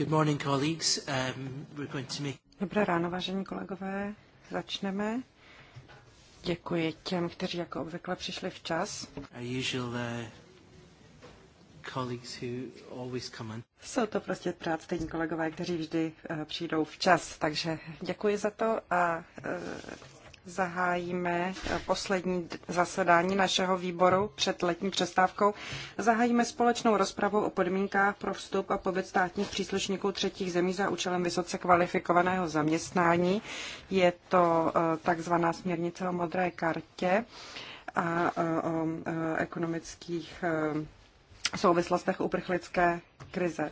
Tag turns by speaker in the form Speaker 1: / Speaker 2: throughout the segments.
Speaker 1: Um,
Speaker 2: Dobré ráno, vážení kolegové. Začneme. Děkuji těm, kteří jako obvykle přišli včas. Uh, Jsou to prostě prát stejní kolegové, kteří vždy eh, přijdou včas, takže děkuji za to a eh, zahájíme eh, poslední zasedání našeho výboru před letní přestávkou. Zahájíme společnou rozpravu o podmínkách pro vstup a pobyt státních příslušníků třetích zemí za účelem vysoce kvalifikovaného zaměstnání. Je to eh, takzvaná směrnice o modré kartě a eh, o ekonomických souvislostech uprchlické krize.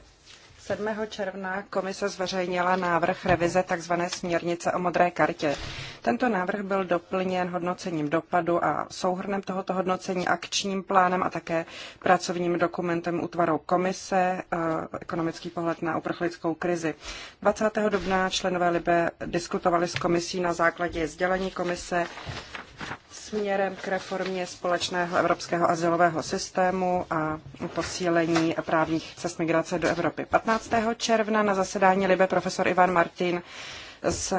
Speaker 2: 7. června komise zveřejnila návrh revize tzv. směrnice o modré kartě. Tento návrh byl doplněn hodnocením dopadu a souhrnem tohoto hodnocení akčním plánem a také pracovním dokumentem útvaru komise, eh, ekonomický pohled na uprchlickou krizi. 20. dubna členové Libe diskutovali s komisí na základě sdělení komise směrem k reformě společného evropského azylového systému a posílení právních cest migrace do Evropy. 15. června na zasedání Libe profesor Ivan Martin z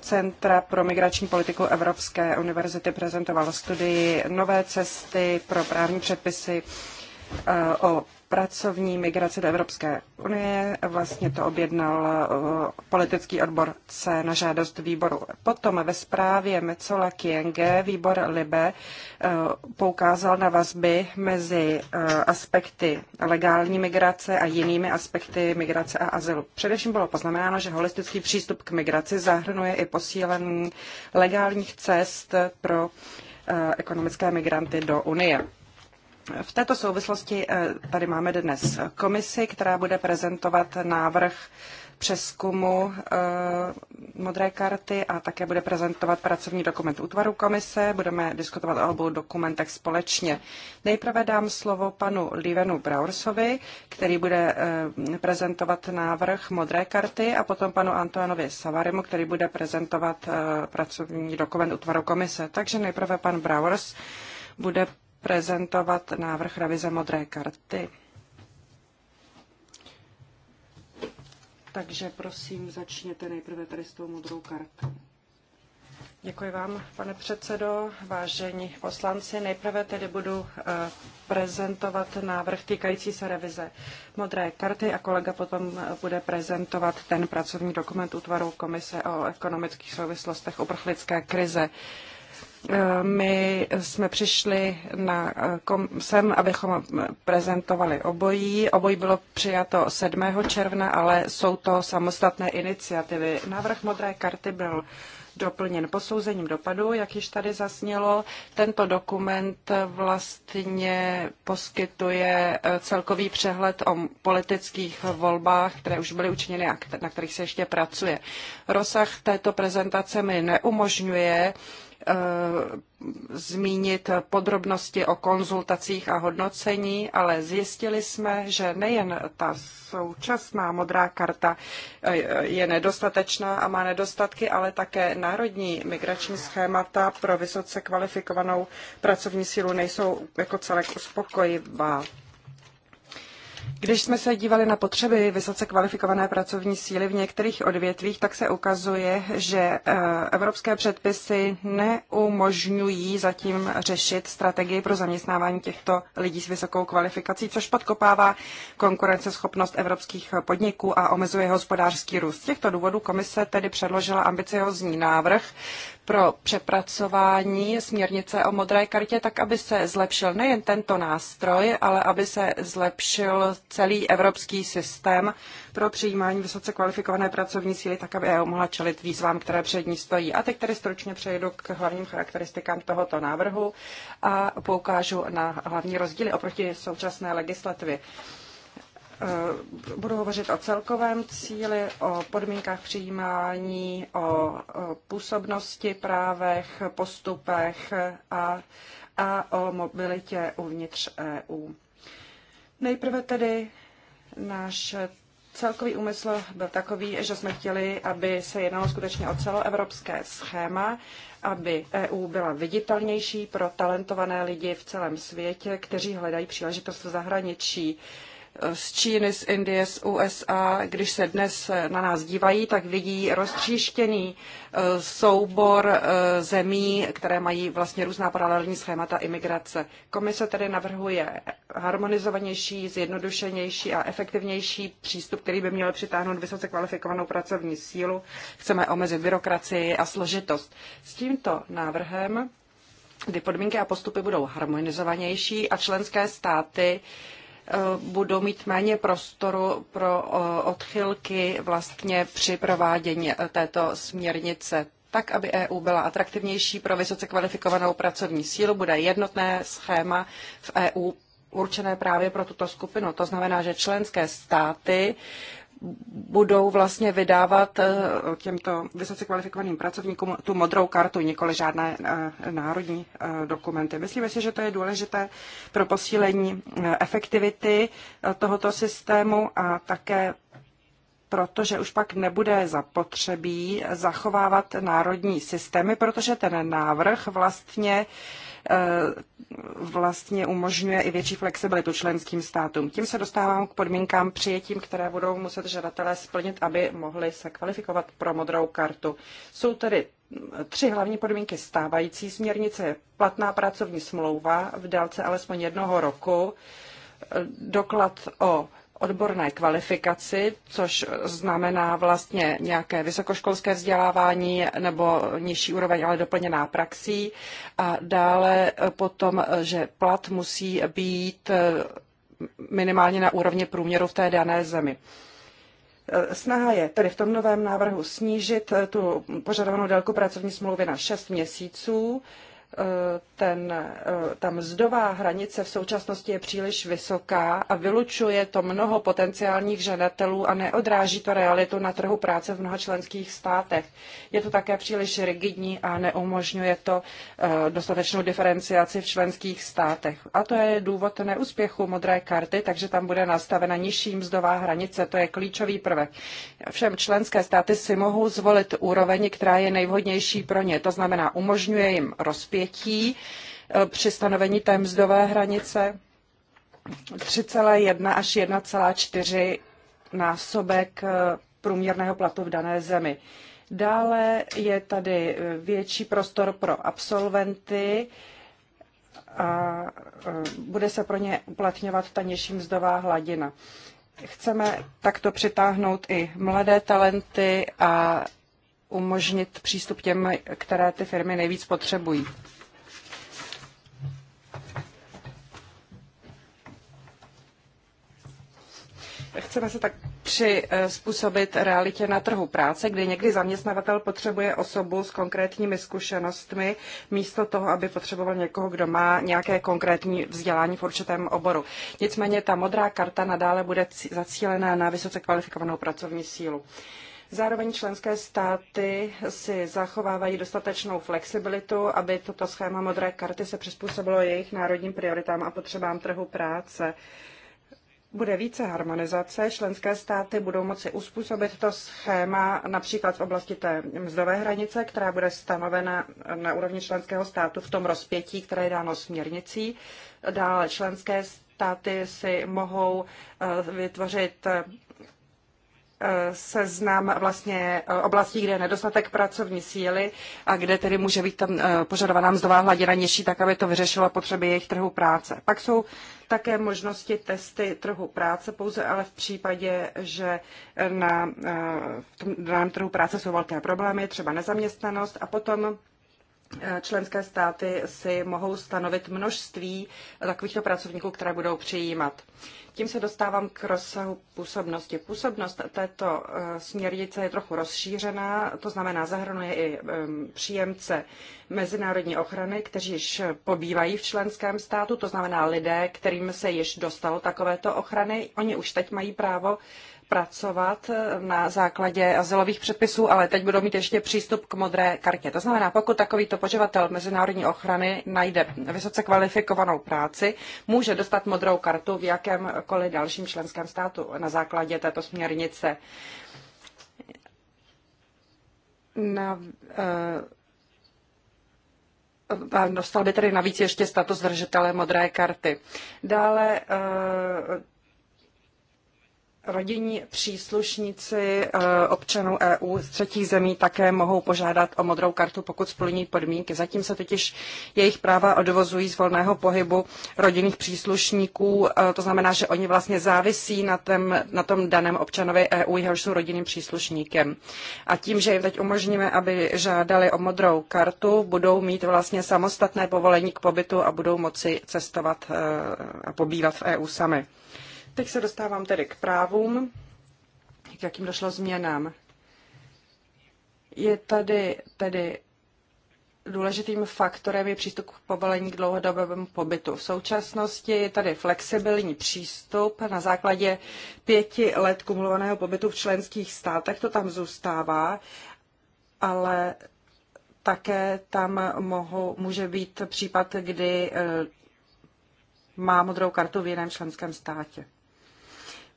Speaker 2: Centra pro migrační politiku Evropské univerzity prezentoval studii Nové cesty pro právní předpisy eh, o pracovní migraci do Evropské unie. Vlastně to objednal eh, politický odbor C na žádost výboru. Potom ve zprávě Mecola Kienge výbor Libe eh, poukázal na vazby mezi eh, aspekty legální migrace a jinými aspekty migrace a azylu. Především bylo poznamenáno, že holistický přístup k migraci zahrnuje i posílení legálních cest pro ekonomické migranty do Unie. V této souvislosti eh, tady máme dnes komisi, která bude prezentovat návrh přeskumu eh, modré karty a také bude prezentovat pracovní dokument útvaru komise. Budeme diskutovat o obou dokumentech společně. Nejprve dám slovo panu Livenu Braursovi, který bude eh, prezentovat návrh modré karty a potom panu Antoanovi Savarimu, který bude prezentovat pracovní dokument útvaru komise. Takže nejprve pan Braurs bude prezentovat návrh revize modré karty. Takže prosím, začněte nejprve tady s tou modrou kartou. Děkuji vám, pane předsedo, vážení poslanci. Nejprve tedy budu eh, prezentovat návrh týkající se revize modré karty a kolega potom eh, bude prezentovat ten pracovní dokument útvaru Komise o ekonomických souvislostech uprchlické krize. Eh, my jsme přišli na eh, kom, sem, abychom prezentovali obojí. Obojí bylo přijato 7. června, ale jsou to samostatné iniciativy. Návrh modré karty byl doplněn posouzením dopadu, jak již tady zasnělo. Tento dokument vlastně poskytuje eh, celkový přehled o politických volbách, které už byly učiněny a na kterých se ještě pracuje. Rozsah této prezentace mi neumožňuje Eh, zmínit podrobnosti o konzultacích a hodnocení, ale zjistili jsme, že nejen ta současná modrá karta eh, je nedostatečná a má nedostatky, ale také národní migrační schémata pro vysoce kvalifikovanou pracovní sílu nejsou jako celek uspokojivá. Když jsme se dívali na potřeby vysoce kvalifikované pracovní síly v některých odvětvích, tak se ukazuje, že eh, evropské předpisy neumožňují zatím řešit strategii pro zaměstnávání těchto lidí s vysokou kvalifikací, což podkopává konkurenceschopnost evropských podniků a omezuje hospodářský růst. Z těchto důvodů komise tedy předložila ambiciozní návrh, pro přepracování směrnice o modré kartě, tak aby se zlepšil nejen tento nástroj, ale aby se zlepšil celý evropský systém pro přijímání vysoce kvalifikované pracovní síly, tak aby EU mohla čelit výzvám, které před ní stojí. A teď tedy stručně přejdu k hlavním charakteristikám tohoto návrhu a poukážu na hlavní rozdíly oproti současné legislativě. Eh, budu hovořit o celkovém cíli, o podmínkách přijímání, o působnosti, právech, postupech a, a o mobilitě uvnitř EU. Nejprve tedy náš celkový úmysl byl takový, že jsme chtěli, aby se jednalo skutečně o celoevropské schéma, aby EU byla viditelnější pro talentované lidi v celém světě, kteří hledají příležitost v zahraničí z Číny, z Indie, z USA, když se dnes na nás dívají, tak vidí roztříštěný e, soubor e, zemí, které mají vlastně různá paralelní schémata imigrace. Komise tedy navrhuje harmonizovanější, zjednodušenější a efektivnější přístup, který by měl přitáhnout vysoce kvalifikovanou pracovní sílu. Chceme omezit byrokracii a složitost. S tímto návrhem kdy podmínky a postupy budou harmonizovanější a členské státy uh, Eh, budou mít méně prostoru pro eh, odchylky vlastně při provádění eh, této směrnice tak, aby EU byla atraktivnější pro vysoce kvalifikovanou pracovní sílu, bude jednotné schéma v EU určené právě pro tuto skupinu. To znamená, že členské státy budou vlastně vydávat eh, těmto vysoce kvalifikovaným pracovníkům tu modrou kartu, nikoli žádné eh, národní eh, dokumenty. Myslíme si, že to je důležité pro posílení efektivity tohoto systému a také protože už pak nebude zapotřebí zachovávat národní systémy, protože ten návrh vlastně uh, Eh, vlastně umožňuje i větší flexibilitu členským státům. Tím se dostávám k podmínkám přijetím, které budou muset žadatelé splnit, aby mohli se kvalifikovat pro modrou kartu. Jsou tedy tři hlavní podmínky stávající směrnice. Je platná pracovní smlouva v délce alespoň jednoho roku, eh, doklad o odborné kvalifikaci, což znamená vlastně nějaké vysokoškolské vzdělávání nebo nižší úroveň, ale doplněná praxí. A dále potom, že plat musí být eh, minimálně na úrovni průměru v té dané zemi. Eh, snaha je tedy v tom novém návrhu snížit eh, tu požadovanou délku pracovní smlouvy na 6 měsíců ten, eh, ta mzdová hranice v současnosti je příliš vysoká a vylučuje to mnoho potenciálních žadatelů a neodráží to realitu na trhu práce v mnoha členských státech. Je to také příliš rigidní a neumožňuje to eh, dostatečnou diferenciaci v členských státech. A to je důvod neúspěchu modré karty, takže tam bude nastavena nižší mzdová hranice. To je klíčový prvek. Všem členské státy si mohou zvolit úroveň, která je nejvhodnější pro ně. To znamená, umožňuje jim rozpětí dětí eh, při stanovení té mzdové hranice 3,1 až 1,4 násobek eh, průměrného platu v dané zemi. Dále je tady eh, větší prostor pro absolventy a bude se pro ně uplatňovat ta nižší mzdová hladina. Chceme takto přitáhnout i mladé talenty a umožnit přístup těm, které ty firmy nejvíc potřebují. Chceme se tak přizpůsobit realitě na trhu práce, kdy někdy zaměstnavatel potřebuje osobu s konkrétními zkušenostmi, místo toho, aby potřeboval někoho, kdo má nějaké konkrétní vzdělání v určitém oboru. Nicméně ta modrá karta nadále bude zacílená na vysoce kvalifikovanou pracovní sílu. Zároveň členské státy si zachovávají dostatečnou flexibilitu, aby toto schéma modré karty se přizpůsobilo jejich národním prioritám a potřebám trhu práce bude více harmonizace, členské státy budou moci uspůsobit to schéma například v oblasti té mzdové hranice, která bude stanovena na úrovni členského státu v tom rozpětí, které je dáno směrnicí. Dále členské státy si mohou eh, vytvořit E, seznam vlastně e, oblastí, kde je nedostatek pracovní síly a kde tedy může být tam e, požadovaná mzdová hladina nižší, tak aby to vyřešilo potřeby jejich trhu práce. Pak jsou také možnosti testy trhu práce, pouze ale v případě, že na, v tom daném trhu práce jsou velké problémy, třeba nezaměstnanost a potom členské státy si mohou stanovit množství takovýchto pracovníků, které budou přijímat. Tím se dostávám k rozsahu působnosti. Působnost této eh, směrnice je trochu rozšířená, to znamená zahrnuje i eh, příjemce mezinárodní ochrany, kteří již pobývají v členském státu, to znamená lidé, kterým se již dostalo takovéto ochrany. Oni už teď mají právo pracovat na základě azylových předpisů, ale teď budou mít ještě přístup k modré kartě. To znamená, pokud takovýto poživatel mezinárodní ochrany najde vysoce kvalifikovanou práci, může dostat modrou kartu v jakémkoliv dalším členském státu na základě této směrnice. Na, uh, dostal by tedy navíc ještě status držitele modré karty. Dále uh, Rodinní příslušníci eh, občanů EU z třetích zemí také mohou požádat o modrou kartu, pokud splní podmínky. Zatím se totiž jejich práva odvozují z volného pohybu rodinných příslušníků. Eh, to znamená, že oni vlastně závisí na, na tom daném občanovi EU, jehož jsou rodinným příslušníkem. A tím, že jim teď umožníme, aby žádali o modrou kartu, budou mít vlastně samostatné povolení k pobytu a budou moci cestovat eh, a pobývat v EU sami. Teď se dostávám tedy k právům, k jakým došlo změnám. Je tady tedy důležitým faktorem je přístup k povolení k dlouhodobému pobytu. V současnosti je tady flexibilní přístup na základě pěti let kumulovaného pobytu v členských státech, to tam zůstává, ale také tam mohu, může být případ, kdy eh, má modrou kartu v jiném členském státě.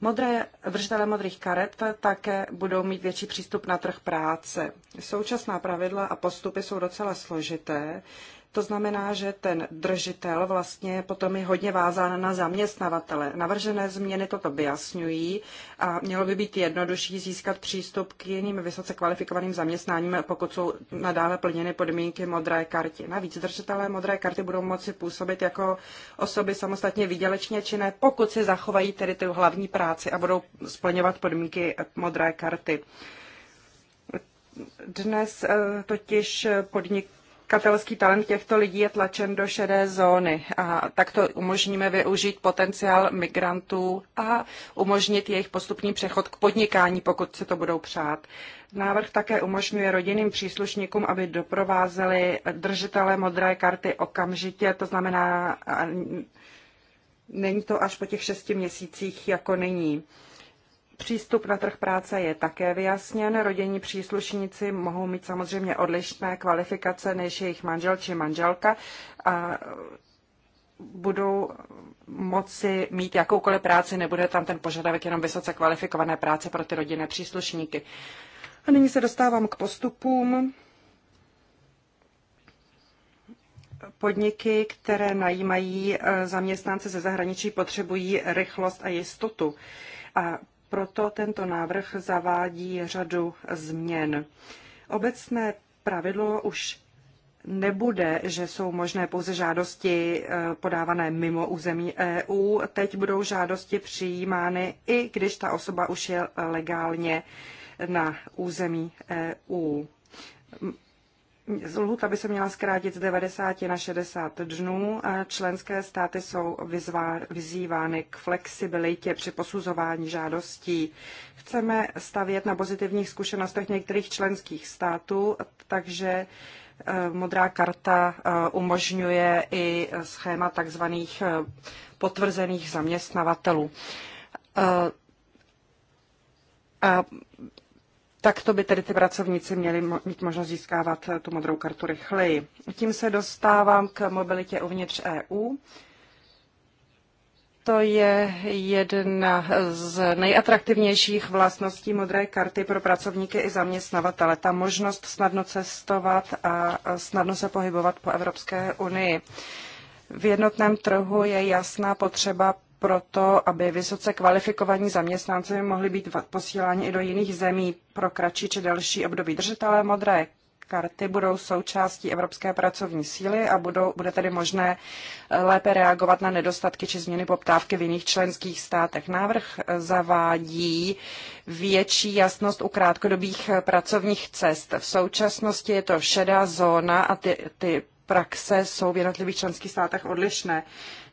Speaker 2: Modré, vržitele modrých karet také budou mít větší přístup na trh práce. Současná pravidla a postupy jsou docela složité. To znamená, že ten držitel vlastně potom je hodně vázán na zaměstnavatele. Navržené změny toto vyjasňují a mělo by být jednodušší získat přístup k jiným vysoce kvalifikovaným zaměstnáním, pokud jsou nadále plněny podmínky modré karty. Navíc držitelé modré karty budou moci působit jako osoby samostatně výdělečně činné, pokud si zachovají tedy tu hlavní práci a budou splňovat podmínky modré karty. Dnes eh, totiž podnik podnikatelský talent těchto lidí je tlačen do šedé zóny a takto umožníme využít potenciál migrantů a umožnit jejich postupný přechod k podnikání, pokud se to budou přát. Návrh také umožňuje rodinným příslušníkům, aby doprovázeli držitele modré karty okamžitě, to znamená, není to až po těch šesti měsících jako nyní. Přístup na trh práce je také vyjasněn. Rodinní příslušníci mohou mít samozřejmě odlišné kvalifikace než jejich manžel či manželka a budou moci mít jakoukoliv práci, nebude tam ten požadavek jenom vysoce kvalifikované práce pro ty rodinné příslušníky. A nyní se dostávám k postupům. Podniky, které najímají e, zaměstnance ze zahraničí, potřebují rychlost a jistotu. A proto tento návrh zavádí řadu změn. Obecné pravidlo už nebude, že jsou možné pouze žádosti eh, podávané mimo území EU. Teď budou žádosti přijímány, i když ta osoba už je legálně na území EU. Lhuta by se měla zkrátit z 90 na 60 dnů. Členské státy jsou vyzvá, vyzývány k flexibilitě při posuzování žádostí. Chceme stavět na pozitivních zkušenostech některých členských států, takže eh, modrá karta eh, umožňuje i schéma takzvaných eh, potvrzených zaměstnavatelů. A tak to by tedy ty pracovníci měli mít možnost získávat eh, tu modrou kartu rychleji. Tím se dostávám k mobilitě uvnitř EU. To je jedna z nejatraktivnějších vlastností modré karty pro pracovníky i zaměstnavatele. Ta možnost snadno cestovat a snadno se pohybovat po Evropské unii. V jednotném trhu je jasná potřeba proto, aby vysoce kvalifikovaní zaměstnanci mohli být posíláni i do jiných zemí pro kratší či delší období. Držitelé modré karty budou součástí evropské pracovní síly a budou, bude tedy možné eh, lépe reagovat na nedostatky či změny poptávky v jiných členských státech. Návrh eh, zavádí větší jasnost u krátkodobých eh, pracovních cest. V současnosti je to šedá zóna a ty, ty praxe jsou v jednotlivých členských státech odlišné.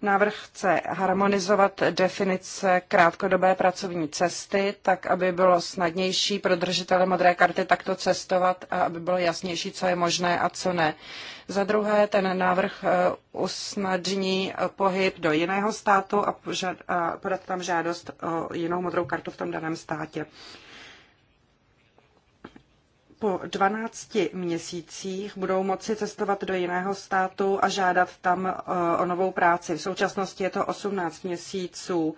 Speaker 2: Návrh chce harmonizovat definice krátkodobé pracovní cesty, tak aby bylo snadnější pro držitele modré karty takto cestovat a aby bylo jasnější, co je možné a co ne. Za druhé, ten návrh eh, usnadní pohyb do jiného státu a podat tam žádost o jinou modrou kartu v tom daném státě po 12 měsících budou moci cestovat do jiného státu a žádat tam e, o novou práci. V současnosti je to 18 měsíců.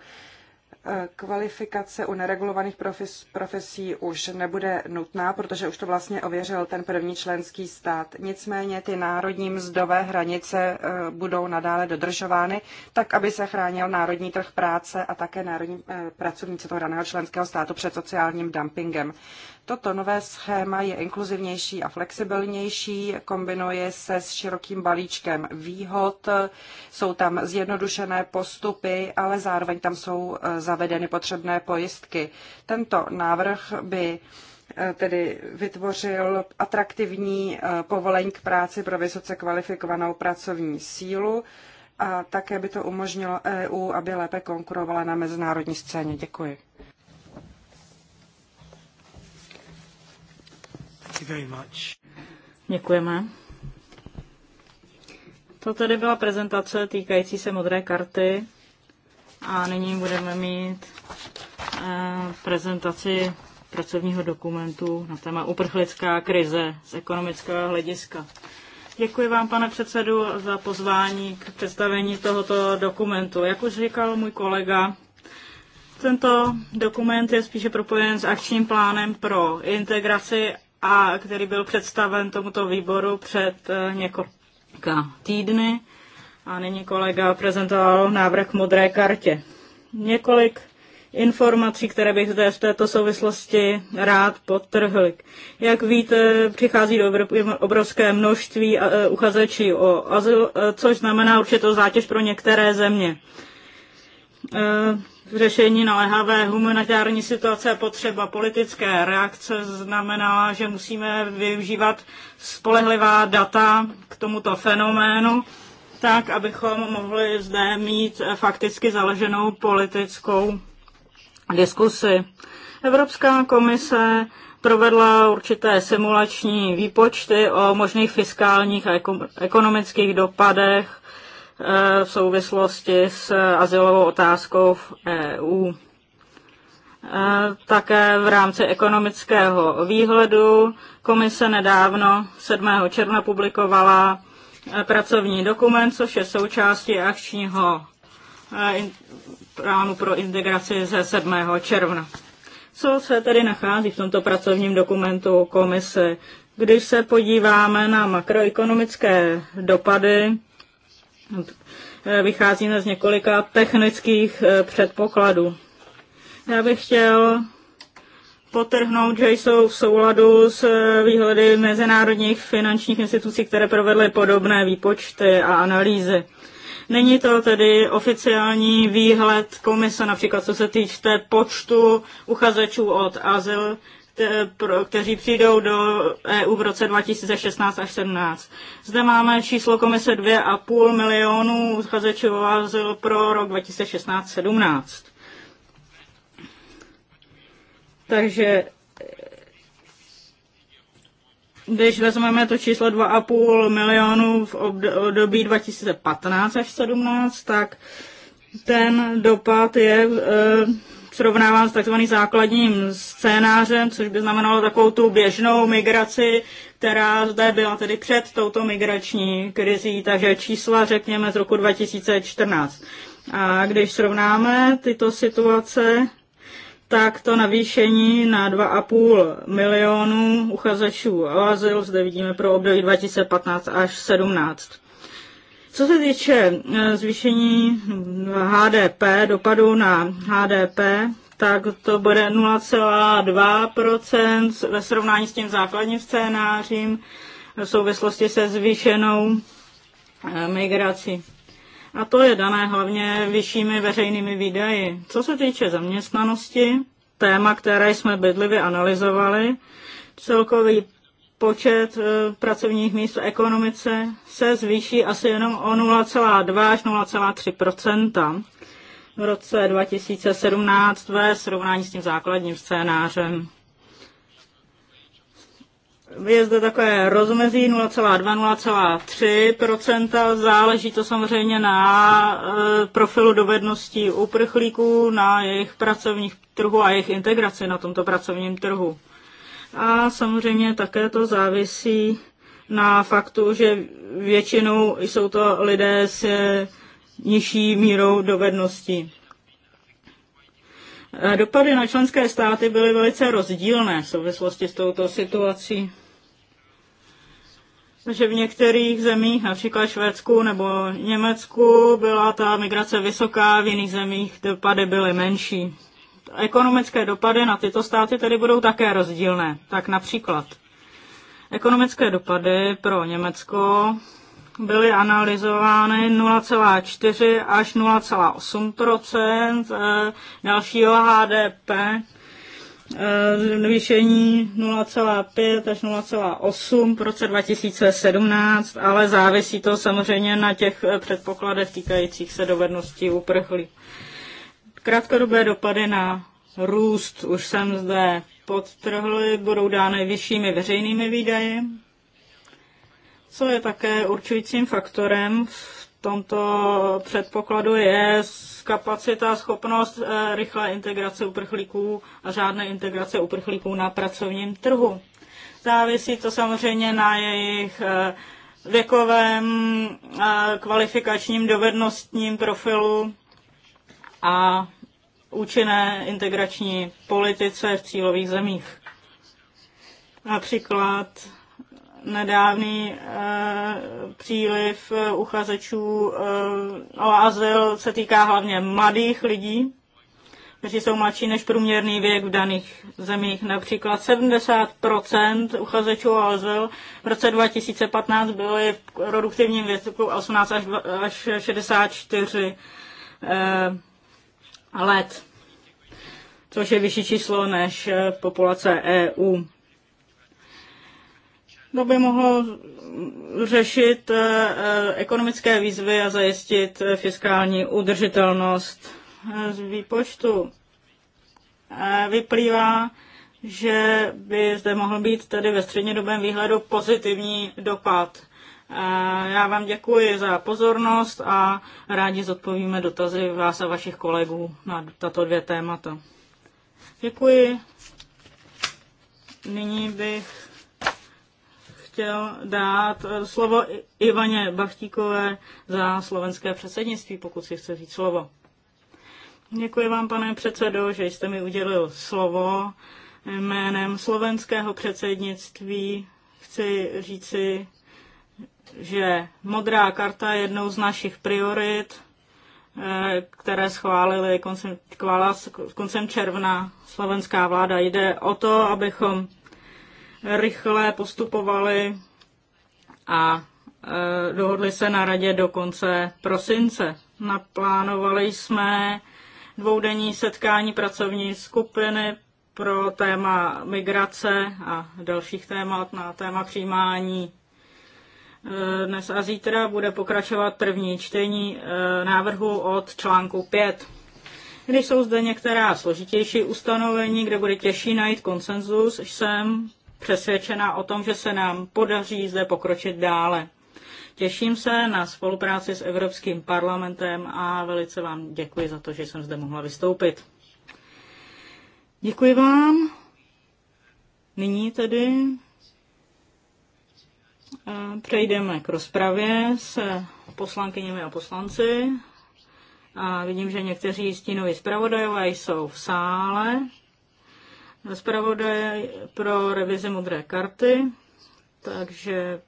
Speaker 2: E, kvalifikace u neregulovaných profesí už nebude nutná, protože už to vlastně ověřil ten první členský stát. Nicméně ty národní mzdové hranice e, budou nadále dodržovány, tak aby se chránil národní trh práce a také národní pracovníci toho daného členského státu před sociálním dumpingem. Toto nové schéma je inkluzivnější a flexibilnější, kombinuje se s širokým balíčkem výhod, jsou tam zjednodušené postupy, ale zároveň tam jsou eh, zavedeny potřebné pojistky. Tento návrh by eh, tedy vytvořil atraktivní eh, povolení k práci pro vysoce kvalifikovanou pracovní sílu a také by to umožnilo EU, aby lépe konkurovala na mezinárodní scéně. Děkuji.
Speaker 3: Děkujeme. To tedy byla prezentace týkající se modré karty a nyní budeme mít eh, prezentaci pracovního dokumentu na téma uprchlická krize z ekonomického hlediska. Děkuji vám, pane předsedu, za pozvání k představení tohoto dokumentu. Jak už říkal můj kolega, tento dokument je spíše propojen s akčním plánem pro integraci a který byl představen tomuto výboru před eh, několika týdny. A nyní kolega prezentoval návrh modré kartě. Několik informací, které bych zde v této souvislosti rád podtrhl. Jak víte, přichází do obrovské množství eh, uchazečí o azyl, eh, což znamená určitou zátěž pro některé země. Eh, řešení naléhavé humanitární situace potřeba politické reakce znamená, že musíme využívat spolehlivá data k tomuto fenoménu, tak abychom mohli zde mít fakticky založenou politickou diskusi. Evropská komise provedla určité simulační výpočty o možných fiskálních a ekonomických dopadech Eh, v souvislosti s asilovou otázkou v EU. Eh, také v rámci ekonomického výhledu komise nedávno 7. června publikovala eh, pracovní dokument, což je součástí akčního plánu pro integraci ze 7. června. Co se tedy nachází v tomto pracovním dokumentu komise? Když se podíváme na makroekonomické dopady Eh, vycházíme z několika technických eh, předpokladů. Já bych chtěl potrhnout, že jsou v souladu s eh, výhledy mezinárodních finančních institucí, které provedly podobné výpočty a analýzy. Není to tedy oficiální výhled komise, například co se týče počtu uchazečů od azyl, Eh, pro, kteří přijdou do EU v roce 2016 až 17. Zde máme číslo komise 2,5 milionů uchazečů o azyl pro rok 2016-17. Takže když vezmeme to číslo 2,5 milionů v období 2015 až 17, tak ten dopad je eh, Srovnávám s takzvaným základním scénářem, což by znamenalo takovou tu běžnou migraci, která zde byla tedy před touto migrační krizí, takže čísla řekněme z roku 2014. A když srovnáme tyto situace, tak to navýšení na 2,5 milionu uchazečů o azyl zde vidíme pro období 2015 až 2017. Co se týče eh, zvýšení HDP, dopadu na HDP, tak to bude 0,2% ve srovnání s tím základním scénářím v souvislosti se zvýšenou eh, migrací. A to je dané hlavně vyššími veřejnými výdaji. Co se týče zaměstnanosti, téma, které jsme bydlivě analyzovali, celkový počet e, pracovních míst v ekonomice se zvýší asi jenom o 0,2 až 0,3 v roce 2017 ve srovnání s tím základním scénářem. Je zde takové rozmezí 0,2-0,3 záleží to samozřejmě na e, profilu dovedností uprchlíků, na jejich pracovních trhu a jejich integraci na tomto pracovním trhu. A samozřejmě také to závisí na faktu, že většinou jsou to lidé s nižší mírou dovedností. Dopady na členské státy byly velice rozdílné v souvislosti s touto situací. Takže v některých zemích, například Švédsku nebo Německu, byla ta migrace vysoká, v jiných zemích dopady byly menší ekonomické dopady na tyto státy tedy budou také rozdílné. Tak například ekonomické dopady pro Německo byly analyzovány 0,4 až 0,8 eh, dalšího HDP, zvýšení 0,5 až 0,8 v roce 2017, ale závisí to samozřejmě na těch eh, předpokladech týkajících se dovedností uprchlí. Krátkodobé dopady na růst už jsem zde podtrhly budou dány vyššími veřejnými výdaji, co je také určujícím faktorem v tomto předpokladu je kapacita, schopnost eh, rychlé integrace uprchlíků a řádné integrace uprchlíků na pracovním trhu. Závisí to samozřejmě na jejich eh, věkovém, eh, kvalifikačním, dovednostním profilu a účinné integrační politice v cílových zemích. Například nedávný e, příliv eh, uchazečů e, o azyl se týká hlavně mladých lidí, kteří jsou mladší než průměrný věk v daných zemích. Například 70 uchazečů o azyl v roce 2015 byly v produktivním věku 18 až, 64 a let, což je vyšší číslo než eh, populace EU. To by mohlo řešit eh, eh, ekonomické výzvy a zajistit fiskální udržitelnost. Z výpočtu vyplývá, že by zde mohl být tedy ve střednědobém výhledu pozitivní dopad já vám děkuji za pozornost a rádi zodpovíme dotazy vás a vašich kolegů na tato dvě témata. Děkuji. Nyní bych chtěl dát slovo Ivaně Bachtíkové za slovenské předsednictví, pokud si chce říct slovo. Děkuji vám, pane předsedo, že jste mi udělil slovo. Jménem slovenského předsednictví chci říci, že modrá karta je jednou z našich priorit, eh, které schválili koncem, kvala, koncem června slovenská vláda. Jde o to, abychom rychle postupovali a eh, dohodli se na radě do konce prosince. Naplánovali jsme dvoudenní setkání pracovní skupiny pro téma migrace a dalších témat na téma přijímání Eh, dnes a zítra bude pokračovat první čtení eh, návrhu od článku 5. Když jsou zde některá složitější ustanovení, kde bude těžší najít konsenzus, jsem přesvědčena o tom, že se nám podaří zde pokročit dále. Těším se na spolupráci s Evropským parlamentem a velice vám děkuji za to, že jsem zde mohla vystoupit. Děkuji vám. Nyní tedy Přejdeme k rozpravě s poslankyněmi a poslanci. A vidím, že někteří stínoví zpravodajové jsou v sále. Zpravodaj pro revizi modré karty, takže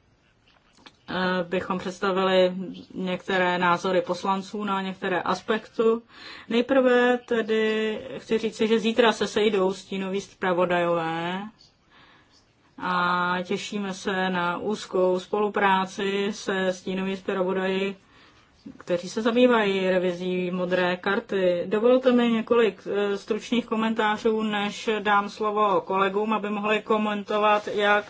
Speaker 3: eh, bychom představili některé názory poslanců na některé aspektu. Nejprve tedy chci říci, že zítra se sejdou stínoví zpravodajové a těšíme se na úzkou spolupráci se stínovými zpravodaji, kteří se zabývají revizí modré karty. Dovolte mi několik eh, stručných komentářů, než dám slovo kolegům, aby mohli komentovat jak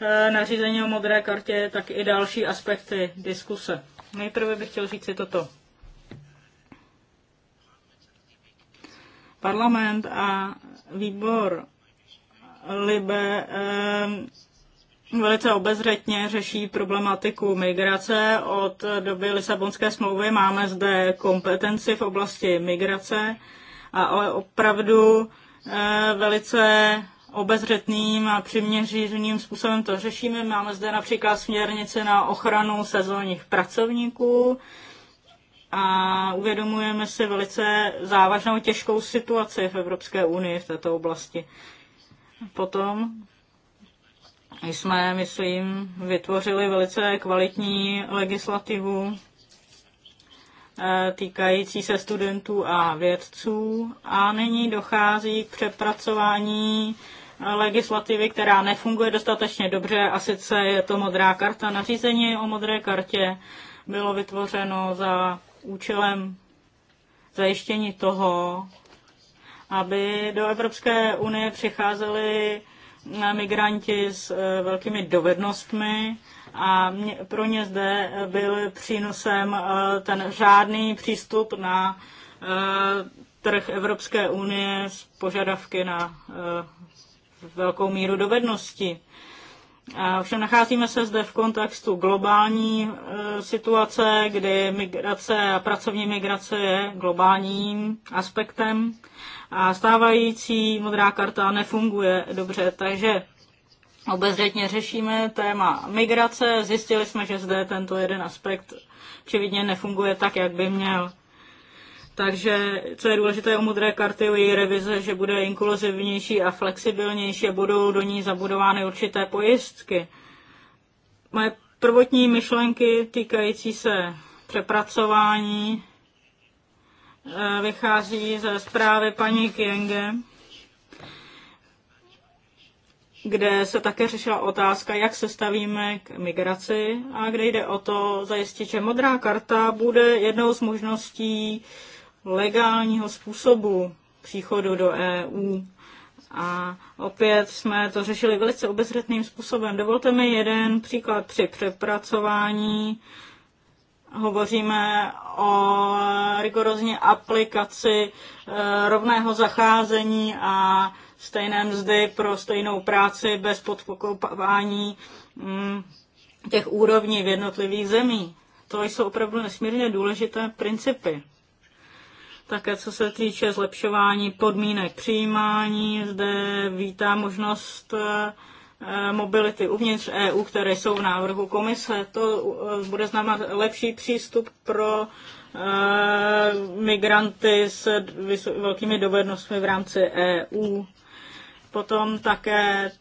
Speaker 3: eh, nařízení o modré kartě, tak i další aspekty diskuse. Nejprve bych chtěl říct si toto. Parlament a výbor Libe velice obezřetně řeší problematiku migrace. Od doby Lisabonské smlouvy máme zde kompetenci v oblasti migrace, a ale opravdu eh, velice obezřetným a přiměřeným způsobem to řešíme. Máme zde například směrnici na ochranu sezónních pracovníků a uvědomujeme si velice závažnou těžkou situaci v Evropské unii v této oblasti. Potom jsme, myslím, vytvořili velice kvalitní legislativu eh, týkající se studentů a vědců a nyní dochází k přepracování legislativy, která nefunguje dostatečně dobře a sice je to modrá karta. Nařízení o modré kartě bylo vytvořeno za účelem zajištění toho, aby do Evropské unie přicházeli eh, migranti s eh, velkými dovednostmi a pro ně zde eh, byl přínosem ten řádný přístup na trh Evropské unie s požadavky na velkou míru dovedností. Všem nacházíme se zde v kontextu globální situace, kdy migrace a pracovní migrace je globálním aspektem a stávající modrá karta nefunguje dobře, takže obezřetně řešíme téma migrace. Zjistili jsme, že zde tento jeden aspekt očividně nefunguje tak, jak by měl. Takže co je důležité u modré karty, u její revize, že bude inkluzivnější a flexibilnější a budou do ní zabudovány určité pojistky. Moje prvotní myšlenky týkající se přepracování Eh, vychází ze zprávy paní Kienge, kde se také řešila otázka, jak se stavíme k migraci a kde jde o to zajistit, že modrá karta bude jednou z možností legálního způsobu příchodu do EU. A opět jsme to řešili velice obezřetným způsobem. Dovolte mi jeden příklad při přepracování Hovoříme o rigorozní aplikaci eh, rovného zacházení a stejné mzdy pro stejnou práci bez podpokopávání mm, těch úrovní v jednotlivých zemí. To jsou opravdu nesmírně důležité principy. Také co se týče zlepšování podmínek přijímání, zde vítá možnost eh, Eh, mobility uvnitř EU, které jsou v návrhu komise. To eh, bude znamenat lepší přístup pro eh, migranty s velkými dovednostmi v rámci EU. Potom také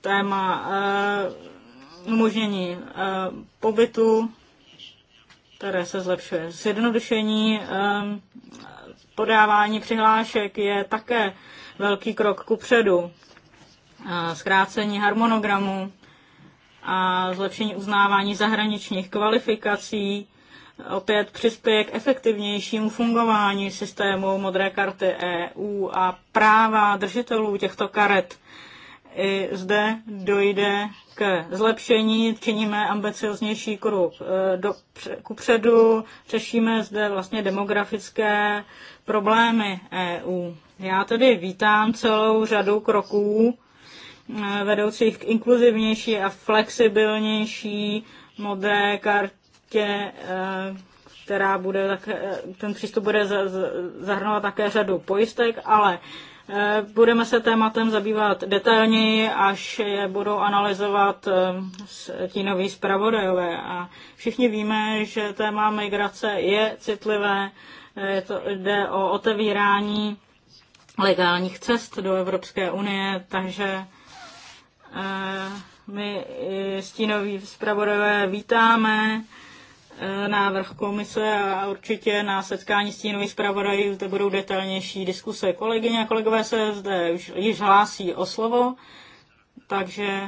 Speaker 3: téma umožnění pobytu, které se zlepšuje. Zjednodušení podávání přihlášek je také velký krok ku předu zkrácení harmonogramu a zlepšení uznávání zahraničních kvalifikací opět přispěje k efektivnějšímu fungování systému modré karty EU a práva držitelů těchto karet. I zde dojde k zlepšení, činíme ambicioznější krok e, do, předu řešíme zde vlastně demografické problémy EU. Já tedy vítám celou řadu kroků, Eh, vedoucích k inkluzivnější a flexibilnější modré kartě, eh, která bude, tak, eh, ten přístup bude zahrnovat také řadu pojistek, ale budeme se tématem zabývat detailněji, až je budou analyzovat noví zpravodajové. A všichni víme, že téma migrace je citlivé, je to, jde o otevírání legálních cest do Evropské unie, takže my stínoví zpravodové vítáme e, návrh komise a určitě na setkání stínových zpravodajů zde budou detailnější diskuse. Kolegyně a kolegové se zde už, již hlásí o slovo, takže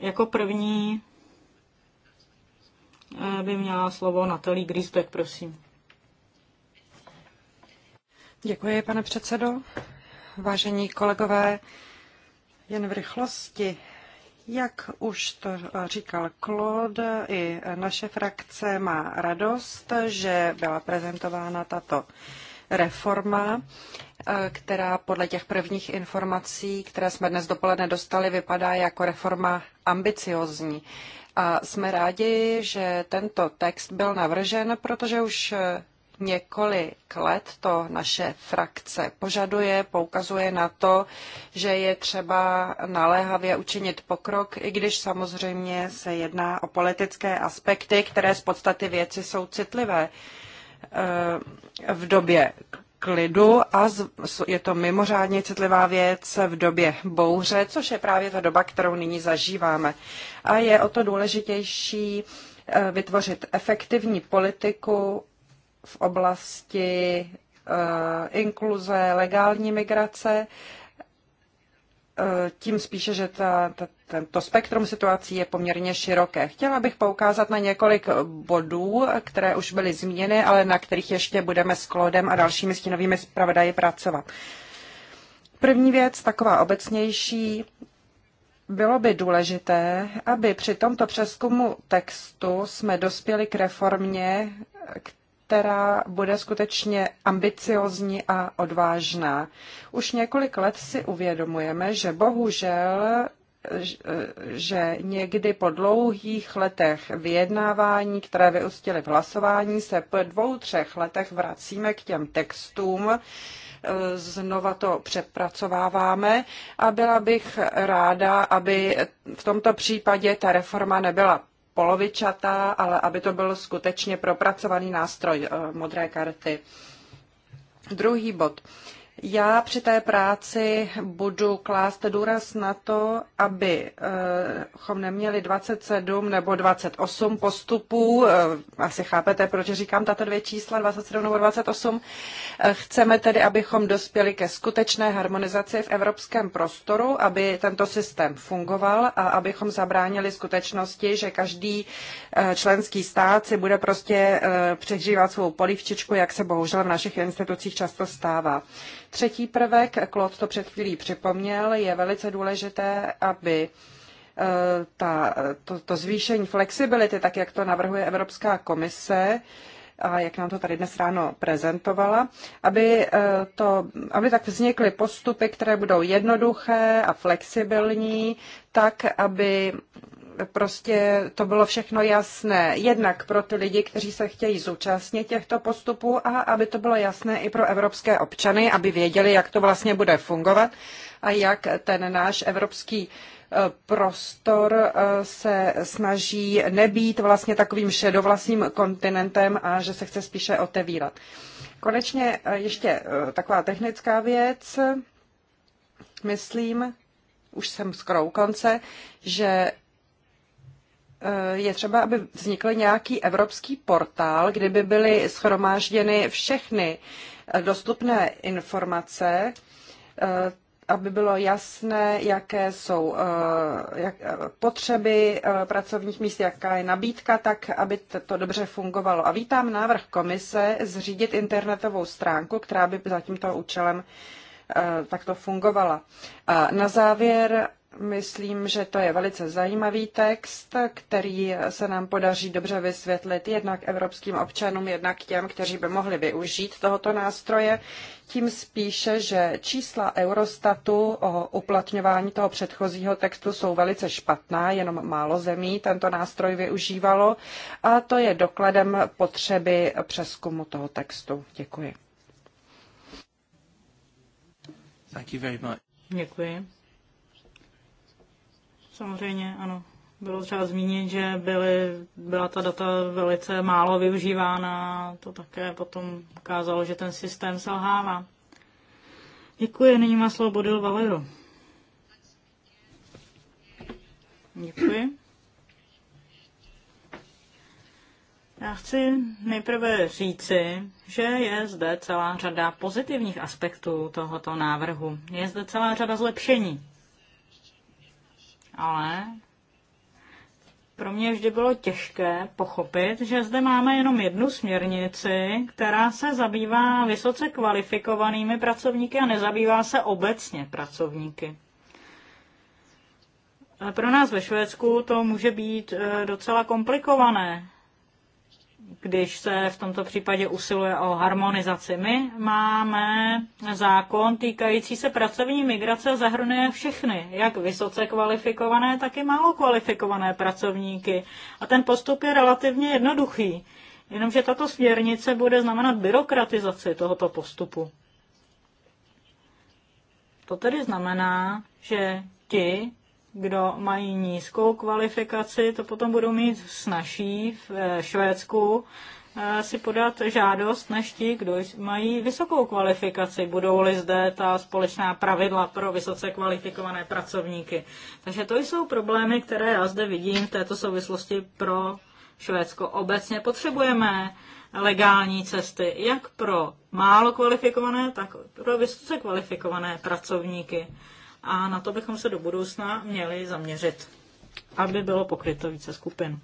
Speaker 3: jako první e, by měla slovo Natalie Grisbeck, prosím. Děkuji, pane předsedo. Vážení kolegové,
Speaker 2: jen v rychlosti. Jak už to říkal Claude, i naše frakce má radost, že byla prezentována tato reforma, eh, která podle těch prvních informací, které jsme dnes dopoledne dostali, vypadá jako reforma ambiciozní. A jsme rádi, že tento text byl navržen, protože už eh, několik let to naše frakce požaduje, poukazuje na to, že je třeba naléhavě učinit pokrok, i když samozřejmě se jedná o politické aspekty, které z podstaty věci jsou citlivé eh, v době klidu a je to mimořádně citlivá věc v době bouře, což je právě ta doba, kterou nyní zažíváme. A je o to důležitější eh, vytvořit efektivní politiku v oblasti eh, inkluze, legální migrace, eh, tím spíše, že ta, ta, tento spektrum situací je poměrně široké. Chtěla bych poukázat na několik bodů, které už byly zmíněny, ale na kterých ještě budeme s Klodem a dalšími stínovými zpravodaji pracovat. První věc, taková obecnější, bylo by důležité, aby při tomto přeskumu textu jsme dospěli k reformě, která bude skutečně ambiciozní a odvážná. Už několik let si uvědomujeme, že bohužel že někdy po dlouhých letech vyjednávání, které vyustily v hlasování, se po dvou, třech letech vracíme k těm textům, znova to přepracováváme a byla bych ráda, aby v tomto případě ta reforma nebyla polovičatá, ale aby to byl skutečně propracovaný nástroj eh, modré karty. Druhý bod. Já při té práci budu klást důraz na to, abychom eh, neměli 27 nebo 28 postupů. Eh, asi chápete, proč říkám tato dvě čísla, 27 nebo 28. Eh, chceme tedy, abychom dospěli ke skutečné harmonizaci v evropském prostoru, aby tento systém fungoval a abychom zabránili skutečnosti, že každý členský stát si bude prostě přehřívat svou polivčičku, jak se bohužel v našich institucích často stává. Třetí prvek, Klod to před chvílí připomněl, je velice důležité, aby e, ta, to, to zvýšení flexibility, tak jak to navrhuje Evropská komise, a jak nám to tady dnes ráno prezentovala, aby, e, to, aby tak vznikly postupy, které budou jednoduché a flexibilní, tak, aby prostě to bylo všechno jasné. Jednak pro ty lidi, kteří se chtějí zúčastnit těchto postupů a aby to bylo jasné i pro evropské občany, aby věděli, jak to vlastně bude fungovat a jak ten náš evropský e, prostor e, se snaží nebýt vlastně takovým šedovlastním kontinentem a že se chce spíše otevírat. Konečně e, ještě taková technická věc, myslím, už jsem skoro u konce, že je třeba, aby vznikl nějaký evropský portál, kde by byly schromážděny všechny eh, dostupné informace, eh, aby bylo jasné, jaké jsou eh, jak, potřeby pracovních míst, jaká je nabídka, tak aby to dobře fungovalo. A vítám návrh komise zřídit internetovou stránku, která by za tímto účelem takto fungovala. A na závěr Myslím, že to je velice zajímavý text, který se nám podaří dobře vysvětlit jednak evropským občanům, jednak těm, kteří by mohli využít tohoto nástroje. Tím spíše, že čísla Eurostatu o uplatňování toho předchozího textu jsou velice špatná, jenom málo zemí tento nástroj využívalo a to je dokladem potřeby přeskumu toho textu.
Speaker 1: Děkuji. Thank you very much. Děkuji.
Speaker 3: Samozřejmě, ano. Bylo třeba zmínit, že byly, byla ta data velice málo využívána. To také potom ukázalo, že ten systém selhává. Děkuji, nyní má slovo Bodil Valero. Děkuji. Já chci nejprve říci, že je zde celá řada pozitivních aspektů tohoto návrhu. Je zde celá řada zlepšení ale pro mě vždy bylo těžké pochopit, že zde máme jenom jednu směrnici, která se zabývá vysoce kvalifikovanými pracovníky a nezabývá se obecně pracovníky. Pro nás ve Švédsku to může být eh, docela komplikované, když se v tomto případě usiluje o harmonizaci. My máme zákon týkající se pracovní migrace zahrnuje všechny, jak vysoce kvalifikované, tak i málo kvalifikované pracovníky. A ten postup je relativně jednoduchý, jenomže tato směrnice bude znamenat byrokratizaci tohoto postupu. To tedy znamená, že ti, kdo mají nízkou kvalifikaci, to potom budou mít snažší v eh, Švédsku eh, si podat žádost než ti, kdo mají vysokou kvalifikaci, budou-li zde ta společná pravidla pro vysoce kvalifikované pracovníky. Takže to jsou problémy, které já zde vidím v této souvislosti pro Švédsko. Obecně potřebujeme legální cesty, jak pro málo kvalifikované, tak pro vysoce kvalifikované pracovníky a na to bychom se do budoucna měli zaměřit, aby bylo pokryto více skupin.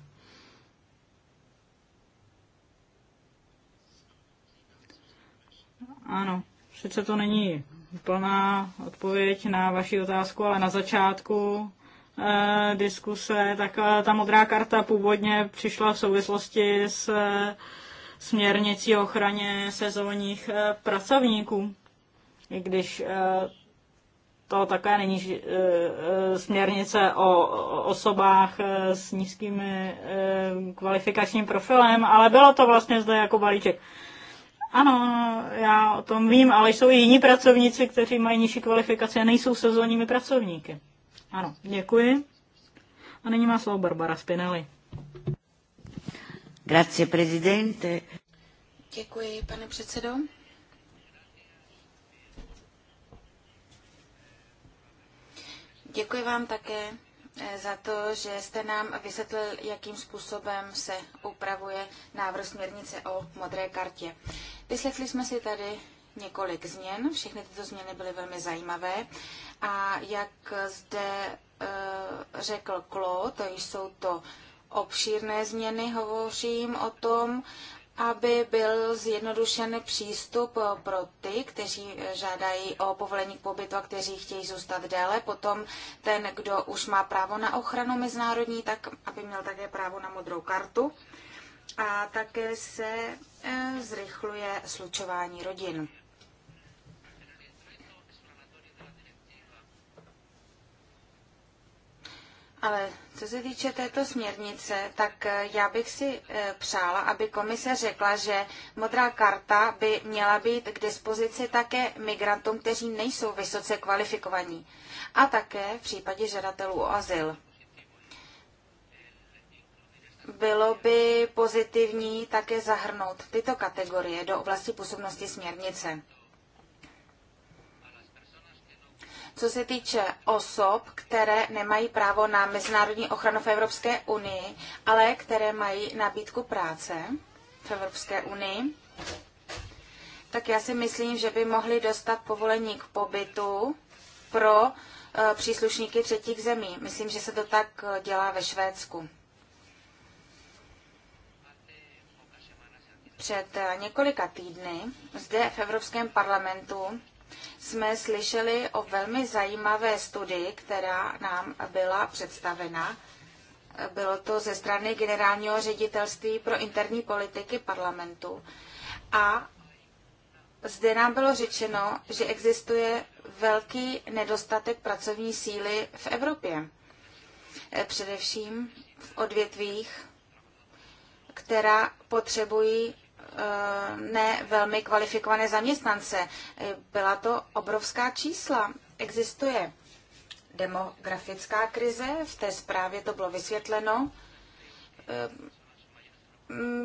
Speaker 3: Ano, sice to není plná odpověď na vaši otázku, ale na začátku eh, diskuse, tak eh, ta modrá karta původně přišla v souvislosti s eh, směrnicí o ochraně sezónních eh, pracovníků. I když eh, to také není e, e, směrnice o osobách e, s nízkým kvalifikačním profilem, ale bylo to vlastně zde jako balíček. Ano, já o tom vím, ale jsou i jiní pracovníci, kteří mají nižší kvalifikaci a nejsou sezónními pracovníky. Ano, děkuji. A nyní má slovo Barbara Spinelli. Grazie, prezidente.
Speaker 4: Děkuji, pane předsedo. Děkuji vám také eh, za to, že jste nám vysvětlil, jakým způsobem se upravuje návrh směrnice o modré kartě. Vyslechli jsme si tady několik změn, všechny tyto změny byly velmi zajímavé a jak zde eh, řekl Claude, jsou to obšírné změny, hovořím o tom aby byl zjednodušen přístup eh, pro ty, kteří eh, žádají o povolení k pobytu a kteří chtějí zůstat déle. Potom ten, kdo už má právo na ochranu mezinárodní, tak aby měl také právo na modrou kartu. A také se eh, zrychluje slučování rodin. Ale co se týče této směrnice, tak eh, já bych si eh, přála, aby komise řekla, že modrá karta by měla být k dispozici také migrantům, kteří nejsou vysoce kvalifikovaní a také v případě žadatelů o azyl. Bylo by pozitivní také zahrnout tyto kategorie do oblasti působnosti směrnice. Co se týče osob, které nemají právo na mezinárodní ochranu v Evropské unii, ale které mají nabídku práce v Evropské unii, tak já si myslím, že by mohli dostat povolení k pobytu pro e, příslušníky třetích zemí. Myslím, že se to tak e, dělá ve Švédsku. Před e, několika týdny zde v Evropském parlamentu jsme slyšeli o velmi zajímavé studii, která nám byla představena. Bylo to ze strany generálního ředitelství pro interní politiky parlamentu. A zde nám bylo řečeno, že existuje velký nedostatek pracovní síly v Evropě. Především v odvětvích, která potřebují Eh, ne velmi kvalifikované zaměstnance. Eh, byla to obrovská čísla. Existuje demografická krize, v té zprávě to bylo vysvětleno. Eh,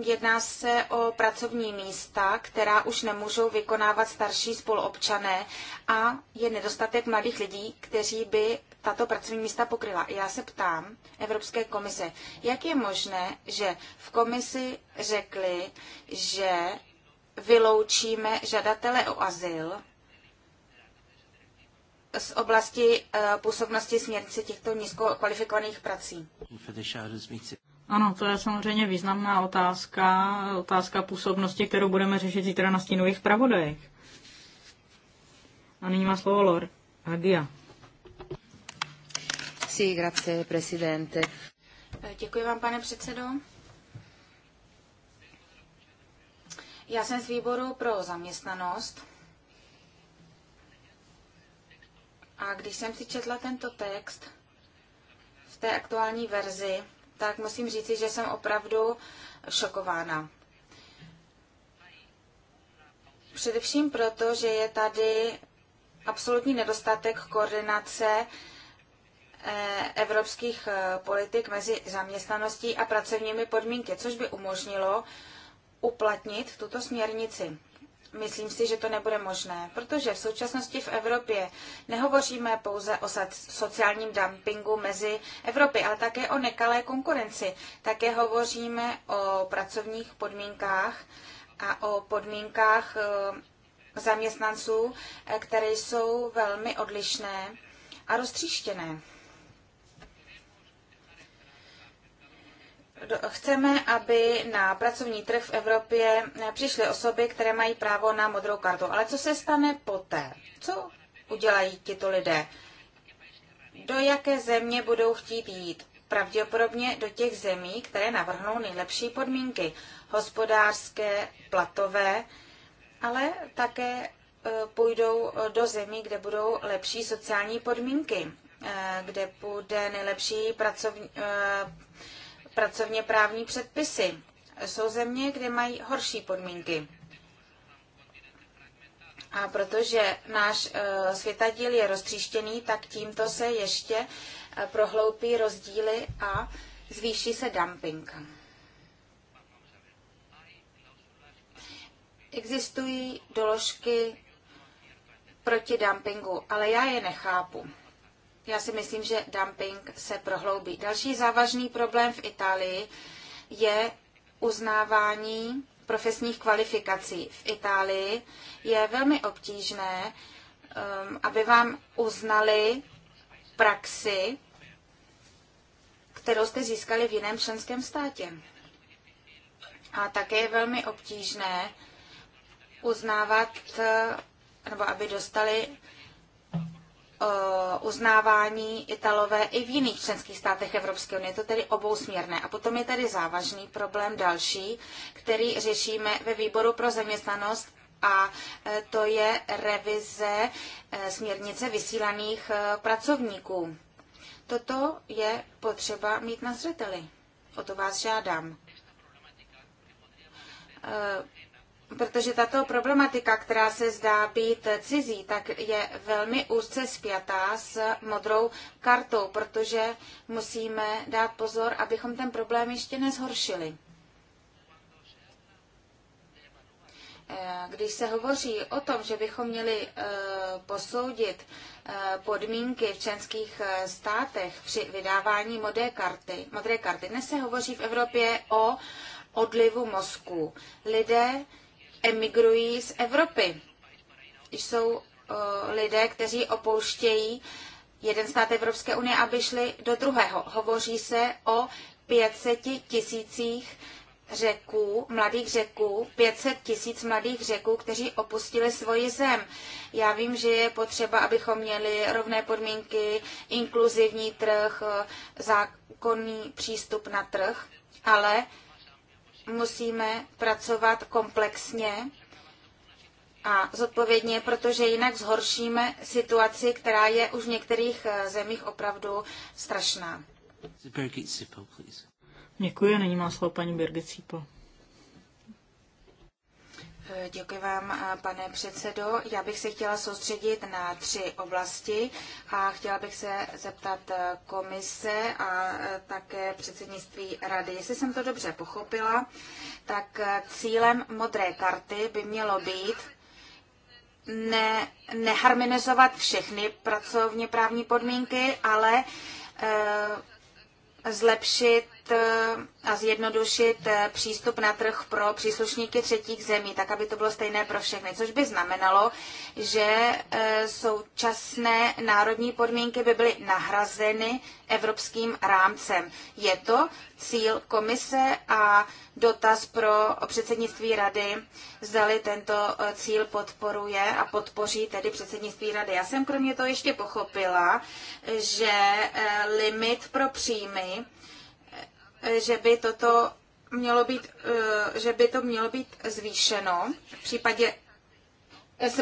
Speaker 4: jedná se o pracovní místa, která už nemůžou vykonávat starší spoluobčané a je nedostatek mladých lidí, kteří by tato pracovní místa pokryla. Já se ptám Evropské komise, jak je možné, že v komisi řekli, že vyloučíme žadatele o azyl z oblasti eh, působnosti směrnice těchto nízkokvalifikovaných prací?
Speaker 1: Ano,
Speaker 3: to je samozřejmě významná otázka, otázka působnosti, kterou budeme řešit zítra na stínových pravodech. A nyní má slovo Lor. Adia
Speaker 4: grazie, presidente. Děkuji vám, pane předsedo. Já jsem z výboru pro zaměstnanost. A když jsem si četla tento text v té aktuální verzi, tak musím říci, že jsem opravdu šokována. Především proto, že je tady absolutní nedostatek koordinace Eh, evropských eh, politik mezi zaměstnaností a pracovními podmínky, což by umožnilo uplatnit tuto směrnici. Myslím si, že to nebude možné, protože v současnosti v Evropě nehovoříme pouze o sociálním dumpingu mezi Evropy, ale také o nekalé konkurenci. Také hovoříme o pracovních podmínkách a o podmínkách eh, zaměstnanců, které jsou velmi odlišné a roztříštěné. Chceme, aby na pracovní trh v Evropě eh, přišly osoby, které mají právo na modrou kartu. Ale co se stane poté? Co udělají tito lidé? Do jaké země budou chtít jít? Pravděpodobně do těch zemí, které navrhnou nejlepší podmínky, hospodářské, platové, ale také eh, půjdou eh, do zemí, kde budou lepší sociální podmínky, kde bude nejlepší pracovní, pracovně právní předpisy. Jsou země, kde mají horší podmínky. A protože náš e, světadíl je roztříštěný, tak tímto se ještě e, prohloupí rozdíly a zvýší se dumping. Existují doložky proti dumpingu, ale já je nechápu. Já si myslím, že dumping se prohloubí. Další závažný problém v Itálii je uznávání profesních kvalifikací. V Itálii je velmi obtížné, um, aby vám uznali praxi, kterou jste získali v jiném členském státě. A také je velmi obtížné uznávat, eh, nebo aby dostali Eh, uznávání Italové i v jiných členských státech Evropské unie. Je to tedy obousměrné. A potom je tady závažný problém další, který řešíme ve výboru pro zaměstnanost a eh, to je revize eh, směrnice vysílaných pracovníků. Toto je potřeba mít na zřeteli. O to vás žádám protože tato problematika, která se zdá být cizí, tak je velmi úzce spjatá s modrou kartou, protože musíme dát pozor, abychom ten problém ještě nezhoršili. Když se hovoří o tom, že bychom měli eh, posoudit eh, podmínky v členských eh, státech při vydávání modré karty, modré karty, dnes se hovoří v Evropě o odlivu mozku. Lidé emigrují z Evropy. Jsou uh, lidé, kteří opouštějí jeden stát Evropské unie, aby šli do druhého. Hovoří se o 500 tisících řeků, mladých řeků, 500 tisíc mladých řeků, kteří opustili svoji zem. Já vím, že je potřeba, abychom měli rovné podmínky, inkluzivní trh, eh, zákonný přístup na trh, ale musíme pracovat komplexně a zodpovědně, protože jinak zhoršíme situaci, která je už v některých eh, zemích opravdu strašná.
Speaker 3: Děkuji, není má slovo paní Birgit
Speaker 4: Děkuji vám, pane předsedo. Já bych se chtěla soustředit na tři oblasti a chtěla bych se zeptat e, komise a e, také předsednictví rady. Jestli jsem to dobře pochopila, tak e, cílem modré karty by mělo být ne, neharmonizovat všechny pracovně právní podmínky, ale e, zlepšit Eh, a zjednodušit eh, přístup na trh pro příslušníky třetích zemí, tak aby to bylo stejné pro všechny, což by znamenalo, že eh, současné národní podmínky by byly nahrazeny evropským rámcem. Je to cíl komise a dotaz pro předsednictví rady, zdali tento cíl podporuje a podpoří tedy předsednictví rady. Já jsem kromě toho ještě pochopila, že limit pro příjmy že by toto mělo být, eh, že by to mělo být zvýšeno v případě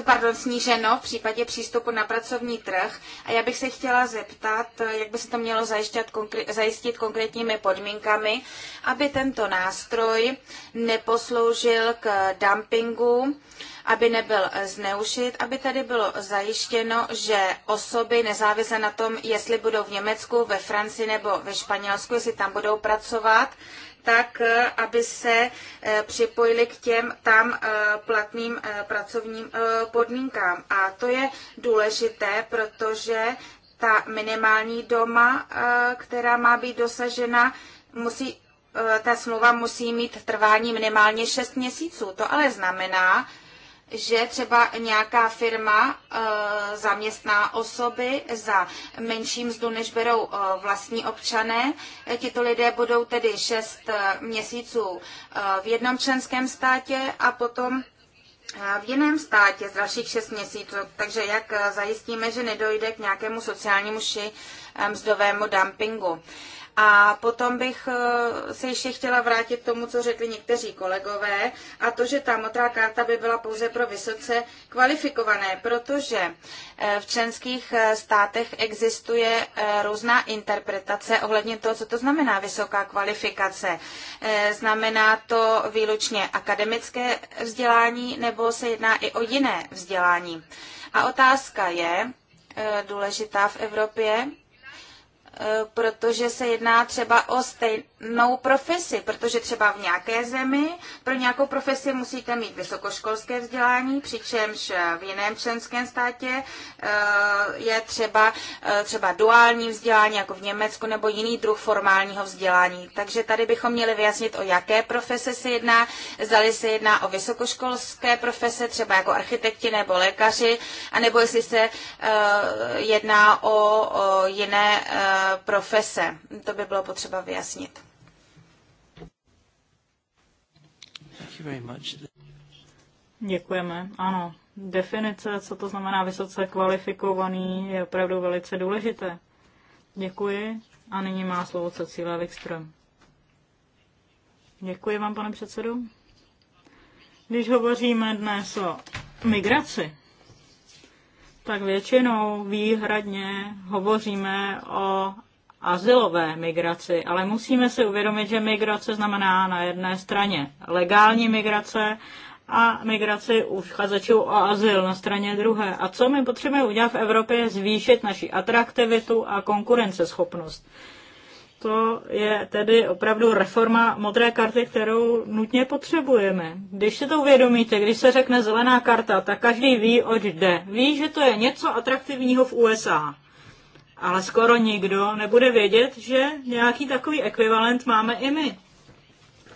Speaker 4: pardon, sníženo v případě přístupu na pracovní trh. A já bych se chtěla zeptat, jak by se to mělo zajištět, zajistit konkrétními podmínkami, aby tento nástroj neposloužil k dumpingu, aby nebyl zneušit, aby tady bylo zajištěno, že osoby nezávisle na tom, jestli budou v Německu, ve Francii nebo ve Španělsku, jestli tam budou pracovat, tak eh, aby se eh, připojili k těm tam eh, platným pracovním podmínkám. A to je důležité, protože ta minimální doma, která má být dosažena, musí ta smlouva musí mít trvání minimálně 6 měsíců. To ale znamená, že třeba nějaká firma e, zaměstná osoby za menší mzdu, než berou e, vlastní občané. E, tito lidé budou tedy 6 eh, měsíců e, v jednom členském státě a potom v jiném státě z dalších 6 měsíců. Takže jak zajistíme, že nedojde k nějakému sociálnímu ši mzdovému dumpingu. A potom bych eh, se ještě chtěla vrátit k tomu, co řekli někteří kolegové, a to, že ta modrá karta by byla pouze pro vysoce kvalifikované, protože eh, v členských eh, státech existuje různá interpretace ohledně toho, co to znamená vysoká kvalifikace. Znamená to výlučně akademické vzdělání nebo se jedná i o jiné vzdělání. A otázka je důležitá v Evropě, Eh, protože se jedná třeba o stejné mou profesi, protože třeba v nějaké zemi pro nějakou profesi musíte mít vysokoškolské vzdělání, přičemž v jiném členském státě eh, je třeba, eh, třeba duální vzdělání, jako v Německu, nebo jiný druh formálního vzdělání. Takže tady bychom měli vyjasnit, o jaké profese se jedná, zdali se jedná o vysokoškolské profese, třeba jako architekti nebo lékaři, anebo jestli se eh, jedná o, o jiné profese. To by bylo potřeba vyjasnit.
Speaker 3: Děkujeme. Ano, definice, co to znamená vysoce kvalifikovaný, je opravdu velice důležité. Děkuji a nyní má slovo Cecília Wikström. Děkuji vám, pane předsedu. Když hovoříme dnes o migraci, tak většinou výhradně hovoříme o azylové migraci, ale musíme si uvědomit, že migrace znamená na jedné straně legální migrace a migraci uchazečů o azyl na straně druhé. A co my potřebujeme udělat v Evropě je zvýšit naši atraktivitu a konkurenceschopnost. To je tedy opravdu reforma modré karty, kterou nutně potřebujeme. Když si to uvědomíte, když se řekne zelená karta, tak každý ví, oč jde. Ví, že to je něco atraktivního v USA ale skoro nikdo nebude vědět, že nějaký takový ekvivalent máme i my.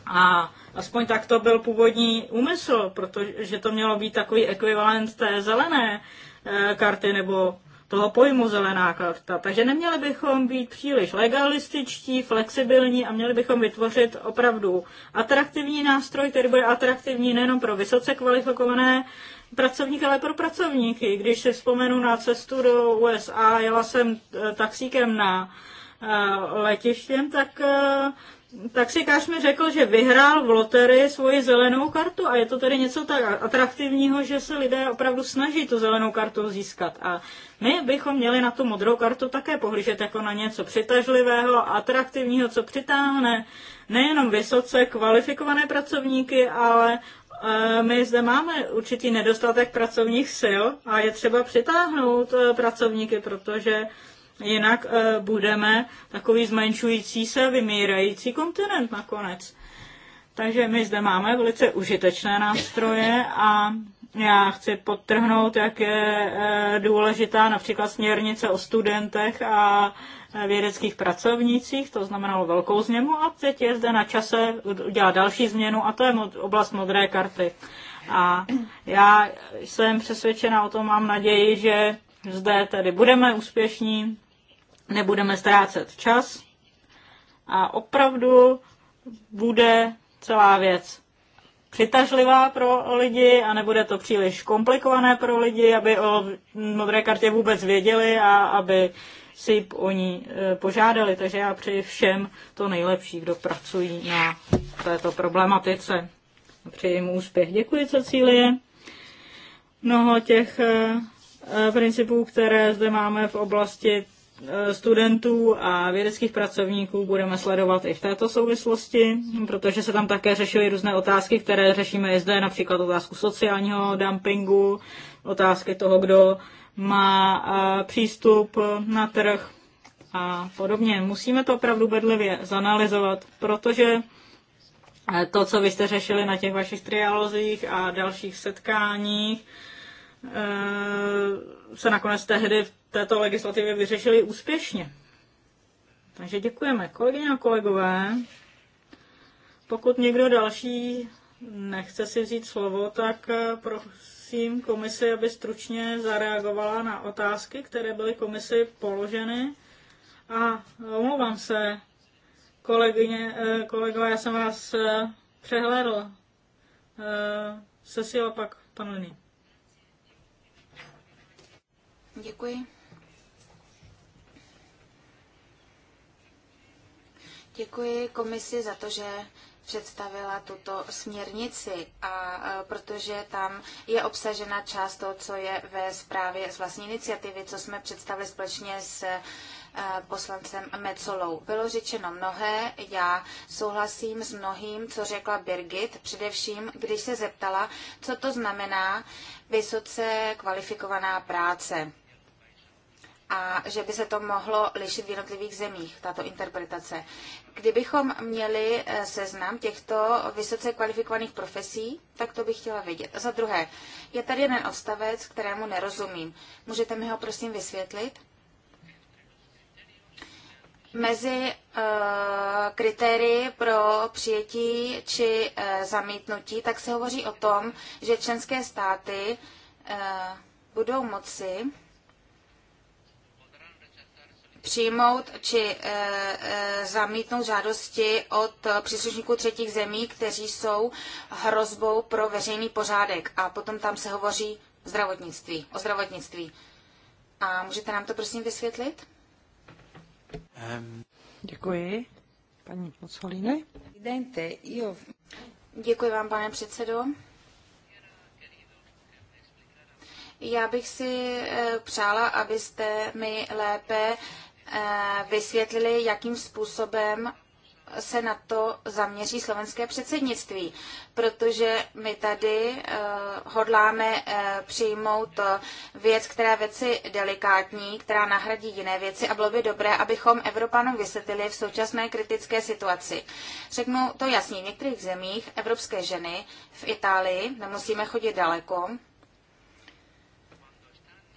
Speaker 3: A aspoň tak to byl původní úmysl, protože to mělo být takový ekvivalent té zelené eh, karty nebo toho pojmu zelená karta. Takže neměli bychom být příliš legalističtí, flexibilní a měli bychom vytvořit opravdu atraktivní nástroj, který bude atraktivní nejenom pro vysoce kvalifikované pracovník, ale pro pracovníky. Když si vzpomenu na cestu do USA, jela jsem eh, taxíkem na eh, letištěm, tak eh, taxikář mi řekl, že vyhrál v loterii svoji zelenou kartu a je to tedy něco tak atraktivního, že se lidé opravdu snaží tu zelenou kartu získat. A my bychom měli na tu modrou kartu také pohlížet jako na něco přitažlivého, atraktivního, co přitáhne nejenom vysoce kvalifikované pracovníky, ale my zde máme určitý nedostatek pracovních sil a je třeba přitáhnout eh, pracovníky, protože jinak eh, budeme takový zmenšující se, vymírající kontinent nakonec. Takže my zde máme velice užitečné nástroje a já chci podtrhnout, jak je eh, důležitá například směrnice o studentech a eh, vědeckých pracovnících, to znamenalo velkou změnu a teď je zde na čase udělat další změnu a to je oblast modré karty. A já jsem přesvědčena o tom, mám naději, že zde tedy budeme úspěšní, nebudeme ztrácet čas a opravdu bude celá věc přitažlivá pro lidi a nebude to příliš komplikované pro lidi, aby o modré kartě vůbec věděli a aby si o ní e, požádali. Takže já přeji všem to nejlepší, kdo pracují na této problematice. Přeji jim úspěch. Děkuji, Cecílie. Mnoho těch e, e, principů, které zde máme v oblasti Eh, studentů a vědeckých pracovníků budeme sledovat i v této souvislosti, protože se tam také řešily různé otázky, které řešíme i zde, například otázku sociálního dumpingu, otázky toho, kdo má eh, přístup na trh a podobně. Musíme to opravdu bedlivě zanalizovat, protože eh, to, co vy jste řešili na těch vašich trialozích a dalších setkáních, Eh, se nakonec tehdy v této legislativě vyřešily úspěšně. Takže děkujeme. Kolegyně a kolegové, pokud někdo další nechce si vzít slovo, tak eh, prosím komisi, aby stručně zareagovala na otázky, které byly komisi položeny. A omlouvám se, kolegyně, eh, kolegové, já jsem vás přehlédl. si opak pan Lini.
Speaker 4: Děkuji. Děkuji komisi za to, že představila tuto směrnici, a protože tam je obsažena část toho, co je ve zprávě z vlastní iniciativy, co jsme představili společně s e, poslancem Mecolou. Bylo řečeno mnohé, já souhlasím s mnohým, co řekla Birgit, především když se zeptala, co to znamená vysoce kvalifikovaná práce a že by se to mohlo lišit v jednotlivých zemích, tato interpretace. Kdybychom měli eh, seznam těchto vysoce kvalifikovaných profesí, tak to bych chtěla vědět. A za druhé, je tady jeden odstavec, kterému nerozumím. Můžete mi ho prosím vysvětlit? Mezi uh, kritérii pro přijetí či uh, zamítnutí, tak se hovoří o tom, že členské státy uh, budou moci přijmout či eh, eh, zamítnout žádosti od příslušníků třetích zemí, kteří jsou hrozbou pro veřejný pořádek. A potom tam se hovoří zdravotnictví, o zdravotnictví. A můžete nám to prosím vysvětlit?
Speaker 2: Um. Děkuji. Paní Mussolini.
Speaker 4: Děkuji vám, pane předsedo. Já bych si eh, přála, abyste mi lépe Eh, vysvětlili, jakým způsobem se na to zaměří slovenské předsednictví, protože my tady uh, hodláme uh, přijmout věc, která je věci delikátní, která nahradí jiné věci a bylo by dobré, abychom Evropanům vysvětlili v současné kritické situaci. Řeknu to jasně, v některých zemích evropské ženy v Itálii, nemusíme chodit daleko,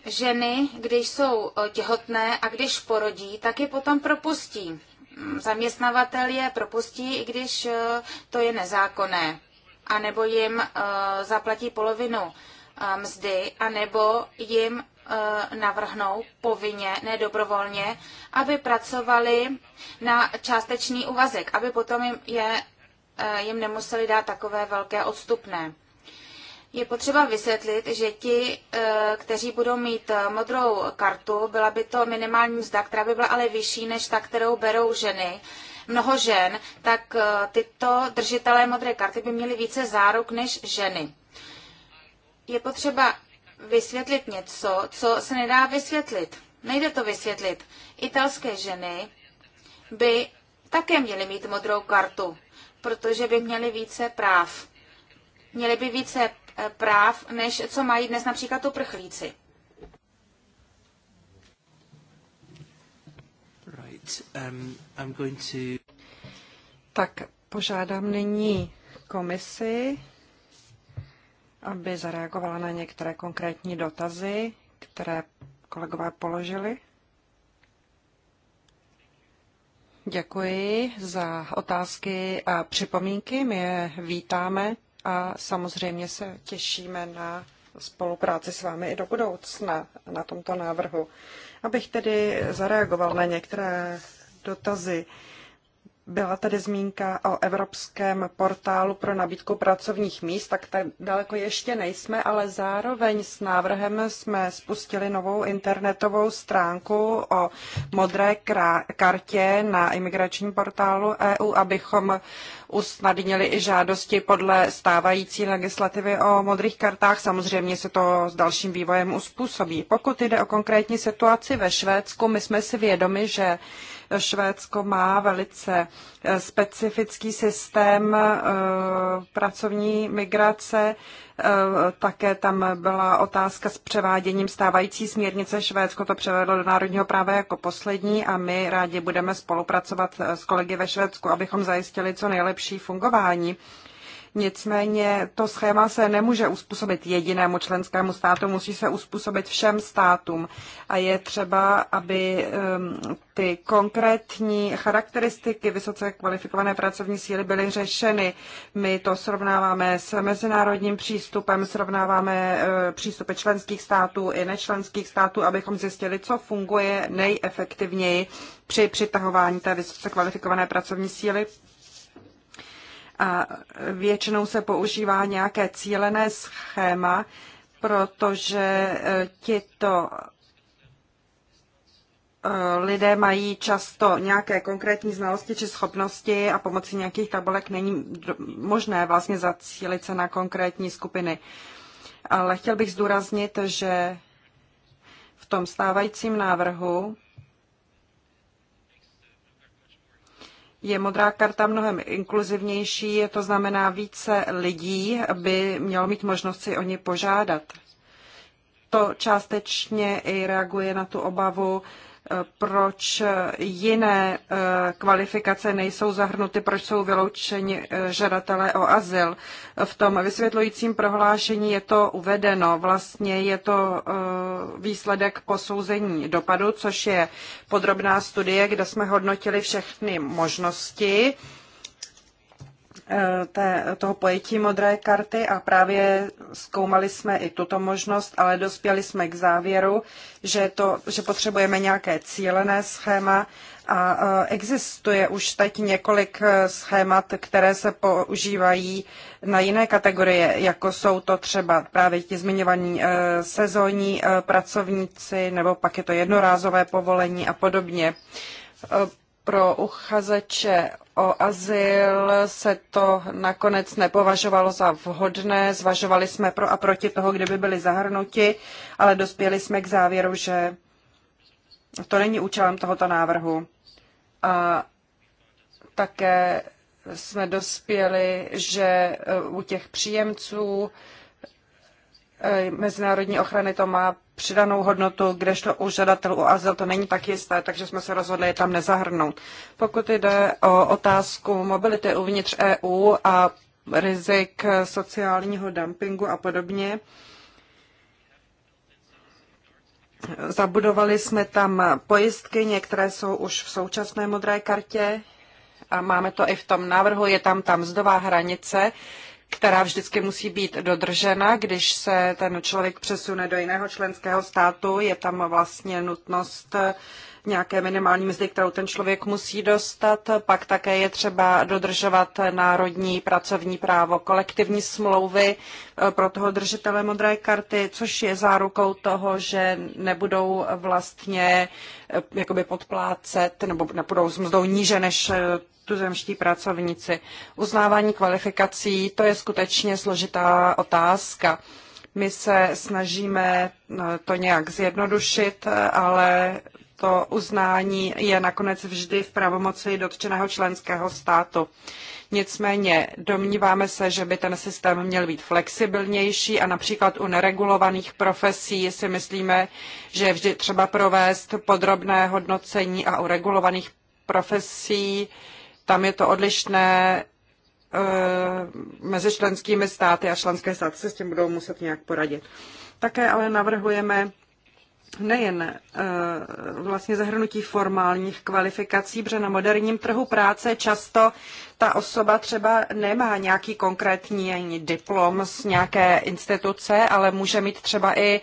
Speaker 4: ženy, když jsou eh, těhotné a když porodí, tak je potom propustí. Mm, zaměstnavatel je propustí, i když eh, to je nezákonné, anebo jim eh, zaplatí polovinu mzdy, anebo jim navrhnou povinně, ne aby pracovali na částečný úvazek, aby potom jim, je, jim nemuseli dát takové velké odstupné je potřeba vysvětlit, že ti, eh, kteří budou mít eh, modrou kartu, byla by to minimální mzda, která by byla ale vyšší než ta, kterou berou ženy, mnoho žen, tak eh, tyto držitelé modré karty by měli více záruk než ženy. Je potřeba vysvětlit něco, co se nedá vysvětlit. Nejde to vysvětlit. Italské ženy by také měly mít modrou kartu, protože by měly více práv. Měly by více práv, než co mají dnes například uprchlíci.
Speaker 1: Right. Um, I'm going to...
Speaker 2: Tak požádám nyní komisi, aby zareagovala na některé konkrétní dotazy, které kolegové položili. Děkuji za otázky a připomínky. My je vítáme a samozřejmě se těšíme na spolupráci s vámi i do budoucna na tomto návrhu. Abych tedy zareagoval na některé dotazy. Byla tady zmínka o Evropském portálu pro nabídku pracovních míst, tak tak daleko ještě nejsme, ale zároveň s návrhem jsme spustili novou internetovou stránku o modré kartě na imigračním portálu EU, abychom usnadnili i žádosti podle stávající legislativy o modrých kartách. Samozřejmě se to s dalším vývojem uspůsobí. Pokud jde o konkrétní situaci ve Švédsku, my jsme si vědomi, že Švédsko má velice eh, specifický systém eh, pracovní migrace. Eh, také tam byla otázka s převáděním stávající směrnice. Švédsko to převedlo do národního práva jako poslední a my rádi budeme spolupracovat s kolegy ve Švédsku, abychom zajistili co nejlepší fungování Nicméně to schéma se nemůže uspůsobit jedinému členskému státu, musí se uspůsobit všem státům. A je třeba, aby ty konkrétní charakteristiky vysoce kvalifikované pracovní síly byly řešeny. My to srovnáváme s mezinárodním přístupem, srovnáváme e, přístupy členských států i nečlenských států, abychom zjistili, co funguje nejefektivněji při přitahování té vysoce kvalifikované pracovní síly a většinou se používá nějaké cílené schéma, protože e, tito e, lidé mají často nějaké konkrétní znalosti či schopnosti a pomocí nějakých tabulek není možné vlastně zacílit se na konkrétní skupiny. Ale chtěl bych zdůraznit, že v tom stávajícím návrhu je modrá karta mnohem inkluzivnější, to znamená více lidí by mělo mít možnost si o ně požádat. To částečně i reaguje na tu obavu, proč jiné eh, kvalifikace nejsou zahrnuty, proč jsou vyloučeni eh, žadatelé o azyl. V tom vysvětlujícím prohlášení je to uvedeno. Vlastně je to eh, výsledek posouzení dopadu, což je podrobná studie, kde jsme hodnotili všechny možnosti Eh, té, toho pojetí modré karty a právě zkoumali jsme i tuto možnost, ale dospěli jsme k závěru, že, to, že potřebujeme nějaké cílené schéma a eh, existuje už teď několik eh, schémat, které se používají na jiné kategorie, jako jsou to třeba právě ti zmiňovaní sezónní pracovníci, nebo pak je to jednorázové povolení a podobně pro uchazeče o azyl se to nakonec nepovažovalo za vhodné. Zvažovali jsme pro a proti toho, kdyby byli zahrnuti, ale dospěli jsme k závěru, že to není účelem tohoto návrhu. A také jsme dospěli, že e, u těch příjemců e, mezinárodní ochrany to má přidanou hodnotu, kdežto u žadatelů o azyl to není tak jisté, takže jsme se rozhodli je tam nezahrnout. Pokud jde o otázku mobility uvnitř EU a rizik sociálního dumpingu a podobně, Zabudovali jsme tam pojistky, některé jsou už v současné modré kartě a máme to i v tom návrhu, je tam tam zdová hranice která vždycky musí být dodržena, když se ten člověk přesune do jiného členského státu. Je tam vlastně nutnost nějaké minimální mzdy, kterou ten člověk musí dostat. Pak také je třeba dodržovat národní pracovní právo, kolektivní smlouvy e, pro toho držitele modré karty, což je zárukou toho, že nebudou vlastně e, jakoby podplácet nebo nebudou s mzdou níže než e, tuzemští pracovníci. Uznávání kvalifikací, to je skutečně složitá otázka. My se snažíme to nějak zjednodušit, ale to uznání je nakonec vždy v pravomoci dotčeného členského státu. Nicméně domníváme se, že by ten systém měl být flexibilnější a například u neregulovaných profesí si myslíme, že je vždy třeba provést podrobné hodnocení a u regulovaných profesí tam je to odlišné eh, mezi členskými státy a členské státy se s tím budou muset nějak poradit. Také ale navrhujeme nejen eh, vlastně zahrnutí formálních kvalifikací, protože na moderním trhu práce často ta osoba třeba nemá nějaký konkrétní diplom z nějaké instituce, ale může mít třeba i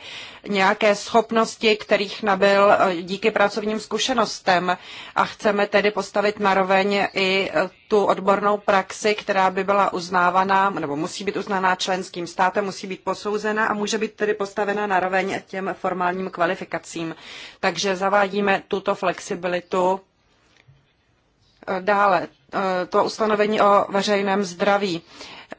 Speaker 2: nějaké schopnosti, kterých nabyl e, díky pracovním zkušenostem. A chceme tedy postavit naroveň i e, tu odbornou praxi, která by byla uznávaná, nebo musí být uznaná členským státem, musí být posouzena a může být tedy postavena naroveň těm formálním kvalifikacím. Takže zavádíme tuto flexibilitu e, Dále Eh, to ustanovení o veřejném zdraví.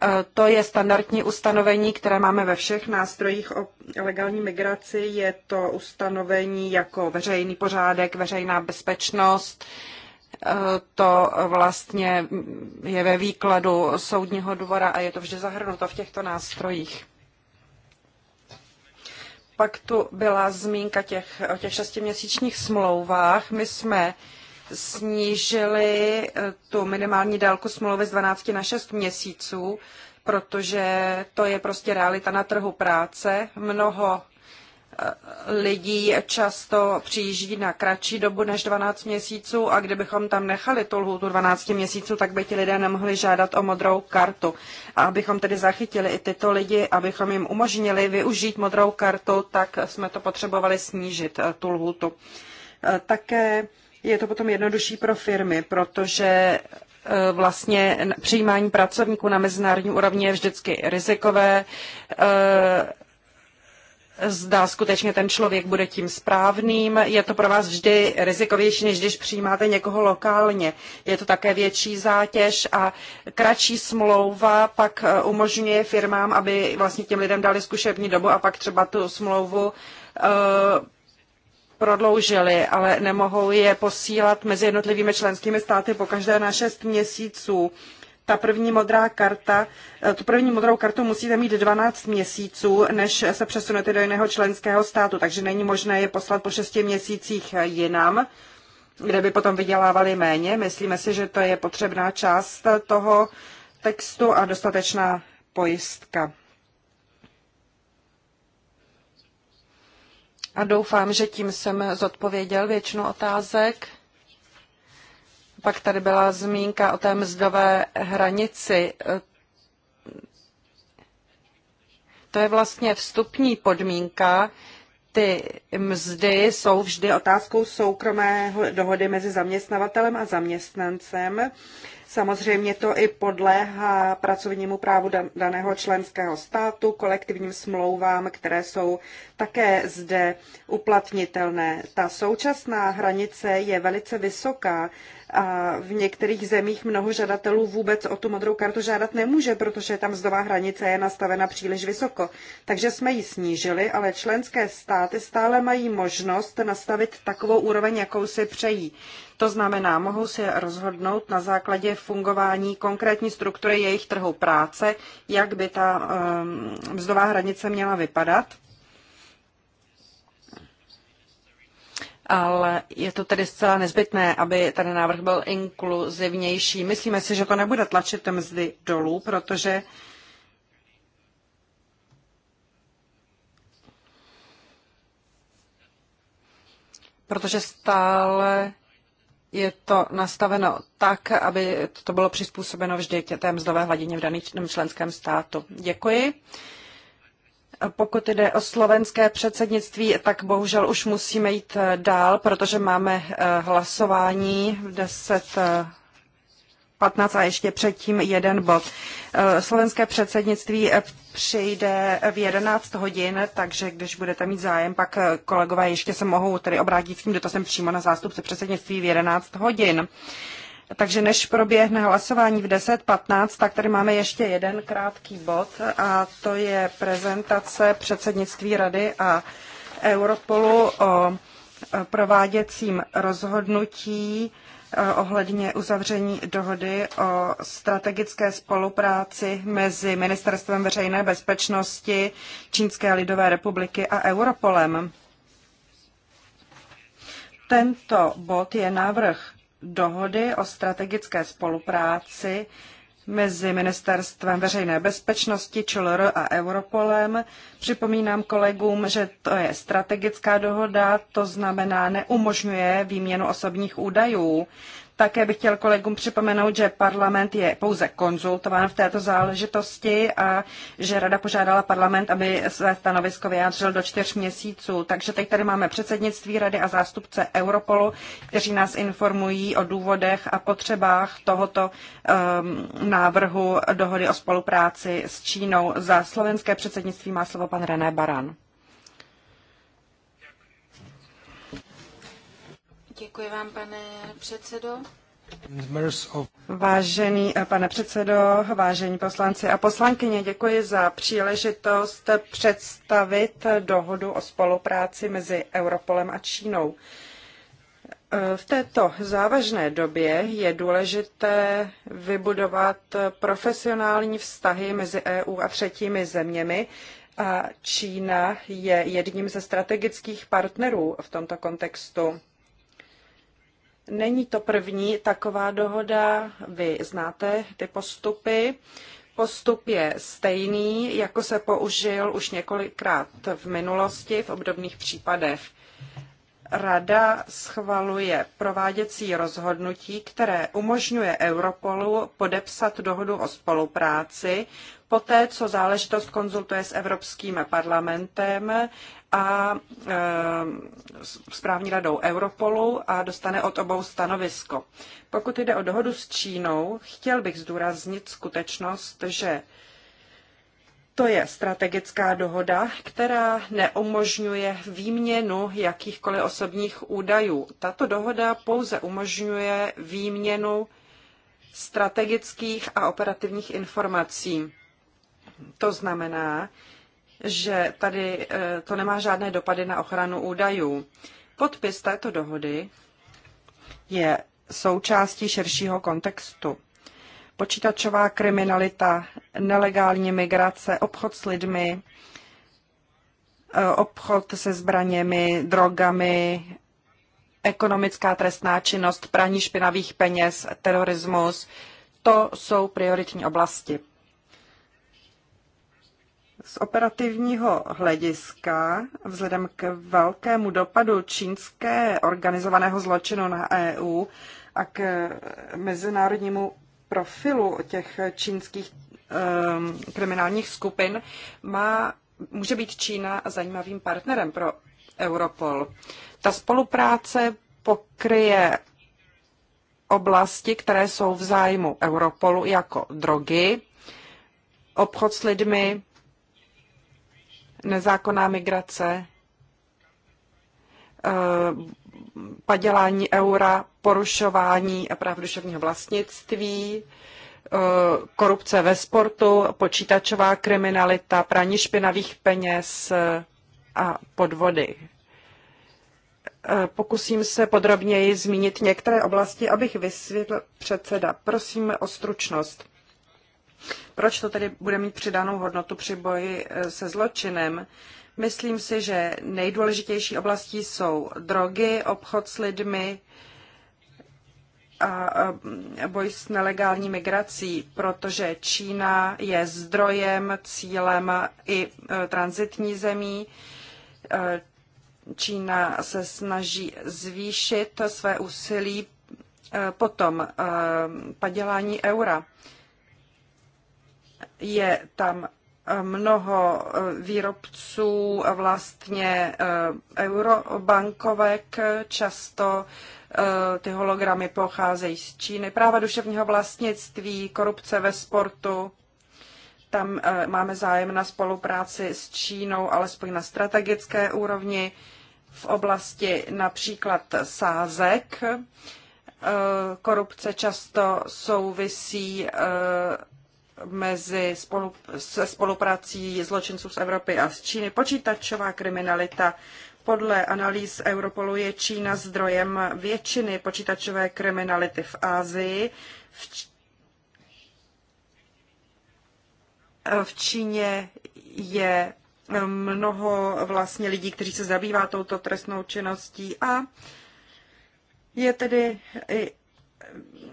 Speaker 2: Eh, to je standardní ustanovení, které máme ve všech nástrojích o legální migraci. Je to ustanovení jako veřejný pořádek, veřejná bezpečnost. Eh, to vlastně je ve výkladu soudního dvora a je to vždy zahrnuto v těchto nástrojích. Pak tu byla zmínka těch, o těch šestiměsíčních smlouvách. My jsme uh, snížili eh, tu minimální délku smlouvy z 12 na 6 měsíců, protože to je prostě realita na trhu práce. Mnoho eh, lidí často přijíždí na kratší dobu než 12 měsíců a kdybychom tam nechali tu lhůtu 12 měsíců, tak by ti lidé nemohli žádat o modrou kartu. A abychom tedy zachytili i tyto lidi, abychom jim umožnili využít modrou kartu, tak jsme to potřebovali snížit, eh, tu lhůtu. Také je to potom jednodušší pro firmy, protože e, vlastně přijímání pracovníků na mezinárodní úrovni je vždycky rizikové. E, zda skutečně ten člověk bude tím správným. Je to pro vás vždy rizikovější, než když přijímáte někoho lokálně. Je to také větší zátěž a kratší smlouva pak e, umožňuje firmám, aby vlastně těm lidem dali zkušební dobu a pak třeba tu smlouvu prodloužili, ale nemohou je posílat mezi jednotlivými členskými státy po každé na 6 měsíců. Ta první modrá karta, eh, tu první modrou kartu musíte mít 12 měsíců, než se přesunete do jiného členského státu, takže není možné je poslat po 6 měsících eh, jinam, kde by potom vydělávali méně. Myslíme si, že to je potřebná část toho textu a dostatečná pojistka. A doufám, že tím jsem zodpověděl většinu otázek. Pak tady byla zmínka o té mzdové hranici. To je vlastně vstupní podmínka. Ty mzdy jsou vždy otázkou soukromé dohody mezi zaměstnavatelem a zaměstnancem. Samozřejmě to i podléhá pracovnímu právu daného členského státu, kolektivním smlouvám, které jsou také zde uplatnitelné. Ta současná hranice je velice vysoká v některých zemích mnoho žadatelů vůbec o tu modrou kartu žádat nemůže, protože tam mzdová hranice je nastavena příliš vysoko. Takže jsme ji snížili, ale členské státy stále mají možnost nastavit takovou úroveň, jakou si přejí. To znamená, mohou si rozhodnout na základě fungování konkrétní struktury jejich trhu práce, jak by ta ehm, mzdová hranice měla vypadat ale je to tedy zcela nezbytné, aby ten návrh byl inkluzivnější. Myslíme si, že to nebude tlačit mzdy dolů, protože protože stále je to nastaveno tak, aby to bylo přizpůsobeno vždy té mzdové hladině v daném členském státu. Děkuji. Pokud jde o slovenské předsednictví, tak bohužel už musíme jít eh, dál, protože máme eh, hlasování v 10 15 eh, a ještě předtím jeden bod. Slovenské předsednictví přijde v 11 hodin, takže když budete mít zájem, pak kolegové ještě se mohou tedy obrátit s tím dotazem přímo na zástupce předsednictví v 11 hodin. Takže než proběhne hlasování v 10.15, tak tady máme ještě jeden krátký bod a to je prezentace předsednictví Rady a Europolu o e, prováděcím rozhodnutí e, ohledně uzavření dohody o strategické spolupráci mezi Ministerstvem veřejné bezpečnosti Čínské lidové republiky a Europolem. Tento bod je návrh dohody o strategické spolupráci mezi Ministerstvem veřejné bezpečnosti ČLR a Europolem. Připomínám kolegům, že to je strategická dohoda, to znamená neumožňuje výměnu osobních údajů. Také bych chtěl kolegům připomenout, že parlament je pouze konzultován v této záležitosti a že rada požádala parlament, aby své stanovisko vyjádřil do čtyř měsíců. Takže teď tady máme předsednictví rady a zástupce Europolu, kteří nás informují o důvodech a potřebách tohoto um, návrhu dohody o spolupráci s Čínou. Za slovenské předsednictví má slovo pan René Baran.
Speaker 4: Děkuji vám, pane předsedo.
Speaker 2: Vážený eh, pane předsedo, vážení poslanci a poslankyně, děkuji za příležitost představit dohodu o spolupráci mezi Europolem a Čínou. Eh, v této závažné době je důležité vybudovat profesionální vztahy mezi EU a třetími zeměmi a Čína je jedním ze strategických partnerů v tomto kontextu. Není to první taková dohoda, vy znáte ty postupy. Postup je stejný, jako se použil už několikrát v minulosti v obdobných případech. Rada schvaluje prováděcí rozhodnutí, které umožňuje Europolu podepsat dohodu o spolupráci poté co záležitost konzultuje s Evropským parlamentem a e, správní radou Europolu a dostane od obou stanovisko. Pokud jde o dohodu s Čínou, chtěl bych zdůraznit skutečnost, že to je strategická dohoda, která neumožňuje výměnu jakýchkoliv osobních údajů. Tato dohoda pouze umožňuje výměnu strategických a operativních informací. To znamená, že tady eh, to nemá žádné dopady na ochranu údajů. Podpis této dohody je součástí širšího kontextu. Počítačová kriminalita, nelegální migrace, obchod s lidmi, eh, obchod se zbraněmi, drogami, ekonomická trestná činnost, praní špinavých peněz, terorismus, to jsou prioritní oblasti z operativního hlediska, vzhledem k velkému dopadu čínské organizovaného zločinu na EU a k mezinárodnímu profilu těch čínských um, kriminálních skupin, má, může být Čína zajímavým partnerem pro Europol. Ta spolupráce pokryje oblasti, které jsou v zájmu Europolu, jako drogy, obchod s lidmi, nezákonná migrace, eh, padělání eura, porušování práv duševního vlastnictví, eh, korupce ve sportu, počítačová kriminalita, praní špinavých peněz eh, a podvody. Pokusím se podrobněji zmínit některé oblasti, abych vysvětlil předseda. Prosím o stručnost. Proč to tedy bude mít přidanou hodnotu při boji e, se zločinem? Myslím si, že nejdůležitější oblastí jsou drogy, obchod s lidmi a boj s nelegální migrací, protože Čína je zdrojem, cílem i e, transitní zemí. E, Čína se snaží zvýšit své úsilí potom padělání eura je tam eh, mnoho eh, výrobců eh, vlastně eurobankovek, často ty hologramy pocházejí z Číny. Práva duševního vlastnictví, korupce ve sportu, tam máme zájem na spolupráci s Čínou, alespoň na strategické úrovni, v oblasti například sázek. Korupce často souvisí mezi spolu, se spoluprací zločinců z Evropy a z Číny. Počítačová kriminalita. Podle analýz Europolu je Čína zdrojem většiny počítačové kriminality v Asii. V, v Číně je mnoho vlastně lidí, kteří se zabývá touto trestnou činností a je tedy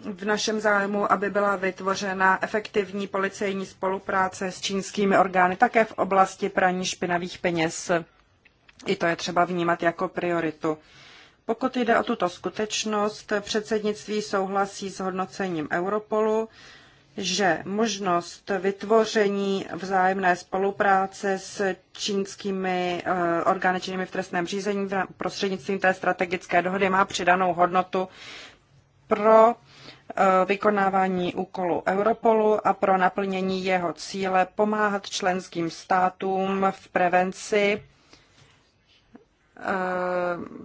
Speaker 2: v našem zájmu, aby byla vytvořena efektivní policejní spolupráce s čínskými orgány také v oblasti praní špinavých peněz. I to je třeba vnímat jako prioritu. Pokud jde o tuto skutečnost, předsednictví souhlasí s hodnocením Europolu, že možnost vytvoření vzájemné spolupráce s čínskými eh, orgány činnými v trestném řízení prostřednictvím té strategické dohody má přidanou hodnotu pro eh, vykonávání úkolu Europolu a pro naplnění jeho cíle pomáhat členským státům v prevenci eh,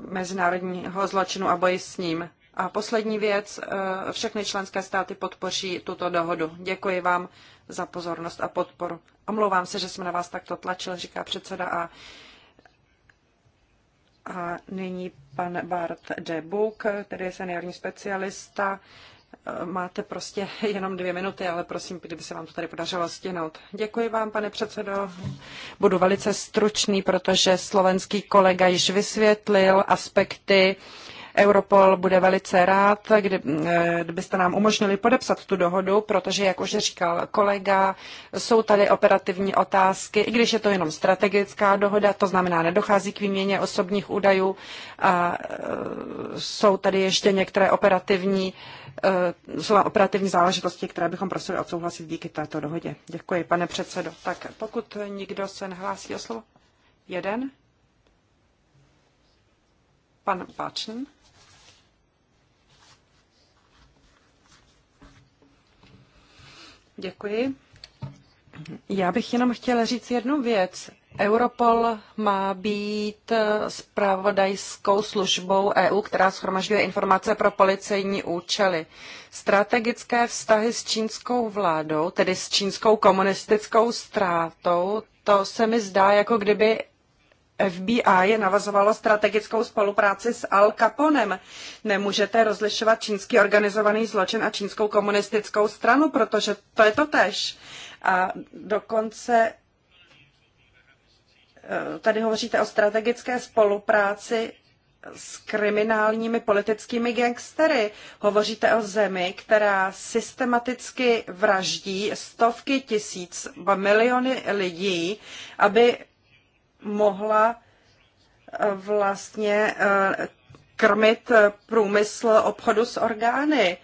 Speaker 2: mezinárodního zločinu a boji s ním. A poslední věc, eh, všechny členské státy podpoří tuto dohodu. Děkuji vám za pozornost a podporu. Omlouvám se, že jsme na vás takto tlačil, říká předseda a a nyní pan Bart Debuk, který je seniorní specialista. Eh, máte prostě jenom dvě minuty, ale prosím, kdyby se vám to tady podařilo stihnout. Děkuji vám, pane předsedo. Budu velice stručný, protože slovenský kolega již vysvětlil aspekty Europol bude velice rád, eh, kdybyste nám umožnili podepsat tu dohodu, protože, jak už říkal kolega, jsou tady operativní otázky, i když je to jenom strategická dohoda, to znamená, nedochází k výměně osobních údajů a eh, jsou tady ještě některé operativní, eh, jsou operativní záležitosti, které bychom prosili odsouhlasit díky této dohodě. Děkuji, pane předsedo. Tak pokud nikdo se nehlásí o slovo, jeden. Pan Váčen. Děkuji. Já bych jenom chtěla říct jednu věc. Europol má být spravodajskou službou EU, která schromažďuje informace pro policejní účely. Strategické vztahy s čínskou vládou, tedy s čínskou komunistickou ztrátou, to se mi zdá, jako kdyby FBI je navazovalo strategickou spolupráci s Al Caponem. Nemůžete rozlišovat čínský organizovaný zločin a čínskou komunistickou stranu, protože to je to tež. A dokonce eh, tady hovoříte o strategické spolupráci s kriminálními politickými gangstery. Hovoříte o zemi, která systematicky vraždí stovky tisíc, miliony lidí, aby mohla eh, vlastně eh, krmit eh, průmysl obchodu s orgány.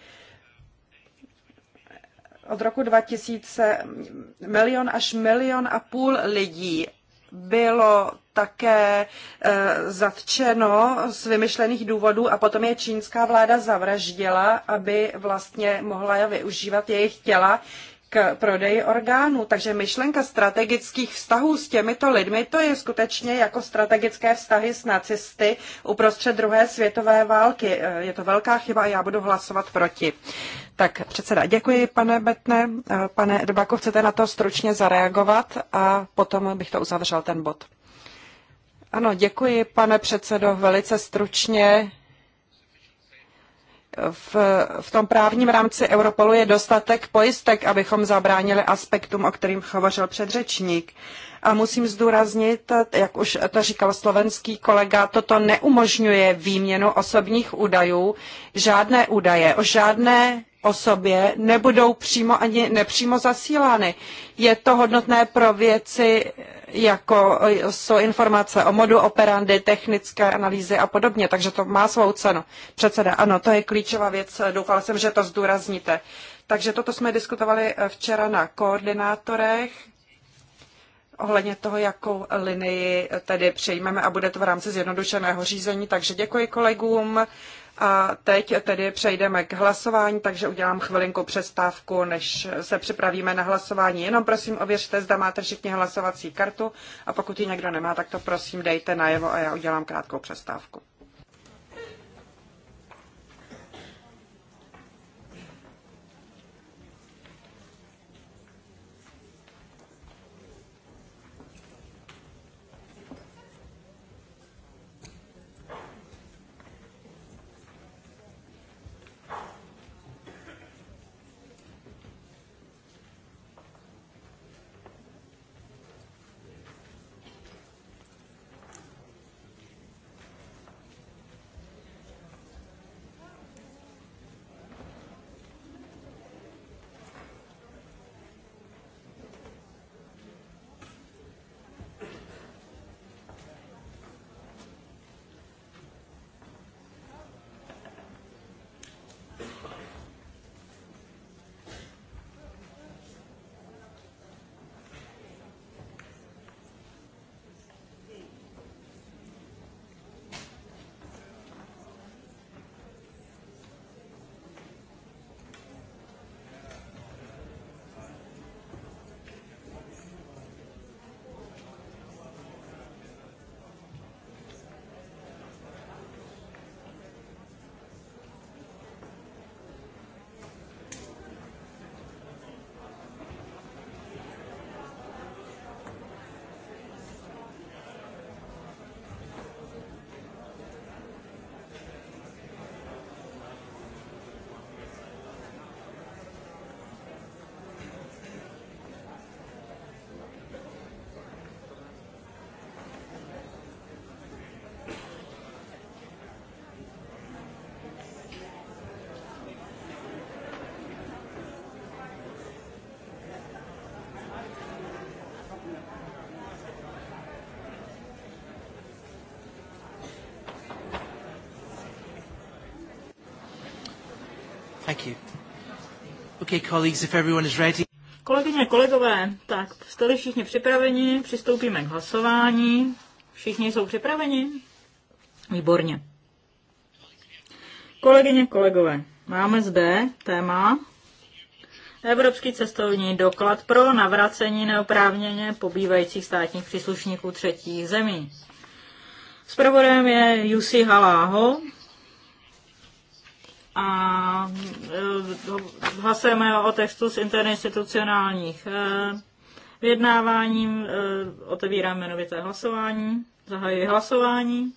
Speaker 2: Od roku 2000 milion až milion a půl lidí bylo také zatčeno z vymyšlených důvodů a potom je čínská vláda zavraždila, aby vlastně mohla využívat jejich těla prodeji orgánů. Takže myšlenka strategických vztahů s těmito lidmi, to je skutečně jako strategické vztahy s nacisty uprostřed druhé světové války. E, je to velká chyba a já budu hlasovat proti. Tak předseda, děkuji pane Betne. E, pane Dbako, chcete na to stručně zareagovat a potom bych to uzavřel ten bod. Ano, děkuji, pane předsedo, velice stručně v, v tom právním rámci Europolu je dostatek pojistek, abychom zabránili aspektům, o kterým hovořil předřečník. A musím zdůraznit, jak už to říkal slovenský kolega, toto neumožňuje výměnu osobních údajů, žádné údaje o žádné osobě nebudou přímo ani nepřímo zasílány. Je to hodnotné pro věci, jako jsou informace o modu operandy, technické analýzy a podobně, takže to má svou cenu. Předseda, ano, to je klíčová věc, doufala jsem, že to zdůrazníte. Takže toto jsme diskutovali eh, včera na koordinátorech ohledně toho, jakou linii tedy přejmeme a bude to v rámci zjednodušeného řízení. Takže děkuji kolegům a teď tedy přejdeme k hlasování, takže udělám chvilinku přestávku, než se připravíme na hlasování. Jenom prosím ověřte, zda máte všichni hlasovací kartu a pokud ji někdo nemá, tak to prosím dejte najevo a já udělám krátkou přestávku.
Speaker 1: Thank you. Okay, colleagues, if everyone is ready.
Speaker 3: Kolegyně, kolegové, tak jste všichni připraveni, přistoupíme k hlasování. Všichni jsou připraveni? Výborně. Kolegyně, kolegové, máme zde téma Evropský cestovní doklad pro navracení neoprávněně pobývajících státních příslušníků třetích zemí. Spravodajem je Jussi Haláho a Eh, hlasujeme o textu z interinstitucionálních eh, vyjednáváním. Eh, otevírám jmenovité hlasování. Zahajuji hlasování.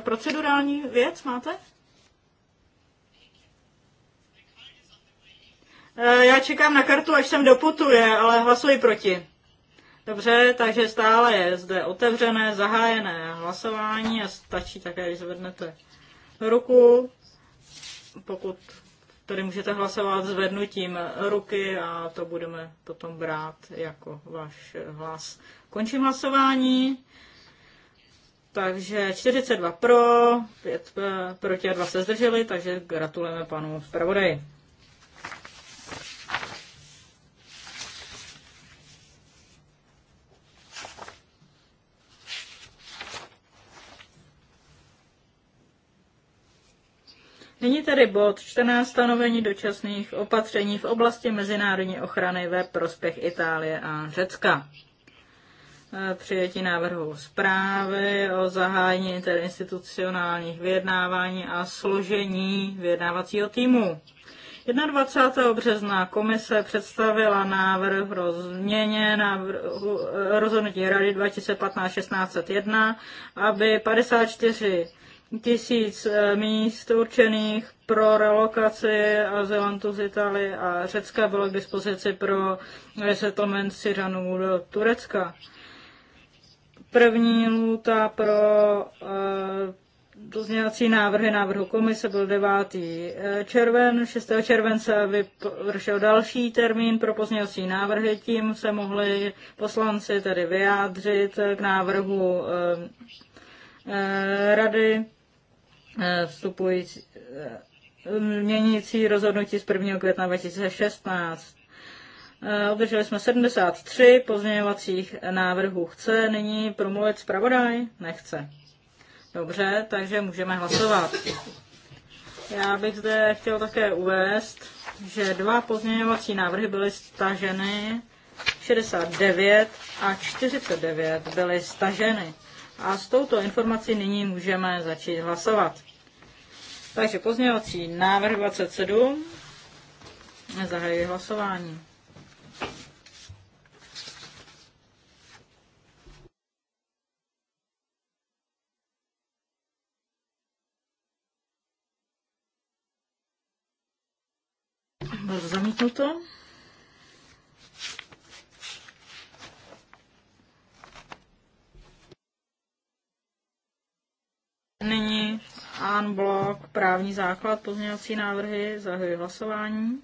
Speaker 3: Procedurální věc máte? Já čekám na kartu, až sem doputuje, ale hlasuji proti. Dobře, takže stále je zde otevřené, zahájené hlasování a stačí také, když zvednete ruku, pokud tady můžete hlasovat zvednutím ruky a to budeme potom brát jako váš hlas. Končím hlasování. Takže 42 pro, 5 eh, proti a 2 se zdrželi, takže gratulujeme panu zpravodaji. Nyní tedy bod 14 stanovení dočasných opatření v oblasti mezinárodní ochrany ve prospěch Itálie a Řecka. E, přijetí návrhu zprávy o zahájení interinstitucionálních vyjednávání a složení vyjednávacího týmu. 21. března komise představila návrh rozměně na e, rozhodnutí Rady 2015-1601, aby 54 tisíc eh, míst určených pro relokaci azylantů z Itálie a Řecka bylo k dispozici pro resettlement Syřanů do Turecka. První lůta pro eh, pozměňovací návrhy návrhu komise byl 9. Eh, červen. 6. července vypršel další termín pro pozměňovací návrhy. Tím se mohli poslanci tedy vyjádřit k návrhu Eh, rady eh, vstupující, eh, měnící rozhodnutí z 1. května 2016. Obdrželi jsme 73 pozměňovacích návrhů. Chce nyní promluvit zpravodaj? Nechce. Dobře, takže můžeme hlasovat. Já bych zde chtěl také uvést, že dva pozměňovací návrhy byly staženy, 69 a 49 byly staženy. A s touto informací nyní můžeme začít hlasovat. Takže pozměňovací návrh 27. Zahajuji hlasování. Bylo zamítnuto. Nyní blok právní základ, pozměňovací návrhy, zahajuji hlasování.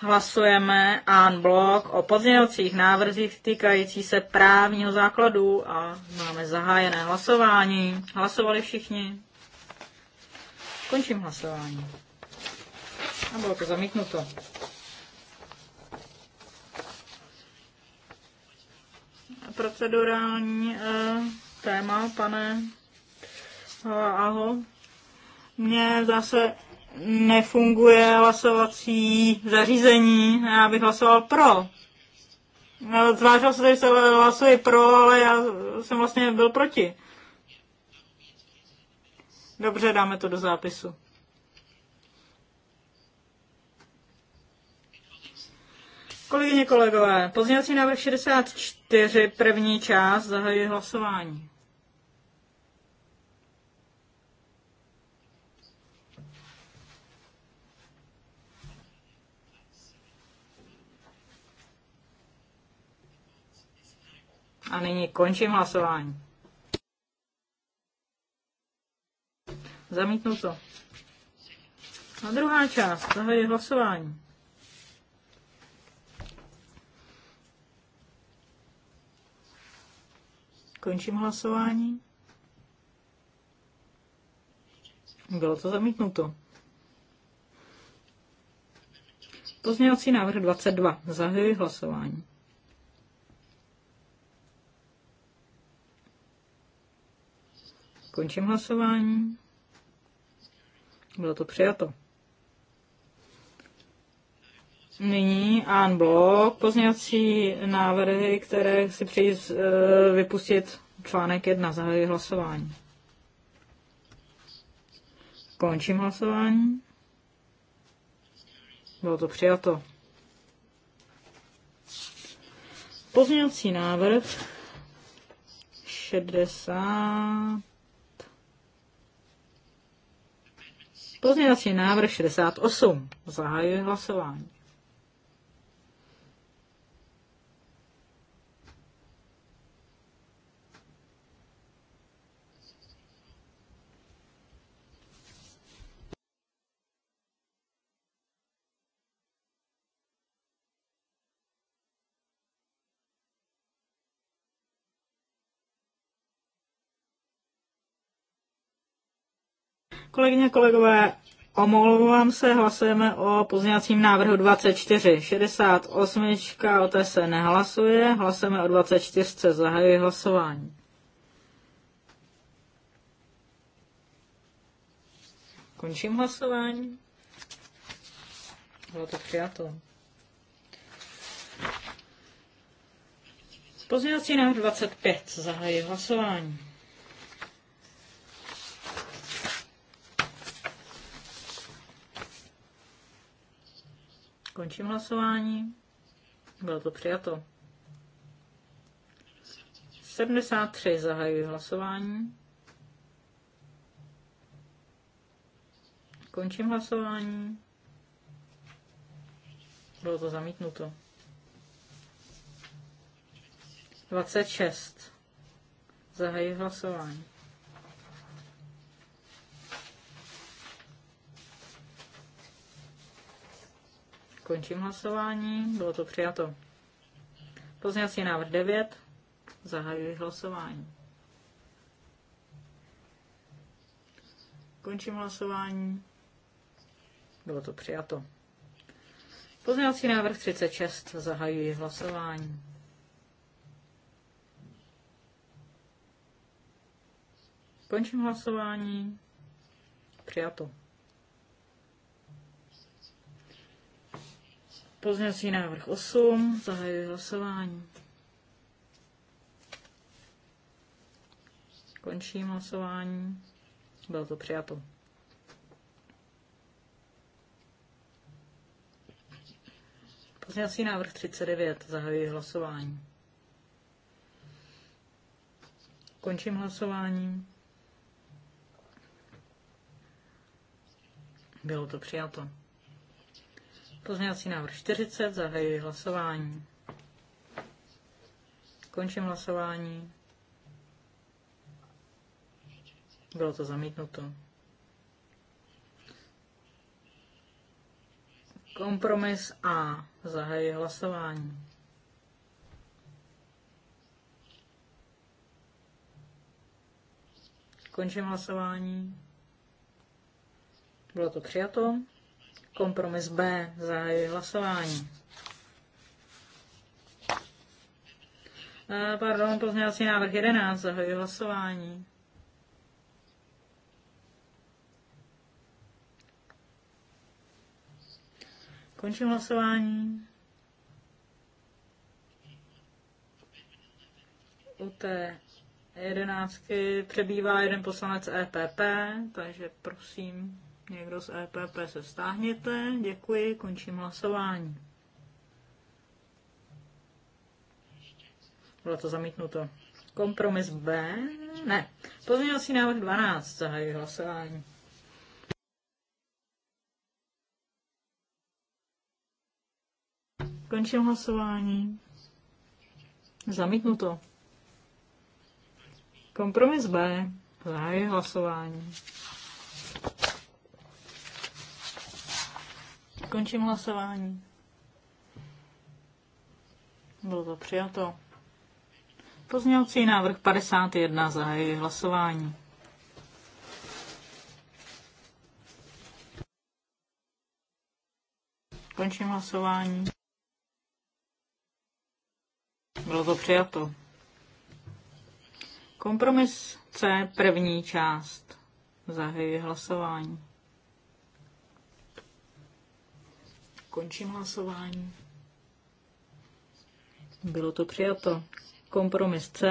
Speaker 3: Hlasujeme An blok o pozměňovacích návrzích týkající se právního základu a máme zahájené hlasování. Hlasovali všichni? Končím hlasování. A bylo to zamítnuto. procedurální eh, téma, pane eh, Aho. Mně zase nefunguje hlasovací zařízení, já bych hlasoval pro. Eh, zvážil se, že se hlasuje pro, ale já jsem vlastně byl proti. Dobře, dáme to do zápisu. Kolegyně, kolegové, pozměňovací návrh 64, první část, zahajuji hlasování. A nyní končím hlasování. Zamítnu to. A druhá část, zahajuji hlasování. Končím hlasování. Bylo to zamítnuto. Pozměňovací návrh 22. Zahajuji hlasování. Končím hlasování. Bylo to přijato. Nyní An blok pozněvací návrhy, které si přeji eh, vypustit článek 1. Zahajuji hlasování. Končím hlasování. Bylo to přijato. Pozměňovací návrh 60. Pozměňovací návrh 68. Zahajuji hlasování. Kolegyně, kolegové, omlouvám se, hlasujeme o pozněvacím návrhu 24. 68. o té se nehlasuje, hlasujeme o 24. Zahajuji hlasování. Končím hlasování. Bylo to přijato. Pozměňovací návrh 25. Zahajuji hlasování. Končím hlasování. Bylo to přijato. 73 zahajuji hlasování. Končím hlasování. Bylo to zamítnuto. 26. Zahajuji hlasování. Končím hlasování. Bylo to přijato. Pozměňovací návrh 9. Zahajuji hlasování. Končím hlasování. Bylo to přijato. Pozměňovací návrh 36. Zahajuji hlasování. Končím hlasování. Přijato. Pozměňovací návrh 8, zahajuji hlasování. Končím hlasování. Bylo to přijato. Pozměňovací návrh 39, zahajuji hlasování. Končím hlasování. Bylo to přijato. Pozměňovací návrh 40, zahajuji hlasování. Končím hlasování. Bylo to zamítnuto. Kompromis A. Zahajuji hlasování. Končím hlasování. Bylo to přijato. Kompromis B. Zahajuji hlasování. Eh, pardon, pozměňovací návrh 11. Zahajuji hlasování. Končím hlasování. U té jedenáctky přebývá jeden poslanec EPP, takže prosím. Někdo z EPP se stáhněte. Děkuji, končím hlasování. Bylo to zamítnuto. Kompromis B? Ne. Pozměňovací návrh 12. zahají hlasování. Končím hlasování. Zamítnuto. Kompromis B. Zahájí hlasování. Končím hlasování. Bylo to přijato. Pozměňovací návrh 51 zahájí hlasování. Končím hlasování. Bylo to přijato. Kompromis C, první část. Zahajuji hlasování. Končím hlasování. Bylo to přijato. Kompromis C,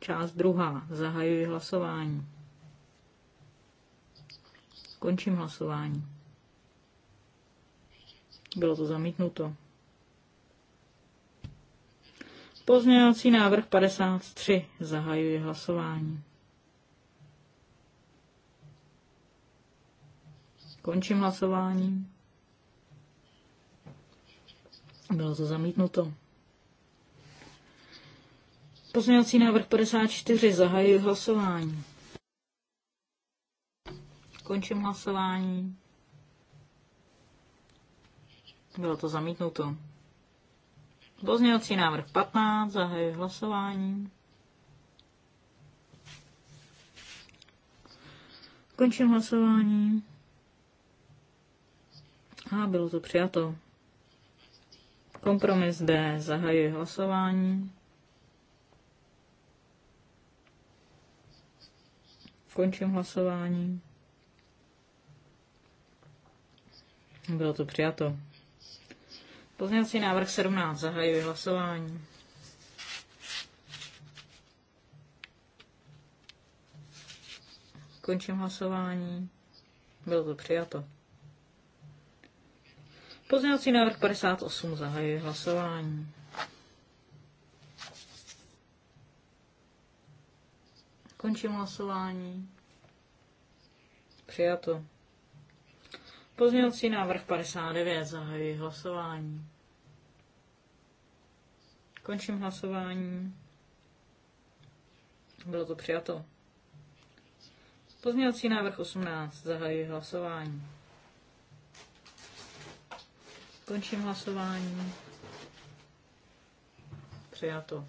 Speaker 3: část druhá. Zahajuji hlasování. Končím hlasování. Bylo to zamítnuto. Pozměňovací návrh 53. Zahajuji hlasování. Končím hlasování. Bylo to zamítnuto. Pozměňovací návrh 54. Zahajuji hlasování. Končím hlasování. Bylo to zamítnuto. Pozměňovací návrh 15. Zahajuji hlasování. Končím hlasování. A bylo to přijato. Kompromis D. Zahajuji hlasování. Končím hlasování. Bylo to přijato. Pozměňovací návrh 17. Zahajuji hlasování. Končím hlasování. Bylo to přijato. Pozměňovací návrh 58 zahajuje hlasování. Končím hlasování. Přijato. Pozměňovací návrh 59 zahajuje hlasování. Končím hlasování. Bylo to přijato. Pozměňovací návrh 18 zahajuje hlasování. Končím hlasování. Přijato.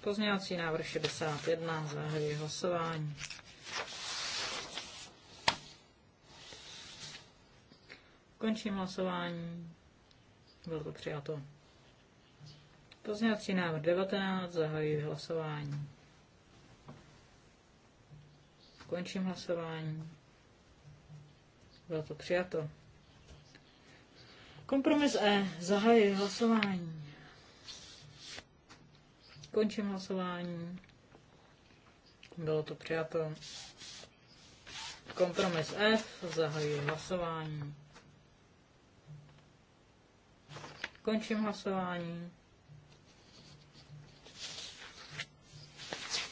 Speaker 3: Pozměňovací návrh 61. Zahajuji hlasování. Končím hlasování. Bylo to přijato. Pozměňovací návrh 19. Zahajuji hlasování. Končím hlasování. Bylo to přijato. Kompromis E. Zahajuji hlasování. Končím hlasování.
Speaker 1: Bylo to přijato.
Speaker 3: Kompromis F. Zahajuji hlasování. Končím hlasování.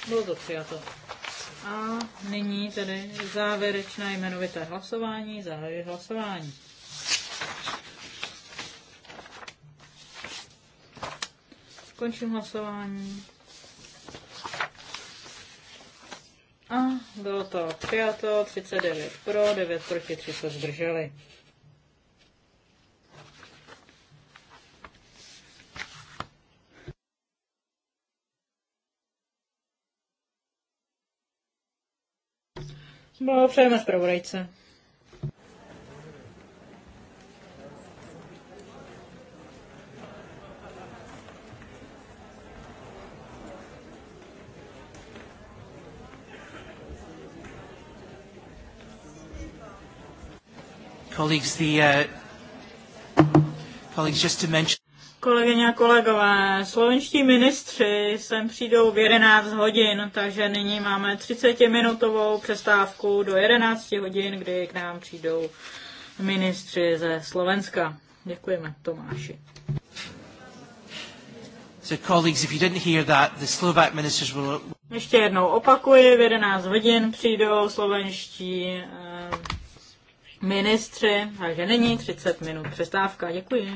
Speaker 3: Bylo to přijato. A nyní tedy závěrečné jmenovité hlasování. Zahajuji hlasování. Končím hlasování. A bylo to přijato, 39 pro, 9 proti, 3 se zdrželi. Blahopřejeme no, zpravodajce.
Speaker 1: Colleagues, the, uh, colleagues just to mention...
Speaker 3: Kolegyně a kolegové, slovenští ministři sem přijdou v 11 hodin, takže nyní máme 30-minutovou přestávku do 11 hodin, kdy k nám přijdou ministři ze Slovenska. Děkujeme, Tomáši.
Speaker 1: So colleagues, if you didn't hear that, the Slovak ministers will...
Speaker 3: Ještě jednou opakuji, v 11 hodin přijdou slovenští eh, ministři, takže není 30 minut přestávka. Děkuji.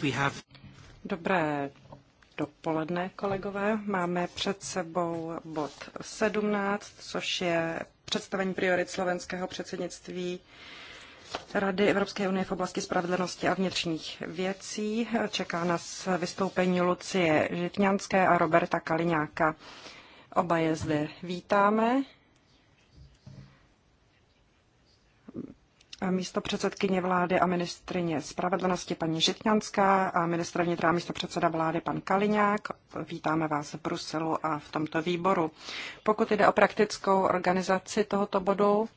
Speaker 1: Uh,
Speaker 2: Dobré dopoledne, kolegové. Máme před sebou bod 17, což je představení priorit slovenského předsednictví Rady Evropské unie v oblasti spravedlnosti a vnitřních věcí. Čeká nás vystoupení Lucie Žitňanské a Roberta Kaliňáka. Oba je zde vítáme. místo předsedkyně vlády a ministrině spravedlnosti paní Žitňanská a ministr vnitra a místo předseda vlády pan Kaliňák. Vítáme vás v Bruselu a v tomto výboru. Pokud jde o praktickou organizaci tohoto bodu,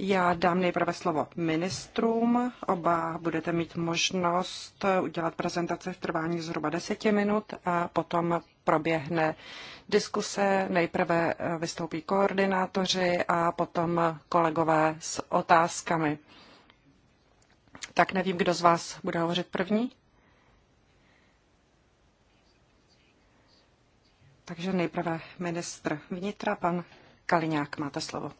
Speaker 2: já dám nejprve slovo ministrům. Oba budete mít možnost udělat prezentace v trvání zhruba deseti minut a potom proběhne diskuse. Nejprve eh, vystoupí koordinátoři a potom kolegové s otázkami. Tak nevím, kdo z vás bude hovořit první. Takže nejprve ministr vnitra, pan Kaliňák, máte slovo.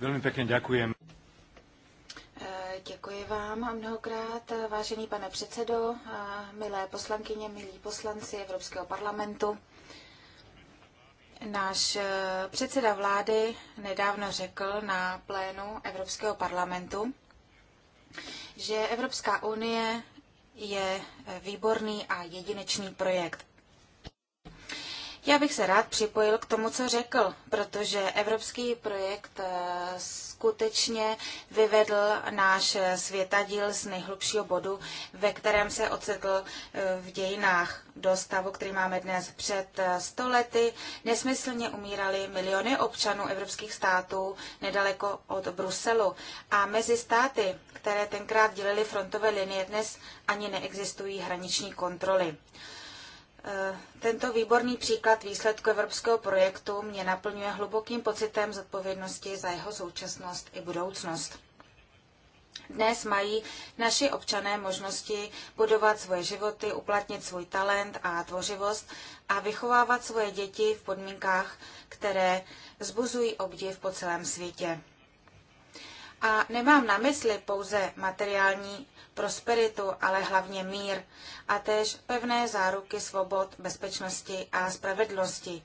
Speaker 1: Velmi pěkně děkujeme.
Speaker 4: Děkuji vám mnohokrát, vážený pane předsedo, milé poslankyně, milí poslanci Evropského parlamentu. Náš e, předseda vlády nedávno řekl na plénu Evropského parlamentu, že Evropská unie je e, výborný a jedinečný projekt. Já bych se rád připojil k tomu, co řekl, protože evropský projekt eh, skutečně vyvedl náš světadíl z nejhlubšího bodu, ve kterém se ocitl eh, v dějinách do stavu, který máme dnes před eh, stolety. Nesmyslně umírali miliony občanů evropských států nedaleko od Bruselu. A mezi státy, které tenkrát dělily frontové linie, dnes ani neexistují hraniční kontroly. Eh, tento výborný příklad výsledku evropského projektu mě naplňuje hlubokým pocitem zodpovědnosti za jeho současnost i budoucnost. Dnes mají naši občané možnosti budovat svoje životy, uplatnit svůj talent a tvořivost a vychovávat svoje děti v podmínkách, které zbuzují obdiv po celém světě. A nemám na mysli pouze materiální prosperitu, ale hlavně mír a též pevné záruky svobod, bezpečnosti a spravedlnosti.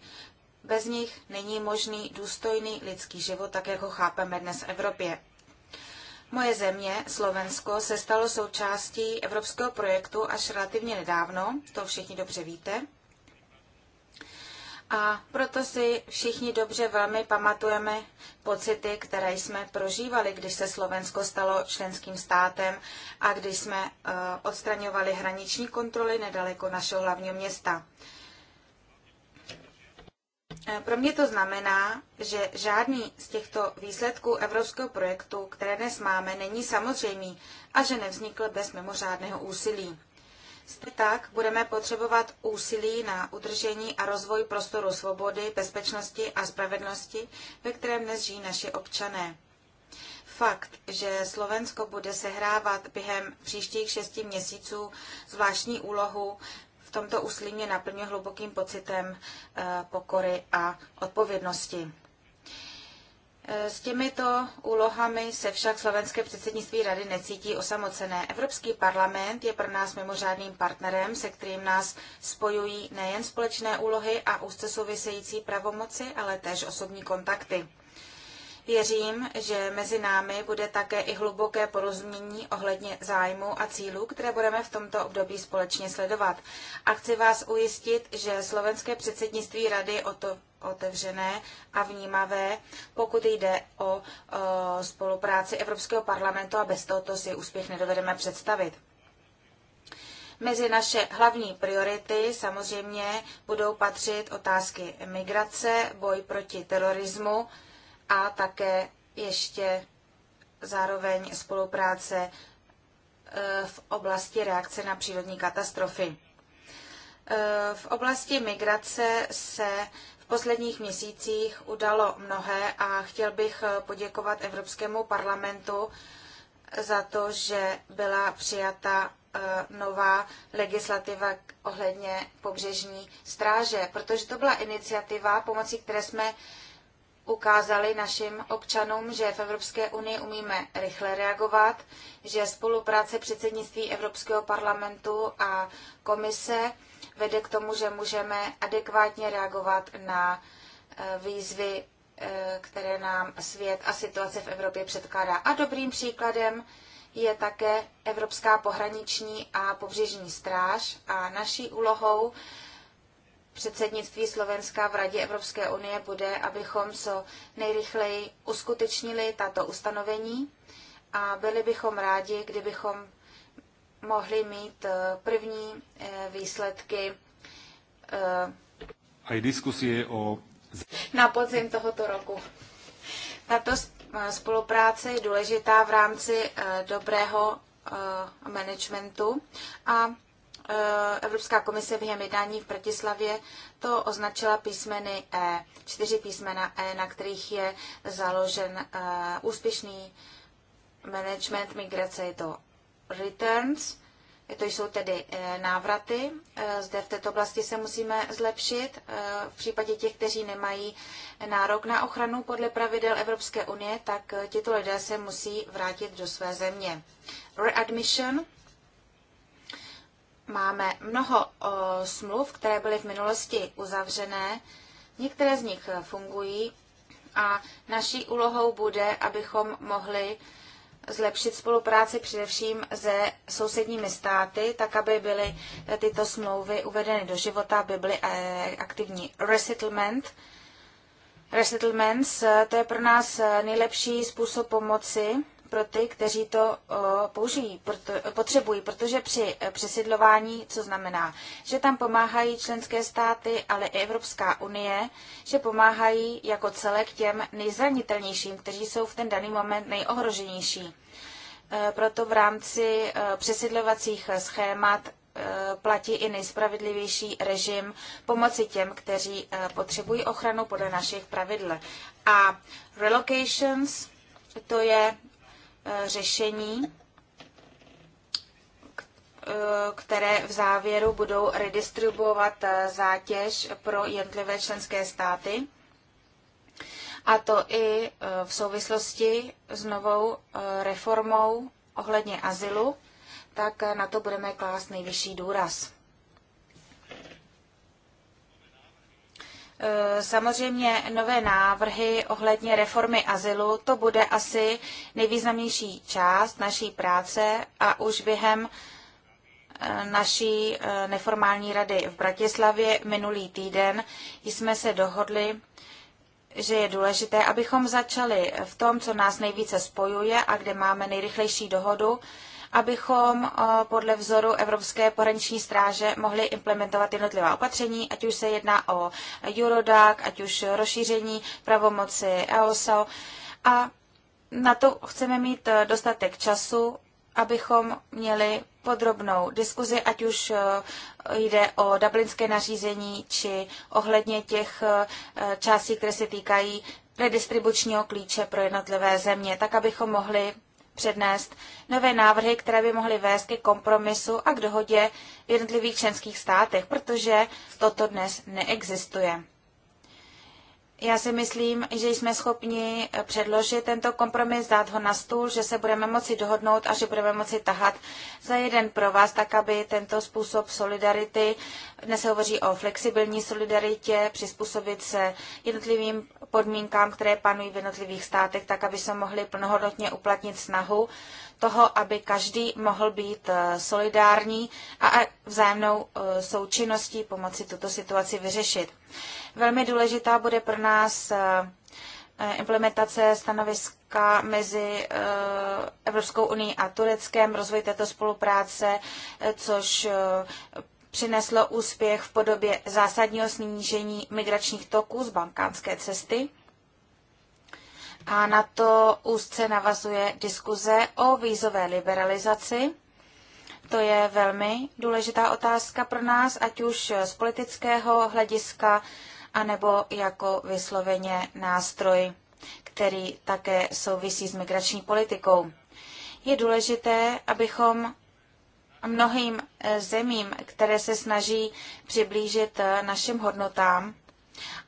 Speaker 4: Bez nich není možný důstojný lidský život, tak jako chápeme dnes v Evropě. Moje země, Slovensko, se stalo součástí evropského projektu až relativně nedávno, to všichni dobře víte. A proto si všichni dobře velmi pamatujeme pocity, které jsme prožívali, když se Slovensko stalo členským státem a když jsme eh, odstraňovali hraniční kontroly nedaleko našeho hlavního města. Eh, pro mě to znamená, že žádný z těchto výsledků evropského projektu, které dnes máme, není samozřejmý a že nevznikl bez mimořádného úsilí. Stejně tak budeme potřebovat úsilí na udržení a rozvoj prostoru svobody, bezpečnosti a spravedlnosti, ve kterém dnes žijí naši občané. Fakt, že Slovensko bude sehrávat během příštích šesti měsíců zvláštní úlohu, v tomto úsilí mě naplňuje hlubokým pocitem eh, pokory a odpovědnosti. E, s těmito úlohami se však slovenské předsednictví rady necítí osamocené. Evropský parlament je pro nás mimořádným partnerem, se kterým nás spojují nejen společné úlohy a úzce související pravomoci, ale též osobní kontakty. Věřím, že mezi námi bude také i hluboké porozumění ohledně zájmu a cílů, které budeme v tomto období společně sledovat. A chci vás ujistit, že slovenské předsednictví rady je o to otevřené a vnímavé, pokud jde o, o e, spolupráci Evropského parlamentu a bez tohoto si úspěch nedovedeme představit. Mezi naše hlavní priority samozřejmě budou patřit otázky migrace, boj proti terorismu, a také ještě zároveň spolupráce e, v oblasti reakce na přírodní katastrofy. E, v oblasti migrace se v posledních měsících udalo mnohé a chtěl bych e, poděkovat Evropskému parlamentu za to, že byla přijata nová legislativa ohledně pobřežní stráže, protože to byla iniciativa, pomocí které jsme ukázali našim občanům, že v Evropské unii umíme rychle reagovat, že spolupráce předsednictví Evropského parlamentu a komise vede k tomu, že můžeme adekvátně reagovat na eh, výzvy, eh, které nám svět a situace v Evropě předkládá. A dobrým příkladem je také Evropská pohraniční a pobřežní stráž a naší úlohou předsednictví Slovenska v Radě Evropské unie bude, abychom co nejrychleji uskutečnili tato ustanovení a byli bychom rádi, kdybychom mohli mít eh, první eh, výsledky eh,
Speaker 1: a diskusie o...
Speaker 4: na podzim tohoto roku. Tato spolupráce je důležitá v rámci dobrého managementu a Eh, Evropská komise během jednání v Bratislavě to označila písmeny E, čtyři písmena E, na kterých je založen eh, úspěšný management migrace. Je to returns, to jsou tedy eh, návraty. Zde v této oblasti se musíme zlepšit. V případě těch, kteří nemají nárok na ochranu podle pravidel Evropské unie, tak tito lidé se musí vrátit do své země. Readmission, máme mnoho smluv, které byly v minulosti uzavřené. Některé z nich e, fungují a naší úlohou bude, abychom mohli zlepšit spolupráci především se sousedními státy, tak aby byly e, tyto smlouvy uvedeny do života, aby byly e, aktivní resettlement. Resettlements, to je pro nás nejlepší způsob pomoci pro ty, kteří to eh, použijí, potřebují, protože při eh, přesidlování, co znamená, že tam pomáhají členské státy, ale i Evropská unie, že pomáhají jako celek těm nejzranitelnějším, kteří jsou v ten daný moment nejohroženější. Eh, proto v rámci přesidlovacích schémat platí i nejspravedlivější režim pomoci těm, kteří potřebují ochranu podle našich pravidel. A relocations, to je Eh, řešení, eh, které v závěru budou redistribuovat eh, zátěž pro jednotlivé členské státy. A to i v souvislosti s novou reformou ohledně azylu, tak na to budeme klást nejvyšší důraz. Eh, samozřejmě nové návrhy ohledně reformy azylu, to bude asi nejvýznamnější část naší práce a už během eh, naší eh, neformální rady v Bratislavě minulý týden jsme se dohodli, že je důležité, abychom začali v tom, co nás nejvíce spojuje a kde máme nejrychlejší dohodu, abychom eh, podle vzoru Evropské pohraniční stráže mohli implementovat jednotlivá opatření, ať už se jedná o Eurodac, ať už rozšíření pravomoci EOSO. A na to chceme mít eh, dostatek času, abychom měli podrobnou diskuzi, ať už eh, jde o dublinské nařízení, či ohledně těch částí, které se týkají redistribučního klíče pro jednotlivé země, tak abychom mohli přednést nové návrhy, které by mohly vést ke kompromisu a k dohodě v jednotlivých členských státech, protože toto dnes neexistuje. Já si myslím, že jsme schopni předložit tento kompromis, dát ho na stůl, že se budeme moci dohodnout a že budeme moci tahat za jeden pro vás, tak aby tento způsob solidarity, dnes se hovoří o flexibilní solidaritě, přizpůsobit se jednotlivým podmínkám, které panují v jednotlivých státech, tak aby se mohli plnohodnotně uplatnit snahu toho, aby každý mohl být eh, solidární a vzájemnou eh, součinností pomoci tuto situaci vyřešit. Velmi důležitá bude pro nás eh, implementace stanoviska mezi Evropskou unii a Tureckem, rozvoj této spolupráce, což přineslo úspěch v podobě zásadního snížení migračních toků z balkánské cesty. A na to úzce navazuje diskuze o vízové liberalizaci. To je velmi důležitá otázka pro nás, ať už z politického hlediska, anebo jako vysloveně nástroj, který také souvisí s migrační politikou. Je důležité, abychom mnohým zemím, které se snaží přiblížit našim hodnotám,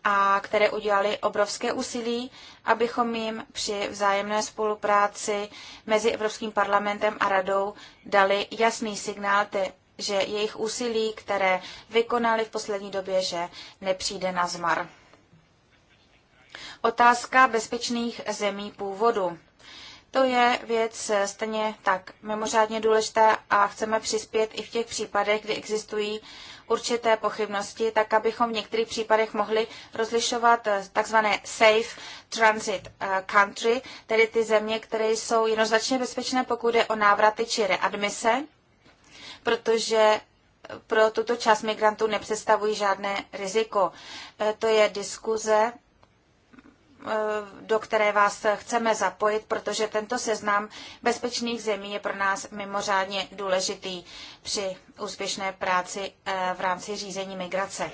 Speaker 4: a které udělali obrovské úsilí, abychom jim při vzájemné spolupráci mezi Evropským parlamentem a radou dali jasný signál, že jejich úsilí, které vykonali v poslední době, že nepřijde na zmar. Otázka bezpečných zemí původu. To je věc stejně tak mimořádně důležitá a chceme přispět i v těch případech, kdy existují určité pochybnosti, tak abychom v některých případech mohli rozlišovat eh, takzvané safe transit eh, country, tedy ty země, které jsou jednoznačně bezpečné, pokud je o návraty či readmise, protože eh, pro tuto část migrantů nepředstavují žádné riziko. To je diskuze Eh, do které vás chceme zapojit, protože tento seznam bezpečných zemí je pro nás mimořádně důležitý při úspěšné práci eh, v rámci řízení migrace.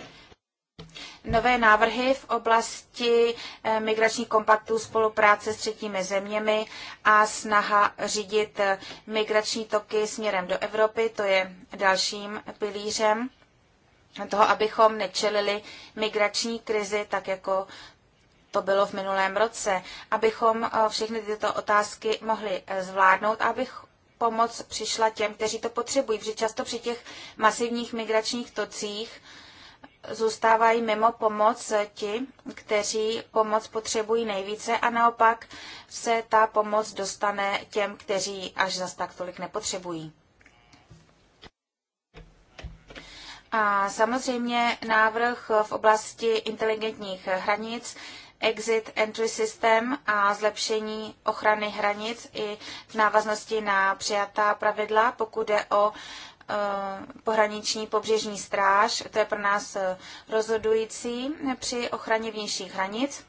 Speaker 4: Nové návrhy v oblasti eh, migračních kompaktů spolupráce s třetími zeměmi a snaha řídit migrační toky směrem do Evropy, to je dalším pilířem toho, abychom nečelili migrační krizi, tak jako to bylo v minulém roce, abychom eh, všechny tyto otázky mohli eh, zvládnout, abych pomoc přišla těm, kteří to potřebují, protože často při těch masivních migračních tocích zůstávají mimo pomoc eh, ti, kteří pomoc potřebují nejvíce a naopak se ta pomoc dostane těm, kteří až zas tak tolik nepotřebují. A samozřejmě návrh v oblasti inteligentních hranic exit entry systém a zlepšení ochrany hranic i v návaznosti na přijatá pravidla, pokud je o eh, pohraniční pobřežní stráž. To je pro nás eh, rozhodující při ochraně vnějších hranic.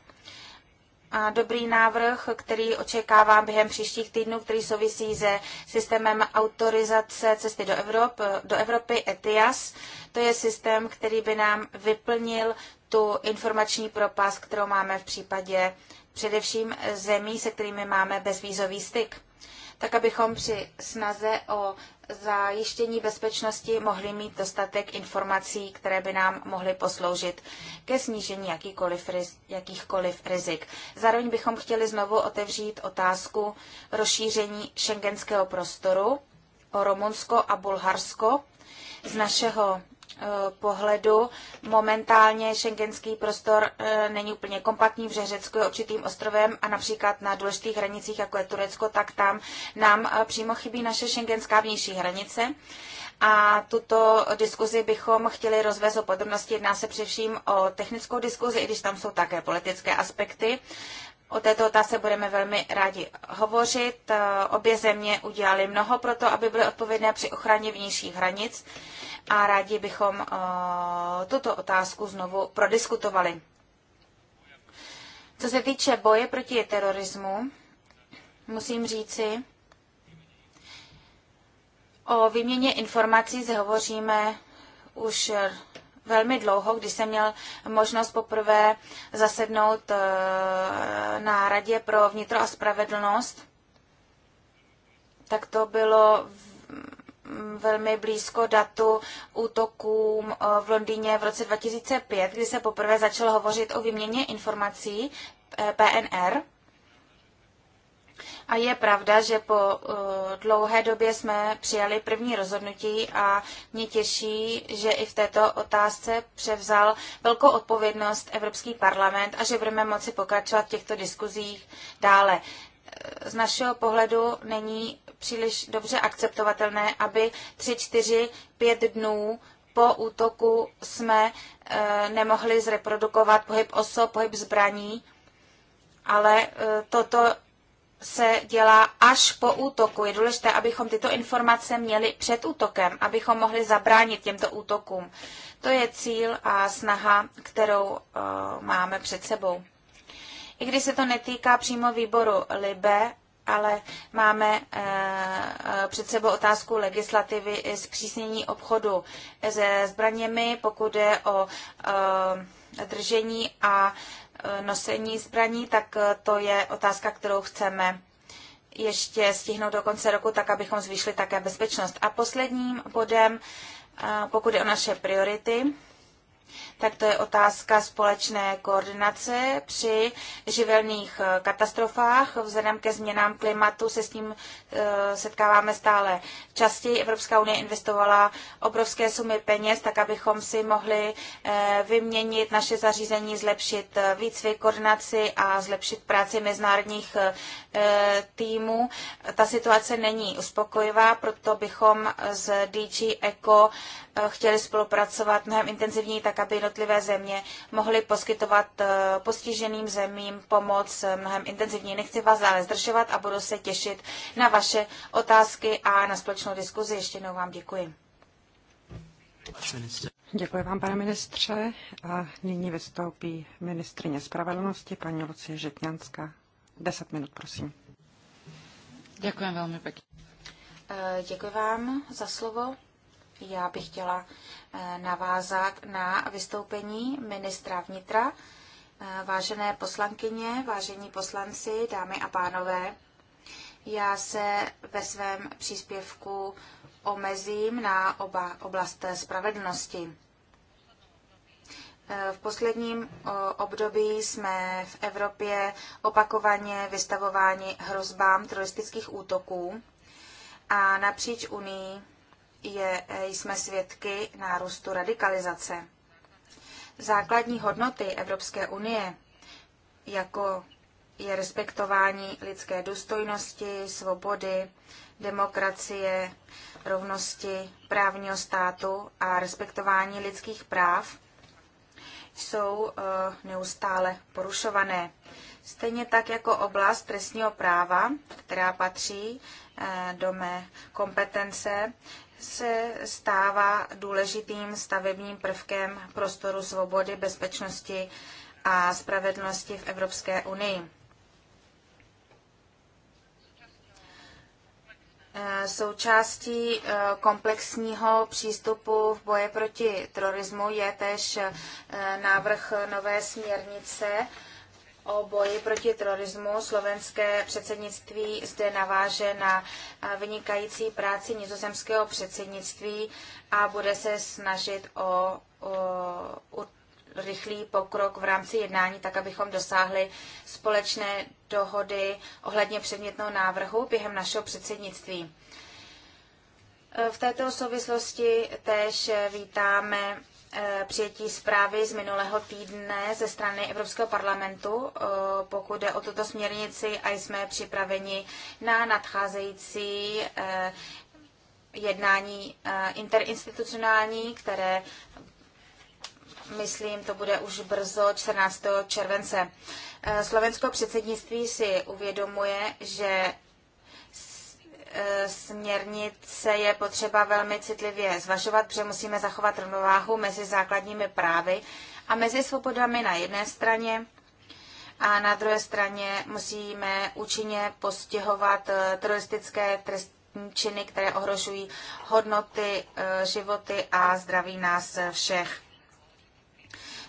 Speaker 4: A dobrý návrh, který očekávám během příštích týdnů, který souvisí se systémem autorizace cesty do, Evrop, do Evropy ETIAS. To je systém, který by nám vyplnil tu informační propast, kterou máme v případě především zemí, se kterými máme bezvízový styk. Tak abychom při snaze o zajištění bezpečnosti mohli mít dostatek informací, které by nám mohly posloužit ke snížení jakýkoliv, jakýchkoliv rizik. Zároveň bychom chtěli znovu otevřít otázku rozšíření šengenského prostoru o Rumunsko a Bulharsko z našeho eh, pohledu momentálně šengenský prostor eh, není úplně kompaktní, protože Řecko je určitým ostrovem a například na důležitých hranicích, jako je Turecko, tak tam nám eh, přímo chybí naše šengenská vnější hranice. A tuto diskuzi bychom chtěli rozvést o podrobnosti. Jedná se především o technickou diskuzi, i když tam jsou také politické aspekty. O této otázce budeme velmi rádi hovořit. Eh, obě země udělali mnoho pro to, aby byly odpovědné při ochraně vnějších hranic a rádi bychom eh, tuto otázku znovu prodiskutovali. Co se týče boje proti terorismu, musím říci, o výměně informací zhovoříme už velmi dlouho, když jsem měl možnost poprvé zasednout eh, na Radě pro vnitro a spravedlnost, tak to bylo velmi blízko datu útokům eh, v Londýně v roce 2005, kdy se poprvé začalo hovořit o výměně informací eh, PNR. A je pravda, že po eh, dlouhé době jsme přijali první rozhodnutí a mě těší, že i v této otázce převzal velkou odpovědnost Evropský parlament a že budeme moci pokračovat v těchto diskuzích dále. Eh, z našeho pohledu není příliš dobře akceptovatelné, aby tři, čtyři, pět dnů po útoku jsme eh, nemohli zreprodukovat pohyb osob, pohyb zbraní, ale toto se dělá až po útoku. Je důležité, abychom tyto informace měli před útokem, abychom mohli zabránit těmto útokům. To je cíl a snaha, kterou uh, máme před sebou. I když se to netýká přímo výboru LIBE, ale máme eh, před sebou otázku legislativy zpřísnění obchodu se zbraněmi, pokud je o eh, držení a nosení zbraní, tak eh, to je otázka, kterou chceme ještě stihnout do konce roku, tak abychom zvýšili také bezpečnost. A posledním bodem, eh, pokud je o naše priority, tak to je otázka společné koordinace při živelných eh, katastrofách. Vzhledem ke změnám klimatu se s tím eh, setkáváme stále častěji. Evropská unie investovala obrovské sumy peněz, tak abychom si mohli eh, vyměnit naše zařízení, zlepšit výcvik, koordinaci a zlepšit práci mezinárodních týmů. Ta situace není uspokojivá, proto bychom s DG ECO chtěli spolupracovat mnohem intenzivněji, tak tak aby jednotlivé země mohly poskytovat eh, postiženým zemím pomoc eh, mnohem intenzivněji. Nechci vás dále zdržovat a budu se těšit na vaše otázky a na společnou diskuzi. Ještě jednou vám děkuji.
Speaker 2: Děkuji vám, pane ministře. A nyní vystoupí ministrině spravedlnosti, paní Lucie Žitňanská. Deset minut, prosím.
Speaker 3: Děkuji velmi pěkně.
Speaker 4: Eh, děkuji vám za slovo. Já bych chtěla eh, navázat na vystoupení ministra vnitra. Eh, vážené poslankyně, vážení poslanci, dámy a pánové, já se ve svém příspěvku omezím na oba oblast spravedlnosti. Eh, v posledním období jsme v Evropě opakovaně vystavováni hrozbám teroristických útoků a napříč Unii je, e, jsme svědky nárůstu radikalizace. Základní hodnoty Evropské unie, jako je respektování lidské důstojnosti, svobody, demokracie, rovnosti, právního státu a respektování lidských práv, jsou e, neustále porušované. Stejně tak jako oblast trestního práva, která patří e, do mé kompetence, se stává důležitým stavebním prvkem prostoru svobody, bezpečnosti a spravedlnosti v Evropské unii. Eh, součástí eh, komplexního přístupu v boje proti terorismu je též eh, návrh nové směrnice o boji proti terorismu. Slovenské předsednictví zde naváže na vynikající práci nizozemského předsednictví a bude se snažit o, o rychlý pokrok v rámci jednání, tak abychom dosáhli společné dohody ohledně předmětného návrhu během našeho předsednictví. E, v této souvislosti též e, vítáme Eh, přijetí zprávy z minulého týdne ze strany Evropského parlamentu, eh, pokud jde o tuto směrnici a jsme připraveni na nadcházející eh, jednání interinstitucionální, které myslím, to bude už brzo 14. července. Slovensko předsednictví si uvědomuje, že E, směrnice je potřeba velmi citlivě zvažovat, protože musíme zachovat rovnováhu mezi základními právy a mezi svobodami na jedné straně a na druhé straně musíme účinně postihovat e, teroristické trestní činy, které ohrožují hodnoty, e, životy a zdraví nás všech.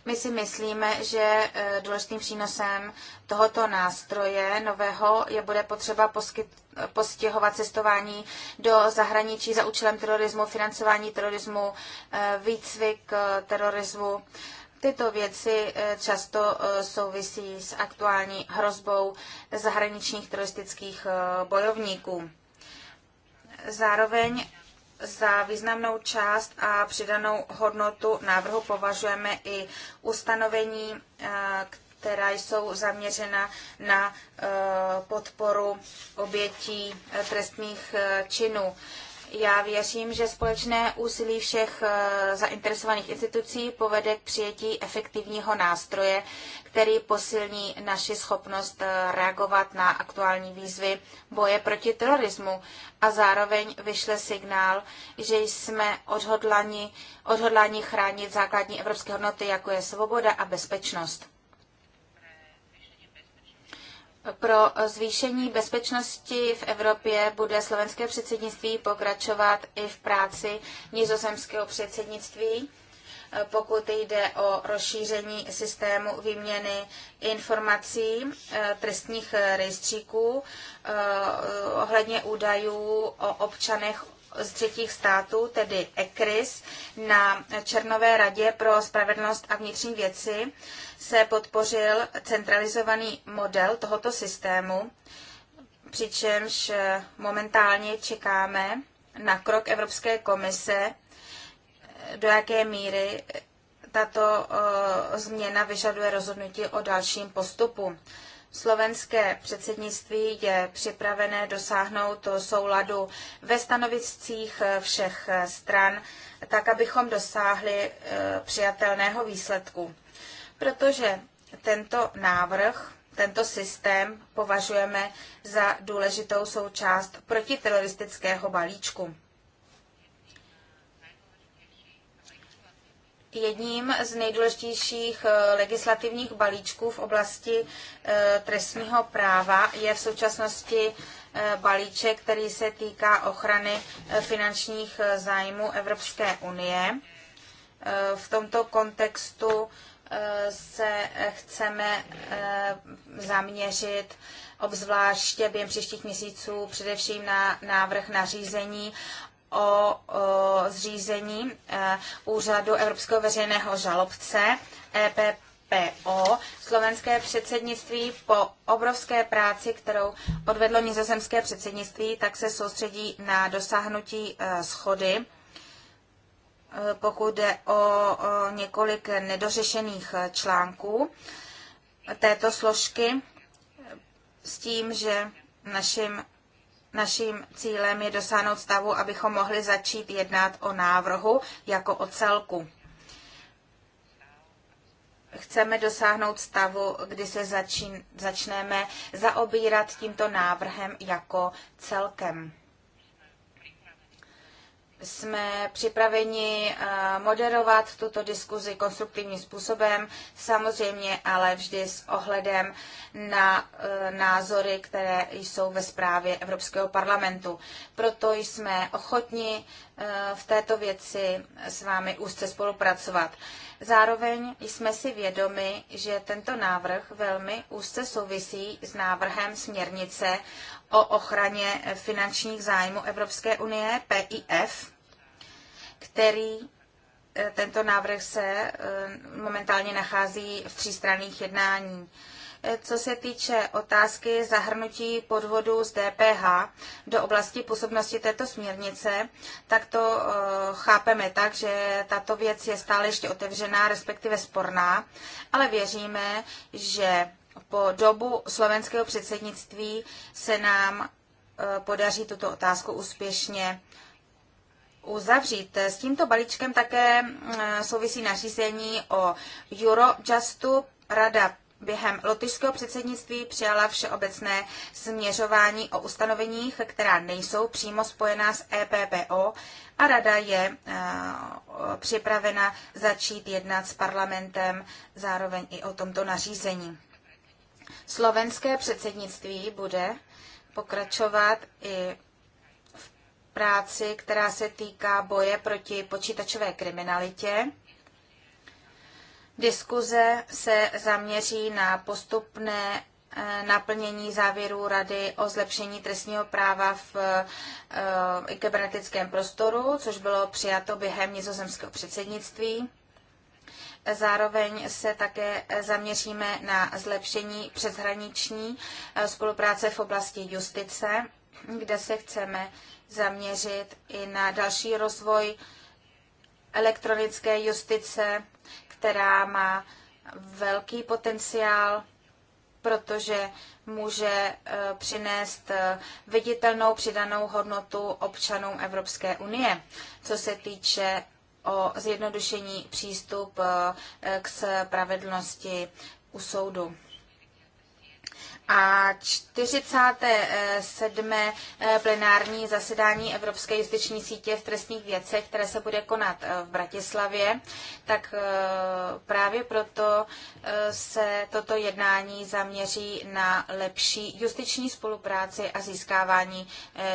Speaker 4: My si myslíme, že e, důležitým přínosem tohoto nástroje nového je bude potřeba poskyt, postihovat cestování do zahraničí za účelem terorismu, financování terorismu, e, výcvik e, terorismu. Tyto věci často souvisí s aktuální hrozbou zahraničních teroristických bojovníků. Zároveň za významnou část a přidanou hodnotu návrhu považujeme i ustanovení, eh, která jsou zaměřena na eh, podporu obětí eh, trestných činů. Já věřím, že společné úsilí všech eh, zainteresovaných institucí povede k přijetí efektivního nástroje, který posilní naši schopnost eh, reagovat na aktuální výzvy boje proti terorismu a zároveň vyšle signál, že jsme odhodlani, odhodlani chránit základní evropské hodnoty, jako je svoboda a bezpečnost. Pro zvýšení bezpečnosti v Evropě bude slovenské předsednictví pokračovat i v práci nizozemského předsednictví, pokud jde o rozšíření systému výměny informací eh, trestních rejstříků eh, ohledně údajů o občanech z třetích států, tedy ECRIS, na Černové radě pro spravedlnost a vnitřní věci se podpořil centralizovaný model tohoto systému, přičemž momentálně čekáme na krok Evropské komise, do jaké míry tato eh, změna vyžaduje rozhodnutí o dalším postupu. Slovenské předsednictví je připravené dosáhnout souladu ve stanoviscích všech stran, tak abychom dosáhli eh, přijatelného výsledku protože tento návrh, tento systém považujeme za důležitou součást protiteroristického balíčku. jedním z nejdůležitějších eh, legislativních balíčků v oblasti eh, trestního práva je v současnosti eh, balíček, který se týká ochrany finančních zájmů Evropské unie. V tomto kontextu se chceme eh, zaměřit obzvláště během příštích měsíců především na návrh nařízení o, o zřízení eh, úřadu Evropského veřejného žalobce EPP PO. Slovenské předsednictví po obrovské práci, kterou odvedlo nizozemské předsednictví, tak se soustředí na dosáhnutí eh, schody pokud jde o několik nedořešených článků této složky s tím, že naším, naším cílem je dosáhnout stavu, abychom mohli začít jednat o návrhu jako o celku. Chceme dosáhnout stavu, kdy se začín, začneme zaobírat tímto návrhem jako celkem jsme připraveni eh, moderovat tuto diskuzi konstruktivním způsobem, samozřejmě, ale vždy s ohledem na eh, názory, které jsou ve zprávě Evropského parlamentu. Proto jsme ochotni eh, v této věci s vámi úzce spolupracovat. Zároveň jsme si vědomi, že tento návrh velmi úzce souvisí s návrhem směrnice o ochraně finančních zájmů Evropské unie PIF který eh, tento návrh se eh, momentálně nachází v třístranných jednání. Eh, co se týče otázky zahrnutí podvodu z DPH do oblasti působnosti této směrnice, tak to chápeme tak, že tato věc je stále ještě otevřená, respektive sporná, ale věříme, že po dobu slovenského předsednictví se nám podaří tuto otázku úspěšně uzavřít. S tímto balíčkem také eh, souvisí nařízení o Eurojustu. Rada během lotyšského předsednictví přijala všeobecné směřování o ustanoveních, která nejsou přímo spojená s EPPO a rada je eh, připravena začít jednat s parlamentem zároveň i o tomto nařízení. Slovenské předsednictví bude pokračovat i práci, která se týká boje proti počítačové kriminalitě. Diskuze se zaměří na postupné eh, naplnění závěrů Rady o zlepšení trestního práva v e kybernetickém prostoru, což bylo přijato během nizozemského předsednictví. Zároveň se také zaměříme na zlepšení přeshraniční eh, spolupráce v oblasti justice, kde se chceme zaměřit i na další rozvoj elektronické justice, která má velký potenciál, protože může eh, přinést eh, viditelnou přidanou hodnotu občanům Evropské unie, co se týče o zjednodušení přístup eh, k spravedlnosti u soudu a 47. Eh, eh, plenární zasedání Evropské justiční sítě v trestních věcech, které se bude konat eh, v Bratislavě, tak právě proto se toto jednání zaměří na lepší justiční spolupráci a získávání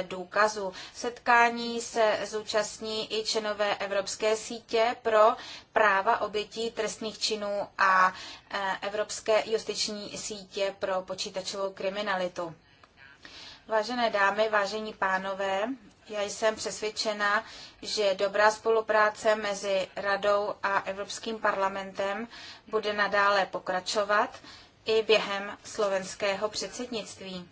Speaker 4: důkazů. Setkání se zúčastní i členové Evropské sítě pro práva obětí trestných činů a Eh, Evropské justiční sítě pro počítačovou kriminalitu. Vážené dámy, vážení pánové, já jsem přesvědčena, že dobrá spolupráce mezi Radou a Evropským parlamentem bude nadále pokračovat i během slovenského předsednictví.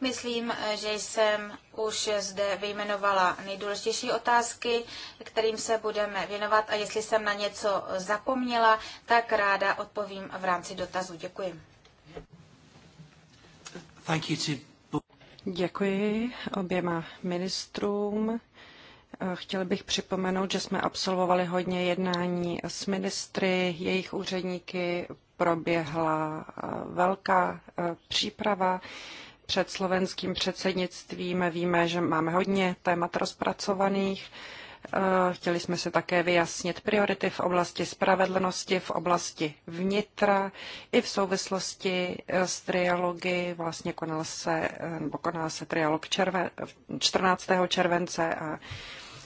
Speaker 4: Myslím, že jsem už zde vyjmenovala nejdůležitější otázky, kterým se budeme věnovat a jestli jsem na něco zapomněla, tak ráda odpovím v rámci dotazu. Děkuji.
Speaker 1: Thank you to...
Speaker 2: Děkuji oběma ministrům. Chtěl bych připomenout, že jsme absolvovali hodně jednání s ministry, jejich úředníky, proběhla velká příprava před slovenským předsednictvím. Víme, že máme hodně témat rozpracovaných. Eh, chtěli jsme se také vyjasnit priority v oblasti spravedlnosti, v oblasti vnitra i v souvislosti eh, s trialogy. Vlastně konal se, eh, nebo konal se trialog červen, 14. července a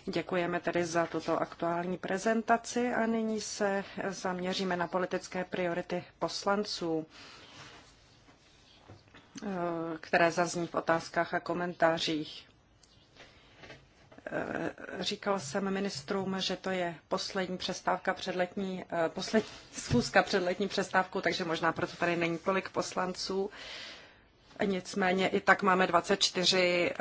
Speaker 2: Děkujeme tedy za tuto aktuální prezentaci a nyní se zaměříme na politické priority poslanců. Eh, které zazní v otázkách a komentářích. Eh, říkal jsem ministrům, že to je poslední přestávka před letní, eh, poslední schůzka před letní přestávku, takže možná proto tady není tolik poslanců. Nicméně i tak máme 24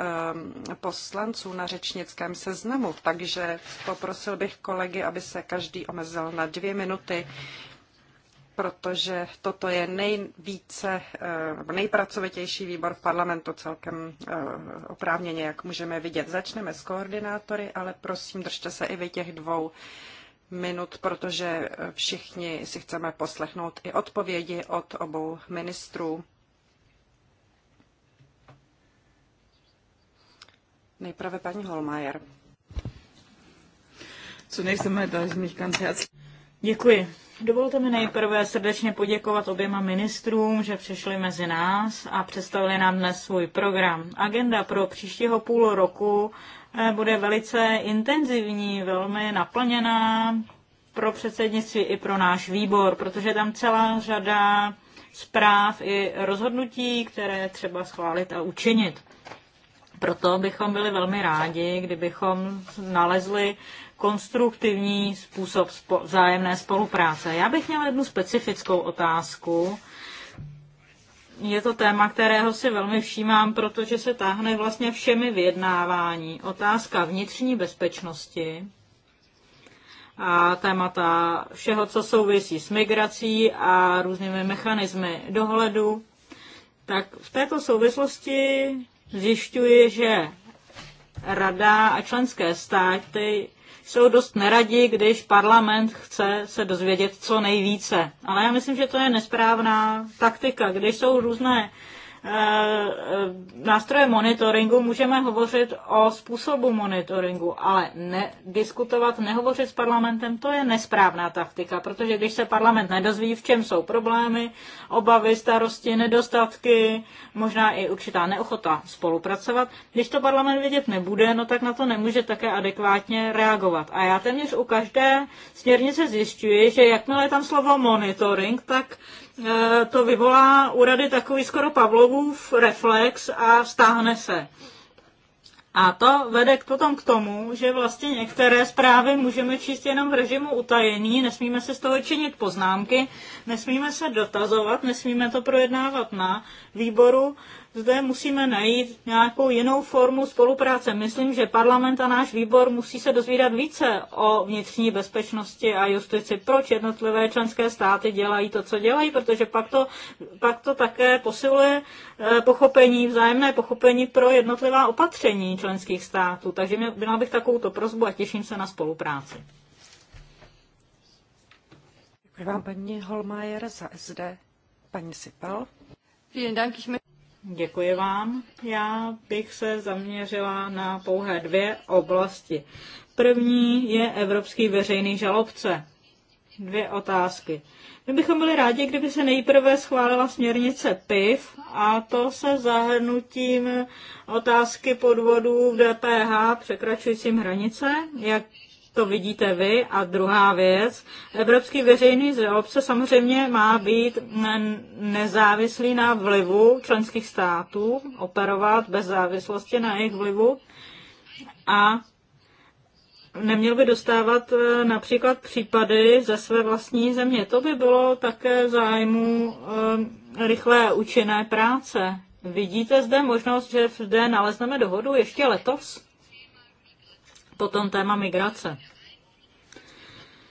Speaker 2: poslanců na řečnickém seznamu, takže poprosil bych kolegy, aby se každý omezil na dvě minuty protože toto je nejvíce, eh, nebo nejpracovitější výbor v parlamentu celkem eh, oprávněně, jak můžeme vidět. Začneme s koordinátory, ale prosím, držte se i vy těch dvou minut, protože eh, všichni si chceme poslechnout i odpovědi od obou ministrů. Nejprve paní
Speaker 3: Holmajer. Zunächst einmal darf ich mich ganz herzlich. Děkuji. Dovolte mi nejprve srdečně poděkovat oběma ministrům, že přišli mezi nás a představili nám dnes svůj program. Agenda pro příštího půl roku eh, bude velice intenzivní, velmi naplněná pro předsednictví i pro náš výbor, protože tam celá řada zpráv i rozhodnutí, které třeba schválit a učinit. Proto bychom byli velmi rádi, kdybychom nalezli konstruktivní způsob spo- vzájemné spolupráce. Já bych měla jednu specifickou otázku. Je to téma, kterého si velmi všímám, protože se táhne vlastně všemi vyjednávání. Otázka vnitřní bezpečnosti a témata všeho, co souvisí s migrací a různými mechanismy dohledu. Tak v této souvislosti zjišťuji, že Rada a členské státy jsou dost neradi, když parlament chce se dozvědět co nejvíce. Ale já myslím, že to je nesprávná taktika. Když jsou různé Eh, eh, nástroje monitoringu můžeme hovořit o způsobu monitoringu, ale ne, diskutovat, nehovořit s parlamentem, to je nesprávná taktika, protože když se parlament nedozví, v čem jsou problémy, obavy, starosti, nedostatky, možná i určitá neochota spolupracovat, když to parlament vědět nebude, no tak na to nemůže také adekvátně reagovat. A já téměř u každé směrnice zjišťuji, že jakmile je tam slovo monitoring, tak E, to vyvolá u rady takový skoro Pavlovův reflex a stáhne se. A to vede potom k tomu, že vlastně některé zprávy můžeme číst jenom v režimu utajení, nesmíme se z toho činit poznámky, nesmíme se dotazovat, nesmíme to projednávat na výboru, zde musíme najít nějakou jinou formu spolupráce. Myslím, že parlament a náš výbor musí se dozvídat více o vnitřní bezpečnosti a justici, proč jednotlivé členské státy dělají to, co dělají, protože pak to, pak to také posiluje eh, pochopení, vzájemné pochopení pro jednotlivá opatření členských států. Takže měla bych takovouto prozbu a těším se na spolupráci. Děkuji vám, paní Holmajer, za SD. Paní Sipal. Vielen Dank. Ich Děkuji vám. Já bych se zaměřila na pouhé dvě oblasti. První je Evropský veřejný žalobce. Dvě otázky. My bychom byli rádi, kdyby se nejprve schválila směrnice PIV a to se zahrnutím otázky podvodů v DPH překračujícím hranice, jak to vidíte vy. A druhá věc, Evropský veřejný žalobce samozřejmě má být nezávislý na vlivu členských států, operovat bez závislosti na jejich vlivu a neměl by dostávat e, například případy ze své vlastní země. To by bylo také zájmu e, rychlé účinné práce. Vidíte zde možnost, že zde nalezneme dohodu ještě letos? Potom téma migrace.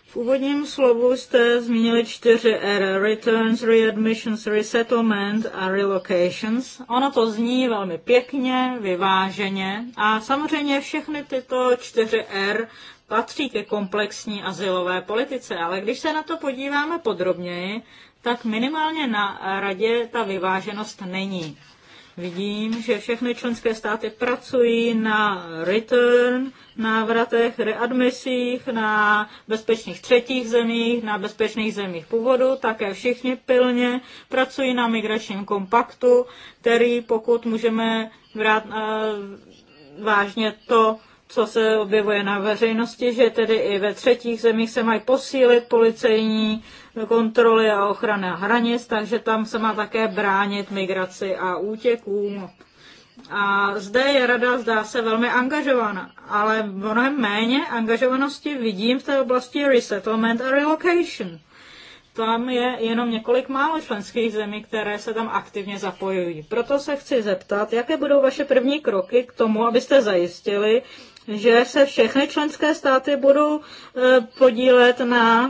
Speaker 3: V úvodním slovu jste zmínili čtyři R. Returns, readmissions, resettlement a relocations. Ono to zní velmi pěkně, vyváženě a samozřejmě všechny tyto čtyři R patří ke komplexní asilové politice, ale když se na to podíváme podrobněji, tak minimálně na radě ta vyváženost není. Vidím, že všechny členské státy pracují na return, návratech, readmisích, na bezpečných třetích zemích, na bezpečných zemích původu. Také všichni pilně pracují na migračním kompaktu, který pokud můžeme vrát, eh, vážně to co se objevuje na veřejnosti, že tedy i ve třetích zemích se mají posílit policejní kontroly a ochrana hranic, takže tam se má také bránit migraci a útěkům. A zde je rada, zdá se, velmi angažována, ale mnohem méně angažovanosti vidím v té oblasti resettlement a relocation. Tam je jenom několik málo členských zemí, které se tam aktivně zapojují. Proto se chci zeptat, jaké budou vaše první kroky k tomu, abyste zajistili, že se všechny členské státy budou e, podílet na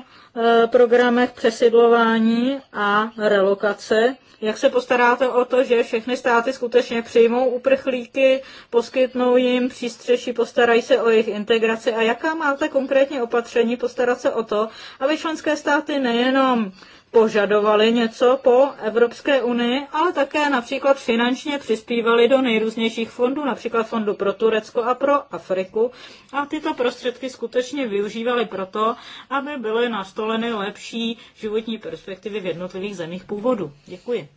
Speaker 3: e, programech přesidlování a relokace. Jak se postaráte o to, že všechny státy skutečně přijmou uprchlíky, poskytnou jim přístřeší, postarají se o jejich integraci a jaká máte konkrétně opatření postarat se o to, aby členské státy nejenom požadovali něco po Evropské unii, ale také například finančně přispívali do nejrůznějších fondů, například fondu pro Turecko a pro Afriku. A tyto prostředky skutečně využívali proto, aby byly nastoleny lepší životní perspektivy v jednotlivých zemích původu. Děkuji.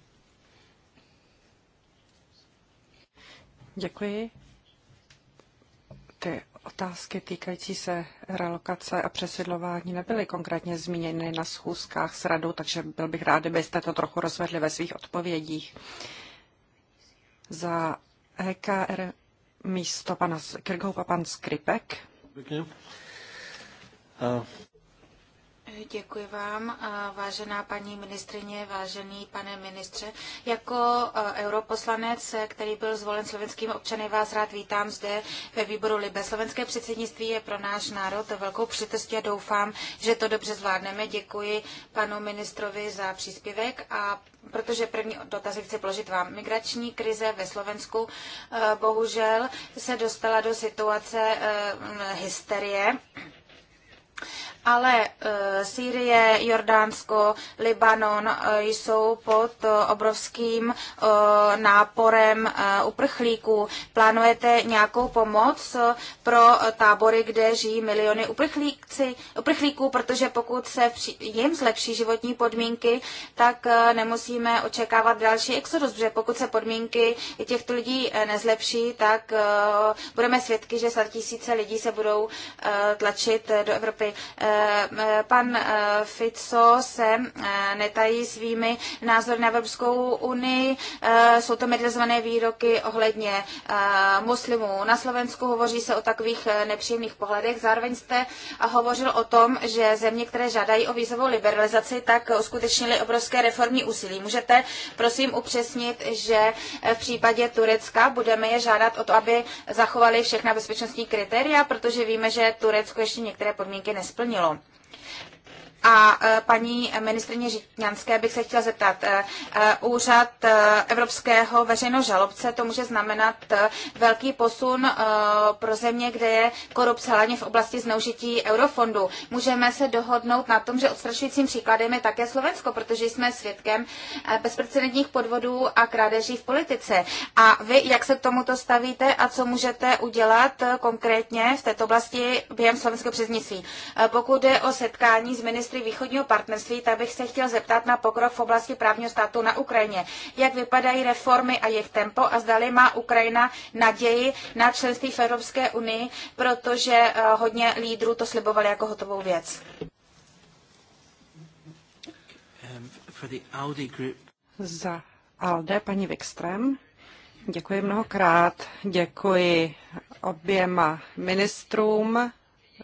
Speaker 3: Děkuji. Ty
Speaker 2: otázky týkající se relokace a přesidlování nebyly konkrétně zmíněny na schůzkách s radou, takže byl bych rád, kdybyste to trochu rozvedli ve svých odpovědích. Za EKR místo pana Kirchhoffa pan Skripek.
Speaker 4: Děkuji vám, vážená paní ministrině, vážený pane ministře. Jako e, europoslanec, e, který byl zvolen slovenským občany, vás rád vítám zde ve výboru Libe. Slovenské předsednictví je pro náš národ velkou přitostí a doufám, že to dobře zvládneme. Děkuji panu ministrovi za příspěvek a protože první dotazy chci položit vám. Migrační krize ve Slovensku e, bohužel se dostala do situace hysterie ale eh, Sýrie, Jordánsko, Libanon eh, jsou pod eh, obrovským náporem uprchlíků. Plánujete nějakou pomoc pro tábory, kde žijí miliony uprchlíků, protože pokud se jim zlepší životní podmínky, tak nemusíme očekávat další exodus, protože pokud se podmínky těchto lidí nezlepší, tak budeme svědky, že tisíce lidí se budou tlačit do Evropy. Eh, pan eh, Fico se eh, netají svými názory na Evropskou unii. Jsou to medializované výroky ohledně muslimů. Na Slovensku hovoří se o takových nepříjemných pohledech. Zároveň jste hovořil o tom, že země, které žádají o vízovou liberalizaci, tak uskutečnili obrovské reformní úsilí. Můžete prosím upřesnit, že v případě Turecka budeme je žádat o to, aby zachovali všechna bezpečnostní kritéria, protože víme, že Turecko ještě některé podmínky nesplnilo podařilo. A e, paní ministrině Žitňanské bych se chtěla zeptat. E, e, úřad Evropského veřejného žalobce, to může znamenat velký posun pro země, kde je korupce, hlavně v oblasti zneužití eurofondu. Můžeme se dohodnout na tom, že odstrašujícím příkladem je také Slovensko, protože jsme svědkem bezprecedentních podvodů a krádeží v politice. A vy, jak se k tomuto stavíte a co můžete udělat konkrétně v této oblasti během slovenského přeznictví? Pokud je o setkání s ministrem ministry východního partnerství, tak bych se chtěl zeptat na pokrok v oblasti právního státu na Ukrajině. Jak vypadají reformy a jejich tempo a zdali má Ukrajina naději na členství v Evropské unii, protože eh, hodně lídrů to slibovali jako hotovou věc.
Speaker 1: Um,
Speaker 2: Za ALDE paní Wikström. Děkuji mnohokrát. Děkuji oběma ministrům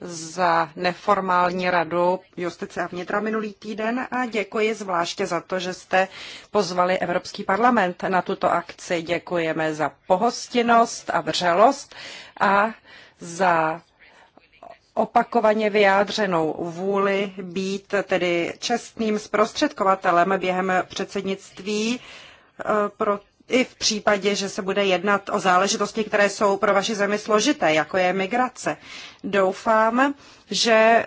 Speaker 2: za neformální radu justice a vnitra minulý týden a děkuji zvláště za to, že jste pozvali Evropský parlament na tuto akci. Děkujeme za pohostinnost a vřelost a za opakovaně vyjádřenou vůli být tedy čestným zprostředkovatelem během předsednictví eh, pro i v případě, že se bude jednat o záležitosti, které jsou pro vaši zemi složité, jako je migrace. Doufám, že eh,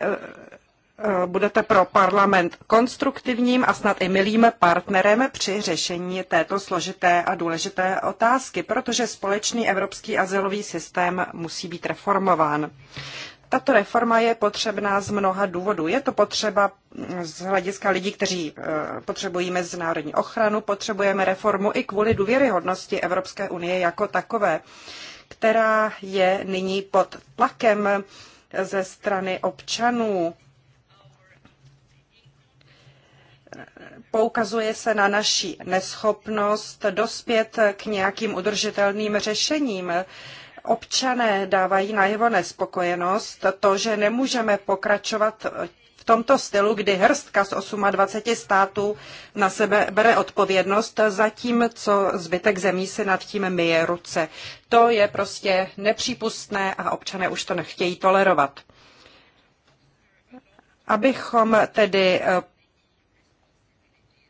Speaker 2: eh, budete pro parlament konstruktivním a snad i milým partnerem při řešení této složité a důležité otázky, protože společný evropský azylový systém musí být reformován. Tato reforma je potřebná z mnoha důvodů. Je to potřeba mm, z hlediska lidí, kteří e, potřebují mezinárodní ochranu, potřebujeme reformu i kvůli důvěryhodnosti Evropské unie jako takové, která je nyní pod tlakem ze strany občanů. Poukazuje se na naši neschopnost dospět k nějakým udržitelným řešením. Občané dávají najevo nespokojenost, to, že nemůžeme pokračovat v tomto stylu, kdy hrstka z 28 států na sebe bere odpovědnost, zatímco zbytek zemí si nad tím myje ruce. To je prostě nepřípustné a občané už to nechtějí tolerovat. Abychom tedy eh,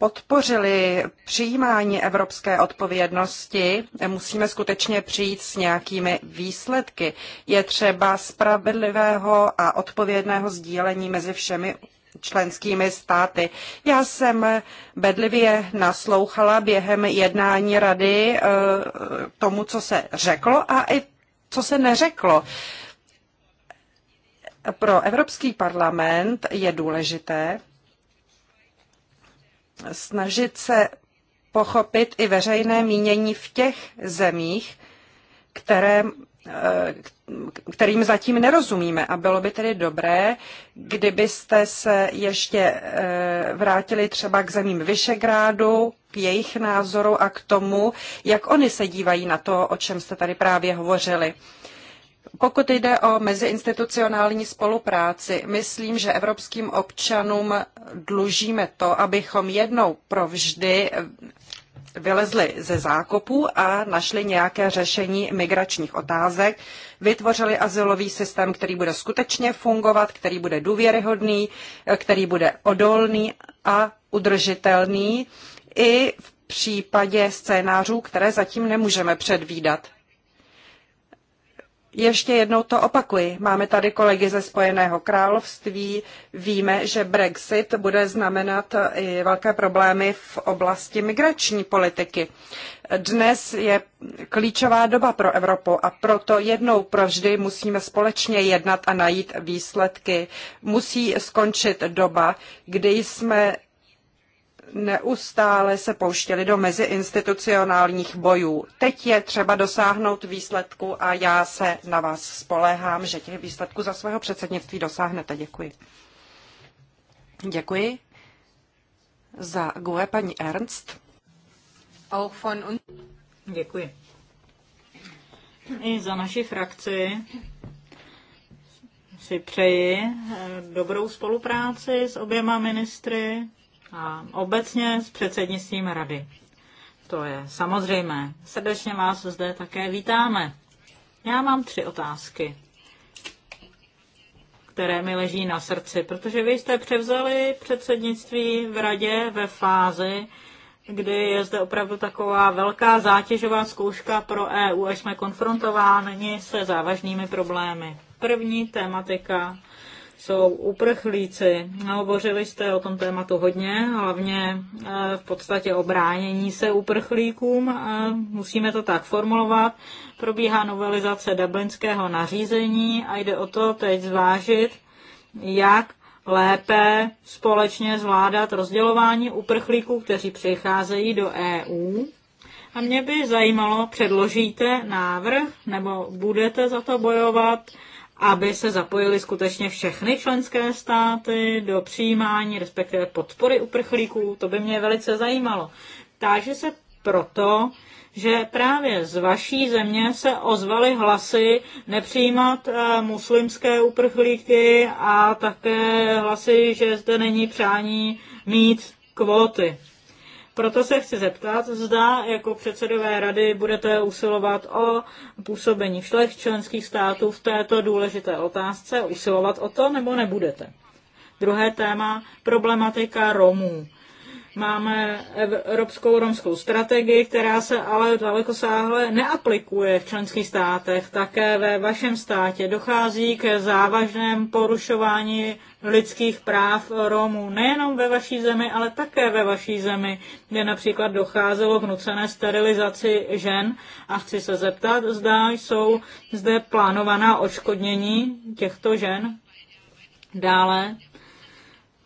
Speaker 2: podpořili přijímání evropské odpovědnosti, musíme skutečně přijít s nějakými výsledky. Je třeba spravedlivého a odpovědného sdílení mezi všemi členskými státy. Já jsem bedlivě naslouchala během jednání rady eh, tomu, co se řeklo a i co se neřeklo. Pro Evropský parlament je důležité, snažit se pochopit i veřejné mínění v těch zemích, které, eh, kterým zatím nerozumíme. A bylo by tedy dobré, kdybyste se ještě eh, vrátili třeba k zemím Vyšegrádu, k jejich názoru a k tomu, jak oni se dívají na to, o čem jste tady právě hovořili. Pokud jde o meziinstitucionální spolupráci, myslím, že evropským občanům dlužíme to, abychom jednou provždy vylezli ze zákopů a našli nějaké řešení migračních otázek, vytvořili asilový systém, který bude skutečně fungovat, který bude důvěryhodný, který bude odolný a udržitelný i v případě scénářů, které zatím nemůžeme předvídat ještě jednou to opakuji. Máme tady kolegy ze Spojeného království. Víme, že Brexit bude znamenat i velké problémy v oblasti migrační politiky. Dnes je klíčová doba pro Evropu a proto jednou provždy musíme společně jednat a najít výsledky. Musí skončit doba, kdy jsme neustále se pouštěli do meziinstitucionálních bojů. Teď je třeba dosáhnout výsledku a já se na vás spoléhám, že těch výsledků za svého předsednictví dosáhnete. Děkuji. Děkuji. Za GUE paní Ernst.
Speaker 3: Auch von Děkuji. I za naši frakci si přeji eh, dobrou spolupráci s oběma ministry a obecně s předsednictvím rady. To je samozřejmé. Srdečně vás zde také vítáme. Já mám tři otázky, které mi leží na srdci, protože vy jste převzali předsednictví v radě ve fázi, kdy je zde opravdu taková velká zátěžová zkouška pro EU, až jsme konfrontováni se závažnými problémy. První tématika jsou uprchlíci. Hovořili jste o tom tématu hodně, hlavně eh, v podstatě obránění se uprchlíkům. Eh, musíme to tak formulovat. Probíhá novelizace dublinského nařízení a jde o to teď zvážit, jak lépe společně zvládat rozdělování uprchlíků, kteří přicházejí do EU. A mě by zajímalo, předložíte návrh nebo budete za to bojovat, aby se zapojili skutečně všechny členské státy do přijímání, respektive podpory uprchlíků. To by mě velice zajímalo. Táže se proto, že právě z vaší země se ozvaly hlasy nepřijímat eh, muslimské uprchlíky a také hlasy, že zde není přání mít kvóty. Proto se chci zeptat, zda jako předsedové rady budete usilovat o působení všech členských států v této důležité otázce, usilovat o to nebo nebudete. Druhé téma, problematika Romů. Máme evropskou romskou strategii, která se ale daleko sáhle neaplikuje v členských státech. Také ve vašem státě dochází k závažném porušování lidských práv Romů. Nejenom ve vaší zemi, ale také ve vaší zemi, kde například docházelo k nucené sterilizaci žen. A chci se zeptat, zda jsou zde plánovaná odškodnění těchto žen? Dále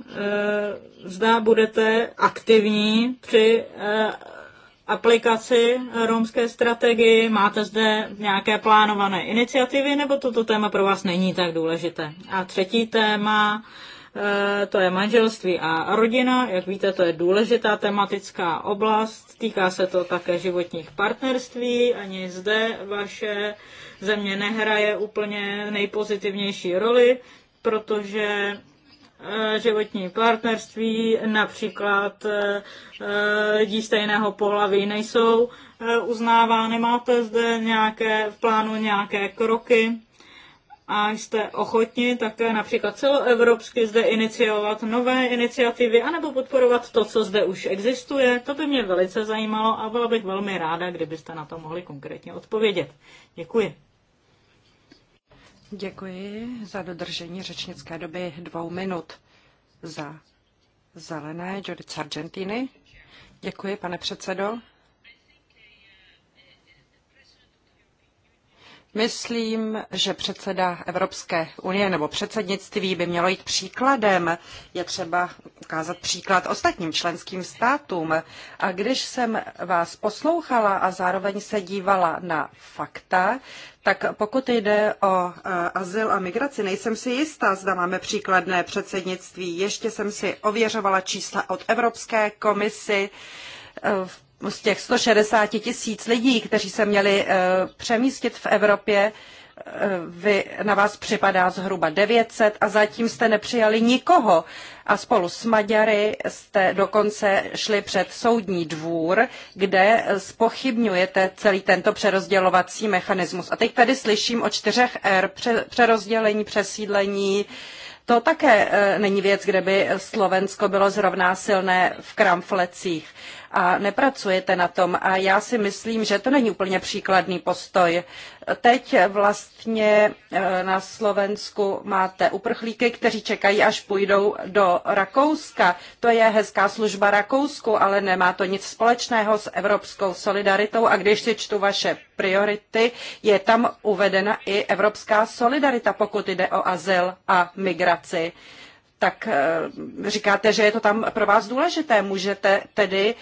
Speaker 3: Eh, zda budete aktivní při eh, aplikaci romské strategii? Máte zde nějaké plánované iniciativy nebo toto téma pro vás není tak důležité? A třetí téma, eh, to je manželství a rodina. Jak víte, to je důležitá tematická oblast. Týká se to také životních partnerství. Ani zde vaše země nehraje úplně nejpozitivnější roli, protože Eh, životní partnerství, například eh, eh, lidí stejného pohlaví nejsou uznávány. Máte zde nějaké, v plánu nějaké kroky a jste ochotni také například celoevropsky zde iniciovat nové iniciativy anebo podporovat to, co zde už existuje? To by mě velice zajímalo a byla bych velmi ráda, kdybyste na to mohli konkrétně odpovědět. Děkuji.
Speaker 2: Děkuji za dodržení řečnické doby dvou minut. Za zelené Judith Sargentini. Děkuji, pane předsedo. Myslím, že předseda Evropské unie nebo předsednictví by mělo jít příkladem. Je třeba ukázat příklad ostatním členským státům. A když jsem vás poslouchala a zároveň se dívala na fakta, tak pokud jde o e, azyl a migraci, nejsem si jistá, zda máme příkladné předsednictví. Ještě jsem si ověřovala čísla od Evropské komisy e, v z těch 160 tisíc lidí, kteří se měli eh, přemístit v Evropě, eh, vy, na vás připadá zhruba 900 a zatím jste nepřijali nikoho. A spolu s Maďary jste dokonce šli před soudní dvůr, kde spochybňujete celý tento přerozdělovací mechanismus. A teď tady slyším o čtyřech R, přerozdělení, přesídlení, to také eh, není věc, kde by Slovensko bylo zrovna silné v kramflecích a nepracujete na tom. A já si myslím, že to není úplně příkladný postoj. Teď vlastně eh, na Slovensku máte uprchlíky, kteří čekají, až půjdou do Rakouska. To je hezká služba Rakousku, ale nemá to nic společného s evropskou solidaritou. A když si čtu vaše priority, je tam uvedena i evropská solidarita, pokud jde o azyl a migraci tak eh, říkáte, že je to tam pro vás důležité. Můžete tedy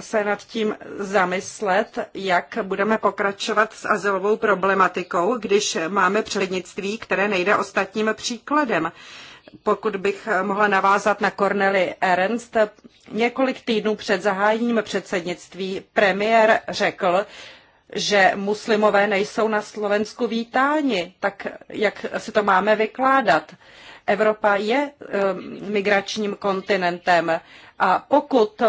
Speaker 2: se nad tím zamyslet, jak budeme pokračovat s azylovou problematikou, když máme předsednictví, které nejde ostatním příkladem. Pokud bych mohla navázat na Corneli Ernst, několik týdnů před zahájením předsednictví premiér řekl, že muslimové nejsou na Slovensku vítáni, tak jak si to máme vykládat? Evropa je eh, migračním kontinentem a pokud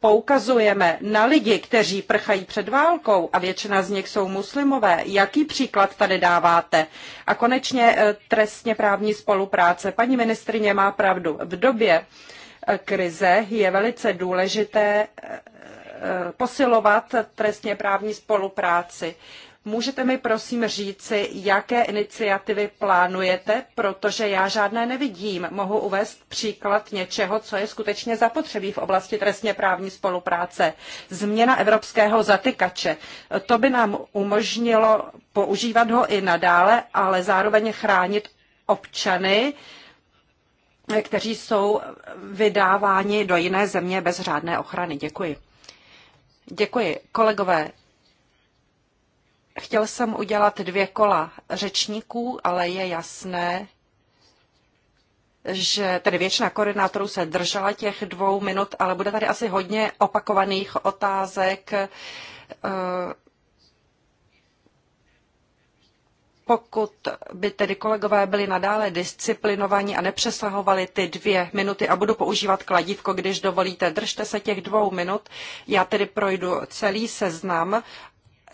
Speaker 2: poukazujeme na lidi, kteří prchají před válkou a většina z nich jsou muslimové, jaký příklad tady dáváte? A konečně eh, trestně právní spolupráce. Paní ministrině má pravdu. V době eh, krize je velice důležité eh, posilovat trestně právní spolupráci. Můžete mi prosím říci, jaké iniciativy plánujete, protože já žádné nevidím. Mohu uvést příklad něčeho, co je skutečně zapotřebí v oblasti trestně právní spolupráce. Změna evropského zatykače. To by nám umožnilo používat ho i nadále, ale zároveň chránit občany, kteří jsou vydáváni do jiné země bez řádné ochrany. Děkuji. Děkuji. Kolegové, Chtěl jsem udělat dvě kola řečníků, ale je jasné, že tedy většina koordinátorů se držela těch dvou minut, ale bude tady asi hodně opakovaných otázek. Eh, pokud by tedy kolegové byli nadále disciplinovaní a nepřesahovali ty dvě minuty a budu používat kladívko, když dovolíte, držte se těch dvou minut. Já tedy projdu celý seznam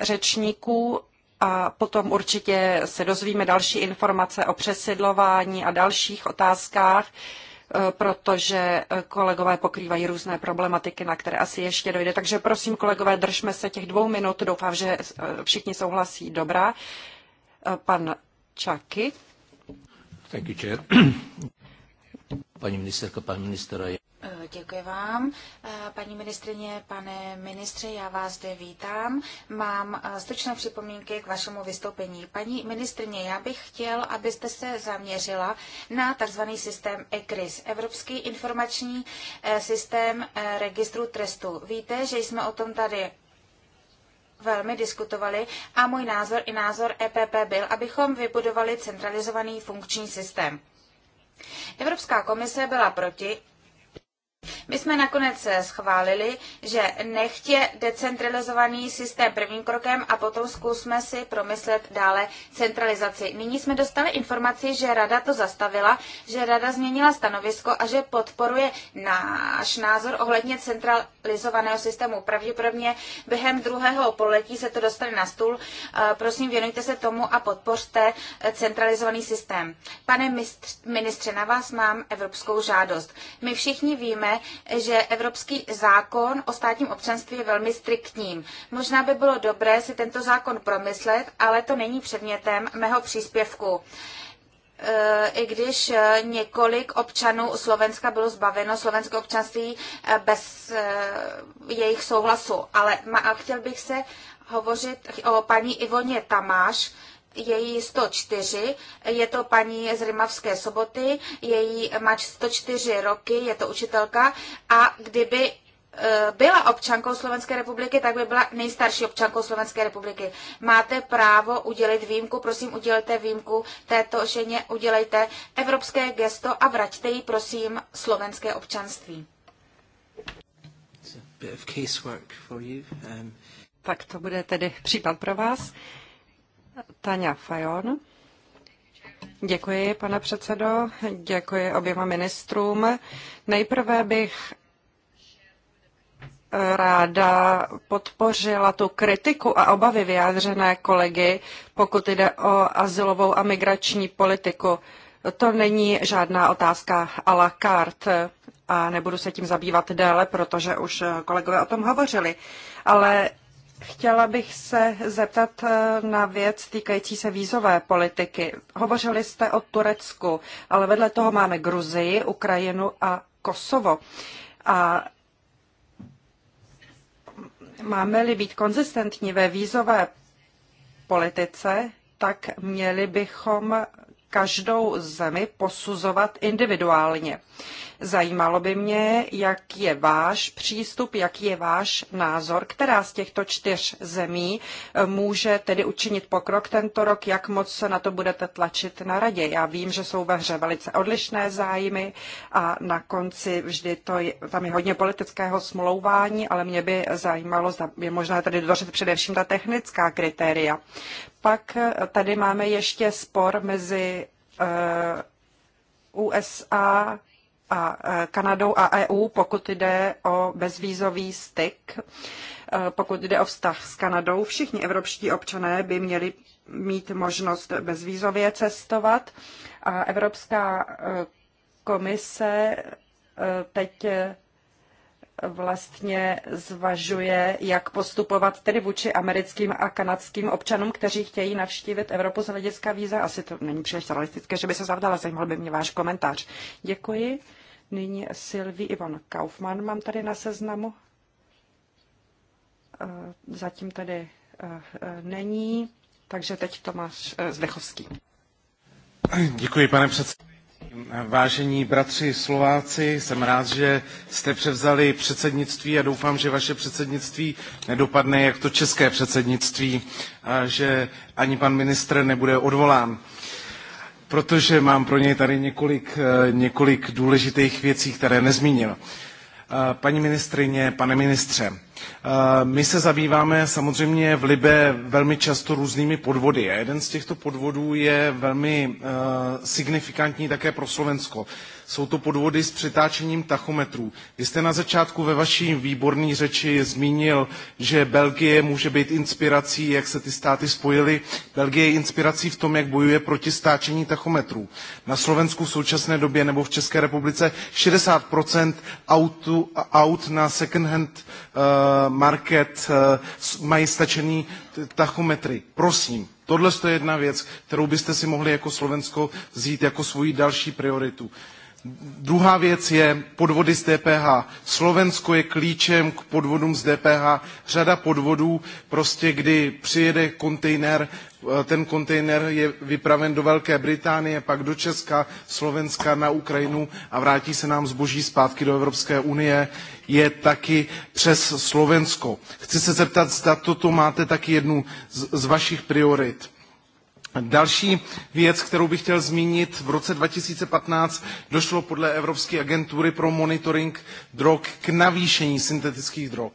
Speaker 2: řečníků a potom určitě se dozvíme další informace o přesidlování a dalších otázkách, e, protože e, kolegové pokrývají různé problematiky, na které asi ještě dojde. Takže prosím, kolegové, držme se těch dvou minut. Doufám, že e, všichni souhlasí. Dobrá. Pan Čaky.
Speaker 1: Thank you, chair. Paní ministerka, pan minister. Eh,
Speaker 4: děkuji vám. Eh, paní ministrině, pane ministře, já vás zde vítám. Mám eh, stručné připomínky k vašemu vystoupení. Paní ministrině, já bych chtěl, abyste se zaměřila na tzv. systém ECRIS, Evropský informační systém registru trestu. Víte, že jsme o tom tady velmi diskutovali a můj názor i názor EPP byl, abychom vybudovali centralizovaný funkční systém. Evropská komise byla proti my jsme nakonec eh, schválili, že nechtě decentralizovaný systém prvním krokem a potom zkusme si promyslet dále centralizaci. Nyní jsme dostali informaci, že rada to zastavila, že rada změnila stanovisko a že podporuje náš názor ohledně centralizovaného systému. Pravděpodobně během druhého poletí se to dostane na stůl. Eh, prosím, věnujte se tomu a podpořte eh, centralizovaný systém. Pane ministře, na vás mám evropskou žádost. My všichni víme, že evropský zákon o státním občanství je velmi striktním. Možná by bylo dobré si tento zákon promyslet, ale to není předmětem mého příspěvku e, i když e, několik občanů Slovenska bylo zbaveno slovenského občanství e, bez jejich souhlasu. Ale chtěl bych se hovořit o paní Ivoně Tamáš, její 104, je to paní z Rimavské soboty, její má 104 roky, je to učitelka a kdyby e, byla občankou Slovenské republiky, tak by byla nejstarší občankou Slovenské republiky. Máte právo udělit výjimku, prosím, udělejte výjimku této ženě, udělejte evropské gesto a vraťte jí, prosím, slovenské občanství.
Speaker 1: Um,
Speaker 2: tak to bude tedy případ pro vás. Tania Fajon. Děkuji, pane předsedo, děkuji oběma ministrům. Nejprve bych eh, ráda podpořila tu kritiku a obavy vyjádřené kolegy, pokud jde o asilovou a migrační politiku. To není žádná otázka a la carte a nebudu se tím zabývat déle, protože už kolegové o tom hovořili. Ale Chtěla bych se zeptat eh, na věc týkající se vízové politiky. Hovořili jste o Turecku, ale vedle toho máme Gruzii, Ukrajinu a Kosovo. A máme-li být konzistentní ve vízové politice, tak měli bychom každou zemi posuzovat individuálně. Zajímalo by mě, jak je váš přístup, jaký je váš názor, která z těchto čtyř zemí eh, může tedy učinit pokrok tento rok, jak moc se na to budete tlačit na radě. Já vím, že jsou ve hře velice odlišné zájmy a na konci vždy to je, tam je hodně politického smlouvání, ale mě by zajímalo, je možné tedy dořit především ta technická kritéria pak tady máme ještě spor mezi eh, USA a eh, Kanadou a EU, pokud jde o bezvízový styk, eh, pokud jde o vztah s Kanadou. Všichni evropští občané by měli mít možnost bezvízově cestovat a Evropská komise teď vlastně zvažuje, jak postupovat tedy vůči americkým a kanadským občanům, kteří chtějí navštívit Evropu z hlediska víza. Asi to není příliš realistické, že by se zavdala. Zajímal by mě váš komentář. Děkuji. Nyní Silví Ivan Kaufmann mám tady na seznamu. Eh, zatím tady eh, není, takže teď Tomáš
Speaker 1: eh, Zdechovský. Děkuji, pane předsedající. Vážení bratři Slováci, jsem rád, že jste převzali předsednictví a doufám, že vaše předsednictví nedopadne jak to české předsednictví a že ani pan ministr nebude odvolán. Protože mám pro něj tady několik, eh, několik důležitých věcí, které nezmínil. Eh, paní ministrině, pane ministře, Eh, my se zabýváme samozřejmě v Libe velmi často různými podvody a jeden z těchto podvodů je velmi eh, signifikantní také pro Slovensko. Jsou to podvody s přetáčením tachometrů. Vy jste na začátku ve vaší výborné řeči zmínil, že Belgie může být inspirací, jak se ty státy spojily. Belgie je inspirací v tom, jak bojuje proti stáčení tachometrů. Na Slovensku v současné době nebo v České republice 60 aut, aut na second hand uh, Eh, market eh, mají stačený tachometry. Prosím, tohle je jedna věc, kterou byste si mohli jako Slovensko vzít jako svoji další prioritu. Druhá věc je podvody z DPH. Slovensko je klíčem k podvodům z DPH. Řada podvodů, prostě kdy přijede kontejner, eh, ten kontejner je vypraven do Velké Británie, pak do Česka, Slovenska, na Ukrajinu a vrátí se nám zboží zpátky do Evropské unie, je taky přes Slovensko. Chci se zeptat, zda toto máte taky jednu z, z vašich priorit. Další věc, kterou bych chtěl zmínit, v roce 2015 došlo podle Evropské agentury pro monitoring drog k navýšení syntetických drog.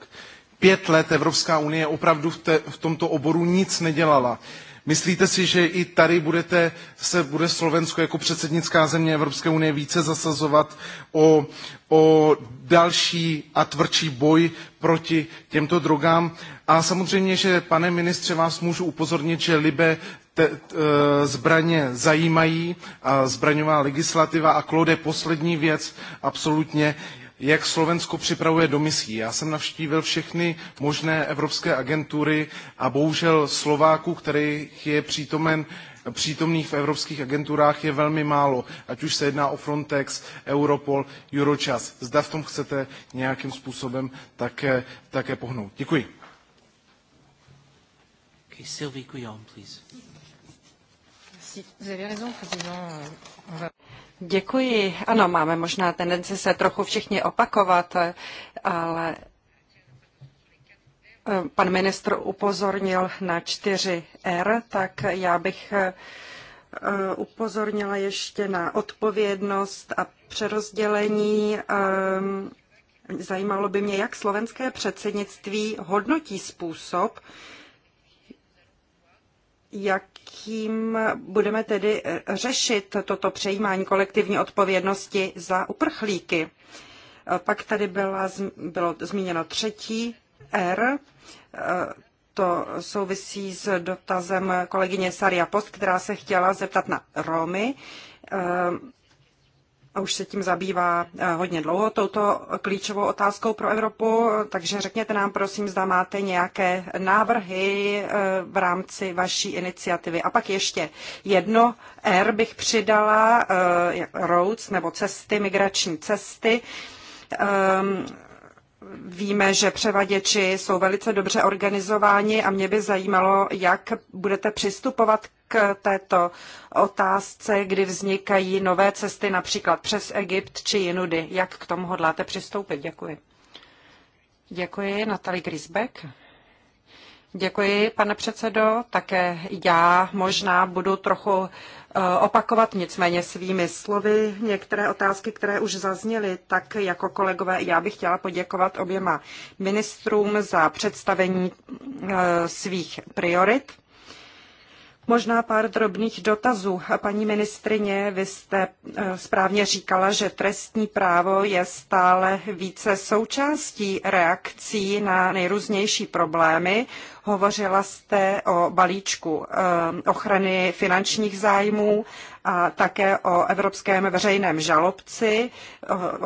Speaker 1: Pět let Evropská unie opravdu v, te, v tomto oboru nic nedělala. Myslíte si, že i tady budete, se bude Slovensko jako předsednická země Evropské unie více zasazovat o, o další a tvrdší boj proti těmto drogám? A samozřejmě, že pane ministře, vás můžu upozornit, že Libe te, e, zbraně zajímají, a zbraňová legislativa a klode poslední věc absolutně jak Slovensko připravuje do misí. Já jsem navštívil všechny možné evropské agentury a bohužel Slováků, kterých je přítomen přítomných v evropských agenturách je velmi málo, ať už se jedná o Frontex, Europol, Eurochas. Zda v tom chcete nějakým způsobem také, také pohnout. Děkuji. Okay, Sylvie Guillaume, please.
Speaker 2: Děkuji. Ano, máme možná tendenci se trochu všichni opakovat, ale eh, pan ministr upozornil na 4R, tak já bych eh, upozornila ještě na odpovědnost a přerozdělení. Eh, zajímalo by mě, jak slovenské předsednictví hodnotí způsob, jak tím budeme tedy řešit toto přejímání kolektivní odpovědnosti za uprchlíky. Pak tady byla, bylo zmíněno třetí R, to souvisí s dotazem kolegyně Saria Post, která se chtěla zeptat na Romy a už se tím zabývá eh, hodně dlouho touto klíčovou otázkou pro Evropu, takže řekněte nám prosím, zda máte nějaké návrhy eh, v rámci vaší iniciativy. A pak ještě jedno R bych přidala, eh, roads nebo cesty, migrační cesty ehm, Víme, že převaděči jsou velice dobře organizováni a mě by zajímalo, jak budete přistupovat k této otázce, kdy vznikají nové cesty například přes Egypt či jinudy. Jak k tomu hodláte přistoupit? Děkuji. Děkuji, Natalie Grisbeck. Děkuji, pane předsedo. Také já možná budu trochu Eh, opakovat, nicméně svými slovy některé otázky, které už zazněly, tak jako kolegové já bych chtěla poděkovat oběma ministrům za představení eh, svých priorit. Možná pár drobných dotazů. Paní ministrině, vy jste e, správně říkala, že trestní právo je stále více součástí reakcí na nejrůznější problémy. Hovořila jste o balíčku e, ochrany finančních zájmů a také o evropském veřejném žalobci.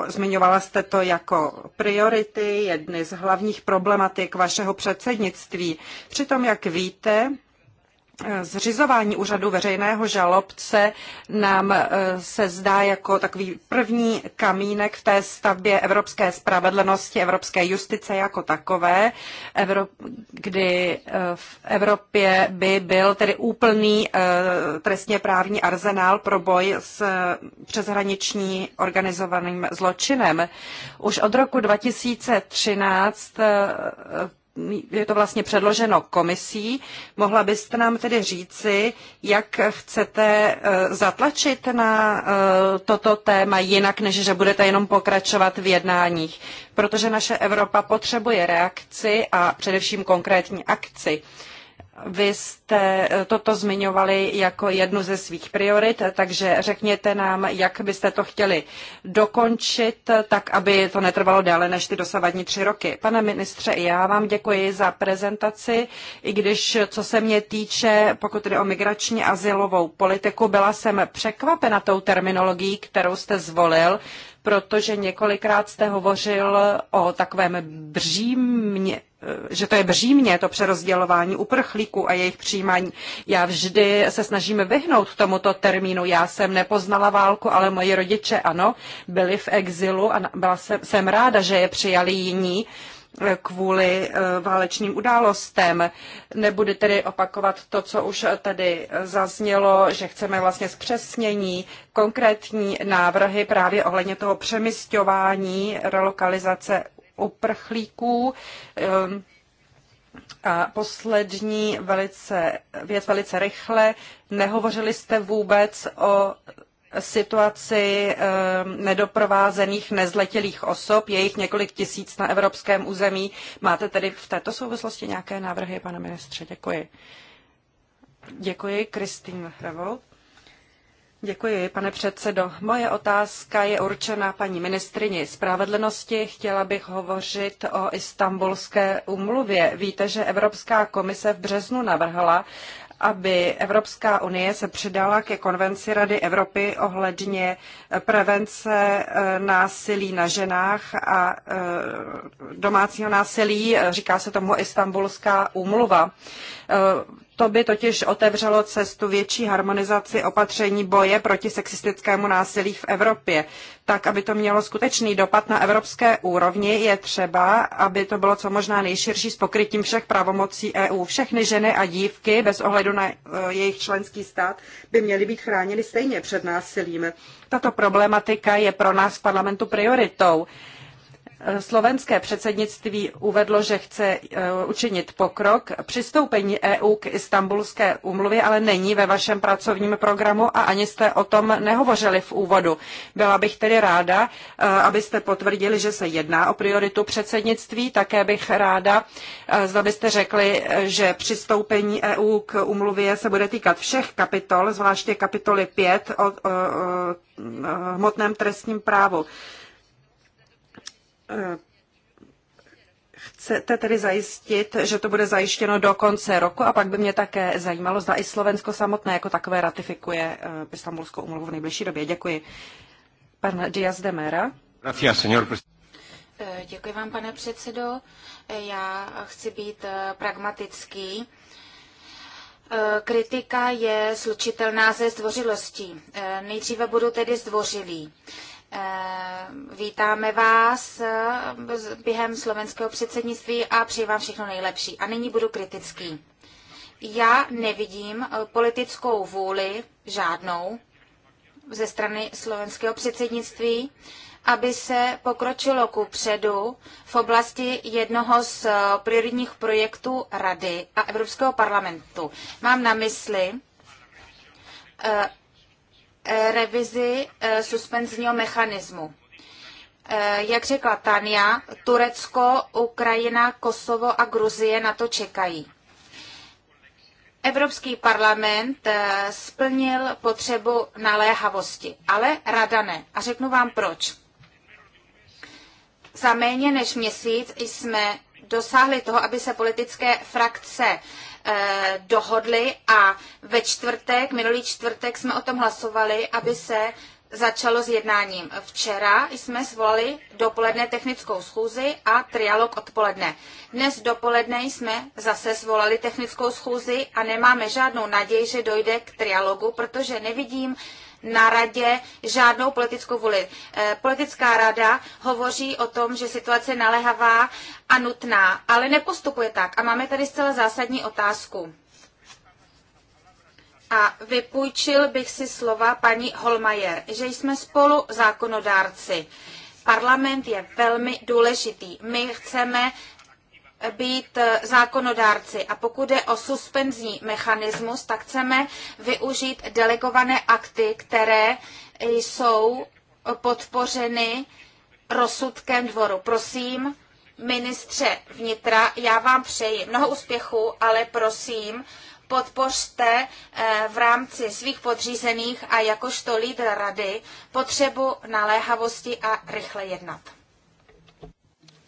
Speaker 2: Zmiňovala jste to jako priority, jedny z hlavních problematik vašeho předsednictví. Přitom, jak víte, Eh, zřizování úřadu veřejného žalobce nám eh, se zdá jako takový první kamínek v té stavbě evropské spravedlnosti, evropské justice jako takové, kdy eh, v Evropě by byl tedy úplný trestně právní arzenál pro boj s přeshraniční organizovaným zločinem. Už od roku 2013 je to vlastně předloženo komisí. Mohla byste nám tedy říci, jak chcete eh, zatlačit na eh, toto téma jinak, než že budete jenom pokračovat v jednáních? Protože naše Evropa potřebuje reakci a především konkrétní akci. Vy jste eh, toto zmiňovali jako jednu ze svých priorit, takže řekněte nám, jak byste to chtěli dokončit, tak aby to netrvalo déle než ty dosavadní tři roky. Pane ministře, já vám děkuji za prezentaci, i když, co se mě týče, pokud jde o migrační azylovou politiku, byla jsem překvapena tou terminologií, kterou jste zvolil, protože několikrát jste hovořil o takovém břímě, že to je břímně, to přerozdělování uprchlíků a jejich přijímání. Já vždy se snažím vyhnout tomuto termínu. Já jsem nepoznala válku, ale moji rodiče ano, byli v exilu a byla jsem, jsem ráda, že je přijali jiní. Uh, kvůli eh, válečným událostem. Nebudu tedy opakovat to, co už tady zaznělo, že chceme vlastně zpřesnění, konkrétní návrhy právě ohledně toho přemysťování, relokalizace uprchlíků. Eh, a poslední velice, věc velice rychle. Nehovořili jste vůbec o situaci ehm, nedoprovázených nezletilých osob. Je jich několik tisíc na evropském území. Máte tedy v této souvislosti nějaké návrhy, pane ministře? Děkuji. Děkuji, Kristýn Revolt. Děkuji, pane předsedo. Moje otázka je určena paní ministrině spravedlnosti. Chtěla bych hovořit o istambulské umluvě. Víte, že Evropská komise v březnu navrhla, aby Evropská unie se přidala ke konvenci Rady Evropy ohledně prevence eh, násilí na ženách a eh, domácího násilí, říká se tomu Istanbulská úmluva. Eh, to by totiž otevřelo cestu větší harmonizaci opatření boje proti sexistickému násilí v Evropě. Tak, aby to mělo skutečný dopad na evropské úrovni, je třeba, aby to bylo co možná nejširší s pokrytím všech pravomocí EU. Všechny ženy a dívky, bez ohledu na eh, jejich členský stát, by měly být chráněny stejně před násilím. Tato problematika je pro nás v parlamentu prioritou. Slovenské předsednictví uvedlo, že chce eh, učinit pokrok. Přistoupení EU k istambulské úmluvě ale není ve vašem pracovním programu a ani jste o tom nehovořili v úvodu. Byla bych tedy ráda, eh, abyste potvrdili, že se jedná o prioritu předsednictví. Také bych ráda, eh, zda byste řekli, že přistoupení EU k úmluvě se bude týkat všech kapitol, zvláště kapitoly 5 o, o, o hmotném trestním právu. Chcete tedy zajistit, že to bude zajištěno do konce roku a pak by mě také zajímalo, zda i Slovensko samotné jako takové ratifikuje eh, Istanbulskou umluvu v nejbližší době. Děkuji. Pan Diaz de Mera.
Speaker 4: Eh, děkuji vám, pane předsedo. Eh, já chci být pragmatický. Kritika je slučitelná se zdvořilostí. Nejdříve budu tedy zdvořilý. Eh, vítáme vás eh, během slovenského předsednictví a přeji vám všechno nejlepší. A nyní budu kritický. Já nevidím eh, politickou vůli žádnou ze strany slovenského předsednictví, aby se pokročilo ku předu v oblasti jednoho z prioritních projektů Rady a Evropského parlamentu. Mám na mysli Eh, revizi eh, suspenzního mechanismu. Eh, jak řekla Tania, Turecko, Ukrajina, Kosovo a Gruzie na to čekají. Evropský parlament splnil potřebu naléhavosti, ale rada ne. A řeknu vám proč. Za méně než měsíc jsme dosáhli toho, aby se politické frakce Eh, dohodli a ve čtvrtek, minulý čtvrtek jsme o tom hlasovali, aby se začalo s jednáním. Včera jsme svolali dopoledne technickou schůzi a trialog odpoledne. Dnes dopoledne jsme zase svolali technickou schůzi a nemáme žádnou naději, že dojde k trialogu, protože nevidím na radě žádnou politickou vůli. Eh, politická rada hovoří o tom, že situace je naléhavá a nutná, ale nepostupuje tak. A máme tady zcela zásadní otázku. A vypůjčil bych si slova paní Holmajer, že jsme spolu zákonodárci. Parlament je velmi důležitý. My chceme být eh, zákonodárci. A pokud je o suspenzní mechanismus, tak chceme využít delegované akty, které jsou podpořeny rozsudkem dvoru. Prosím, ministře vnitra, já vám přeji mnoho úspěchu, ale prosím, podpořte eh, v rámci svých podřízených a jakožto lídr rady potřebu naléhavosti a rychle jednat.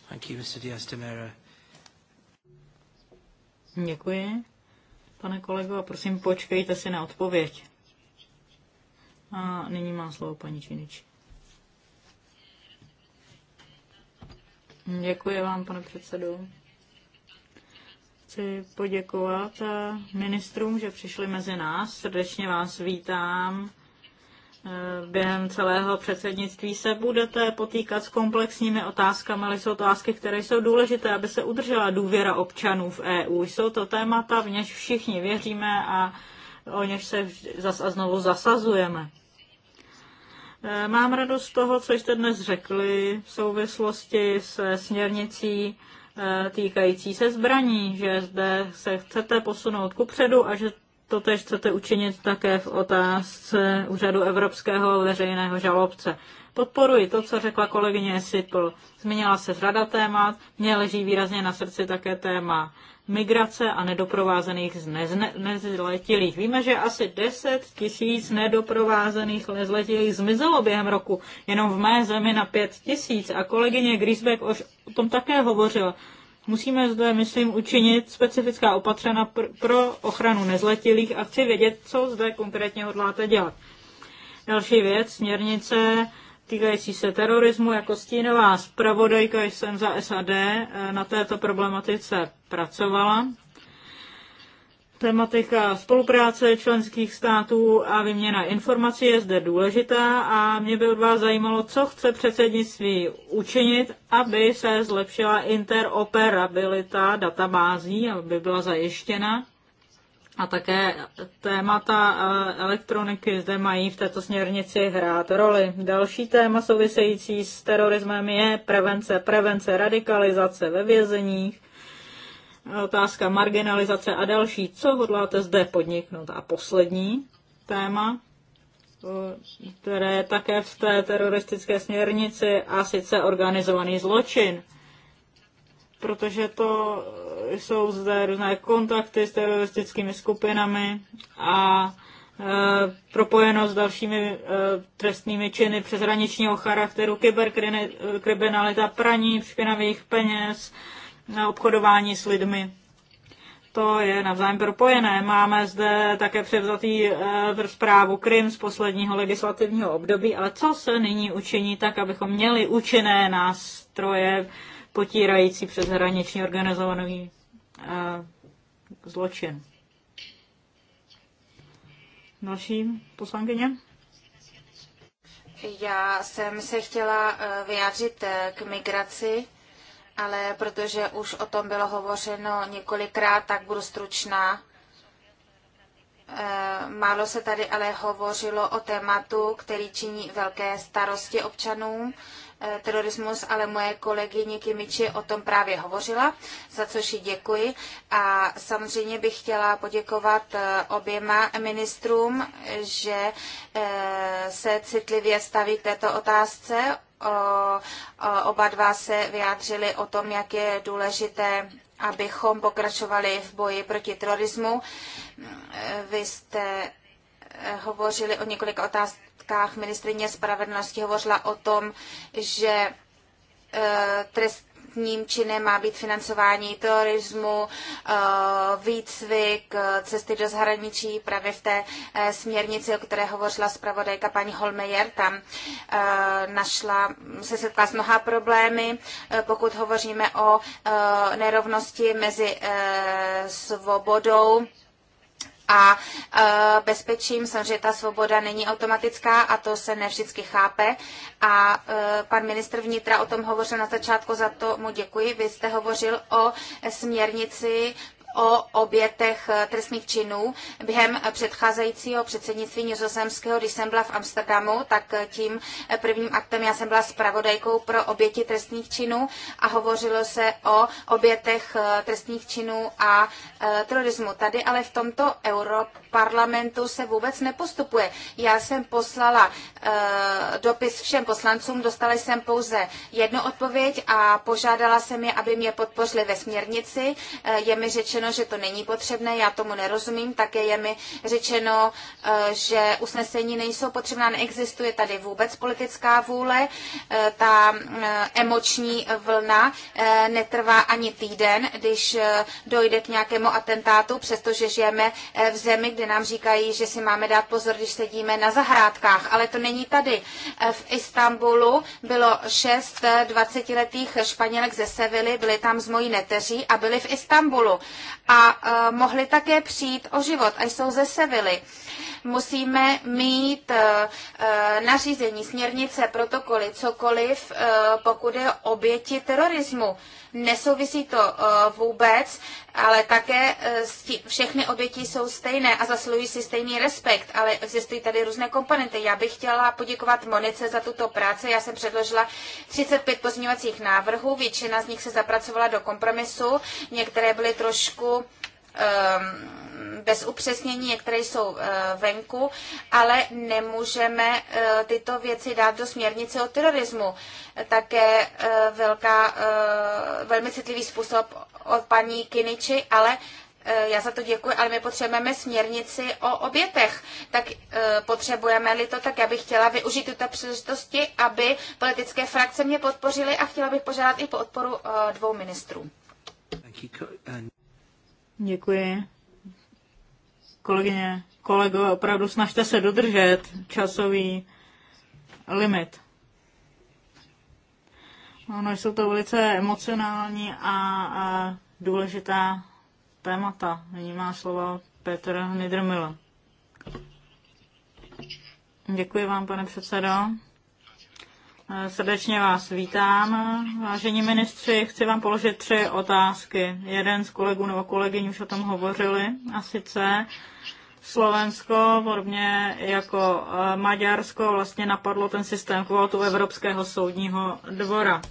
Speaker 1: Thank you, Mr. Diaz de Mera. Děkuji.
Speaker 3: Pane kolego, a prosím, počkejte si na odpověď. A nyní má slovo paní Činič. Děkuji vám, pane předsedu. Chci poděkovat eh, ministrům, že přišli mezi nás. Srdečně vás vítám Eh, během celého předsednictví se budete potýkat s komplexními otázkami, ale jsou otázky, které jsou důležité, aby se udržela důvěra občanů v EU. Jsou to témata, v něž všichni věříme a o něž se zas a znovu zasazujeme. Eh, mám radost z toho, co jste dnes řekli v souvislosti se směrnicí eh, týkající se zbraní, že zde se chcete posunout ku předu a že to tež chcete učinit také v otázce úřadu Evropského veřejného žalobce. Podporuji to, co řekla kolegyně Sipl. Zmínila se řada témat, mně leží výrazně na srdci také téma migrace a nedoprovázených z nezletilých. Víme, že asi 10 tisíc nedoprovázených nezletilých zmizelo během roku, jenom v mé zemi na 5 tisíc. A kolegyně Griesbeck už o tom také hovořila. Musíme zde, myslím, učinit specifická opatřena pro ochranu nezletilých a chci vědět, co zde konkrétně hodláte dělat. Další věc, směrnice týkající se terorismu, jako stínová zpravodajka jsem za SAD eh, na této problematice pracovala. Tematika spolupráce členských států a vyměna informací je zde důležitá a mě by od vás zajímalo, co chce předsednictví učinit, aby se zlepšila interoperabilita databází, aby byla zajištěna. A také témata eh, elektroniky zde mají v této směrnici hrát roli. Další téma související s terorismem je prevence, prevence radikalizace ve vězeních otázka marginalizace a další. Co hodláte zde podniknout? A poslední téma, které je také v té teroristické směrnici, a sice organizovaný zločin. Protože to jsou zde různé kontakty s teroristickými skupinami a e, propojeno s dalšími e, trestnými činy přeshraničního charakteru, kyberkriminalita, e, praní špinavých peněz, obchodování s lidmi. To je navzájem propojené. Máme zde také převzatý eh, v zprávu Krym z posledního legislativního období, ale co se nyní učiní tak, abychom měli účinné nástroje potírající hraniční organizovaný eh, zločin. Další poslankyně?
Speaker 4: Já jsem se chtěla eh, vyjádřit k migraci ale protože už o tom bylo hovořeno několikrát, tak budu stručná. Eh, málo se tady ale hovořilo o tématu, který činí velké starosti občanům, eh, terorismus, ale moje kolegyně Kimiči o tom právě hovořila, za což ji děkuji. A samozřejmě bych chtěla poděkovat eh, oběma ministrům, že se citlivě staví k této otázce oba dva se vyjádřili o tom, jak je důležité, abychom pokračovali v boji proti terorismu. Vy jste eh, hovořili o několika otázkách. Ministrině spravedlnosti hovořila o tom, že eh, trest trestním činem má být financování terorismu, eh, výcvik, eh, cesty do zahraničí právě v té eh, směrnici, o které hovořila zpravodajka paní Holmeyer, tam našla, se setkala s mnoha problémy, pokud hovoříme o nerovnosti mezi svobodou, a e, bezpečím. Samozřejmě ta svoboda není automatická a to se ne vždycky chápe. A e, pan ministr vnitra o tom hovořil na začátku, za to mu děkuji. Vy jste hovořil o směrnici o obětech eh, trestných činů. Během předcházejícího předsednictví nizozemského, když jsem byla v Amsterdamu, tak eh, tím eh, prvním aktem já jsem byla zpravodajkou pro oběti trestných činů a hovořilo se o obětech trestných činů a terorismu. Tady ale v tomto europarlamentu se vůbec nepostupuje. Já jsem poslala dopis všem poslancům, dostala jsem pouze jednu odpověď a požádala jsem je, aby mě podpořili ve směrnici. Je mi řečeno, řečeno, že to není potřebné, já tomu nerozumím, také je mi řečeno, eh, že usnesení nejsou potřebná, neexistuje tady vůbec politická vůle, eh, ta eh, emoční vlna netrvá ani týden, když dojde k nějakému atentátu, přestože žijeme v zemi, kde nám říkají, že si máme dát pozor, když sedíme na zahrádkách, ale to není tady. V Istanbulu bylo šest 20-letých Španělek ze Sevily, byly tam z mojí neteří a byli v Istanbulu a eh, mohli také přijít o život a jsou ze Sevily. Musíme mít eh, eh, nařízení, směrnice, protokoly, cokoliv, pokud je oběti terorismu. Nesouvisí to eh, vůbec, ale také eh, všechny oběti jsou stejné a zasluhují si stejný respekt, ale existují tady různé komponenty. Já bych chtěla poděkovat Monice za tuto práci. Já jsem předložila 35 pozměňovacích návrhů, většina z nich se zapracovala do kompromisu, některé byly trošku Ehm, bez upřesnění, některé jsou eh, venku, ale nemůžeme eh, tyto věci dát do směrnice o terorismu. Také eh, velká, velmi citlivý způsob od paní Kiniči, ale já za to děkuji, ale my potřebujeme směrnici o obětech. Tak potřebujeme-li to, tak já bych chtěla využít tuto příležitosti, aby politické frakce mě podpořily a chtěla bych požádat i podporu dvou ministrů.
Speaker 3: Děkuji. Kolegyně, kolegové, opravdu snažte se dodržet časový limit. No, jsou to velice emocionální a, a důležitá témata. Nyní má slovo Petr Nidrmila. Děkuji vám, pane předsedo. Srdečně vás vítám. Vážení ministři, chci vám položit tři otázky. Jeden z kolegů nebo kolegyň už o tom hovořili, a sice Slovensko, podobně jako eh, Maďarsko, vlastně napadlo ten systém kvótu Evropského soudního dvora.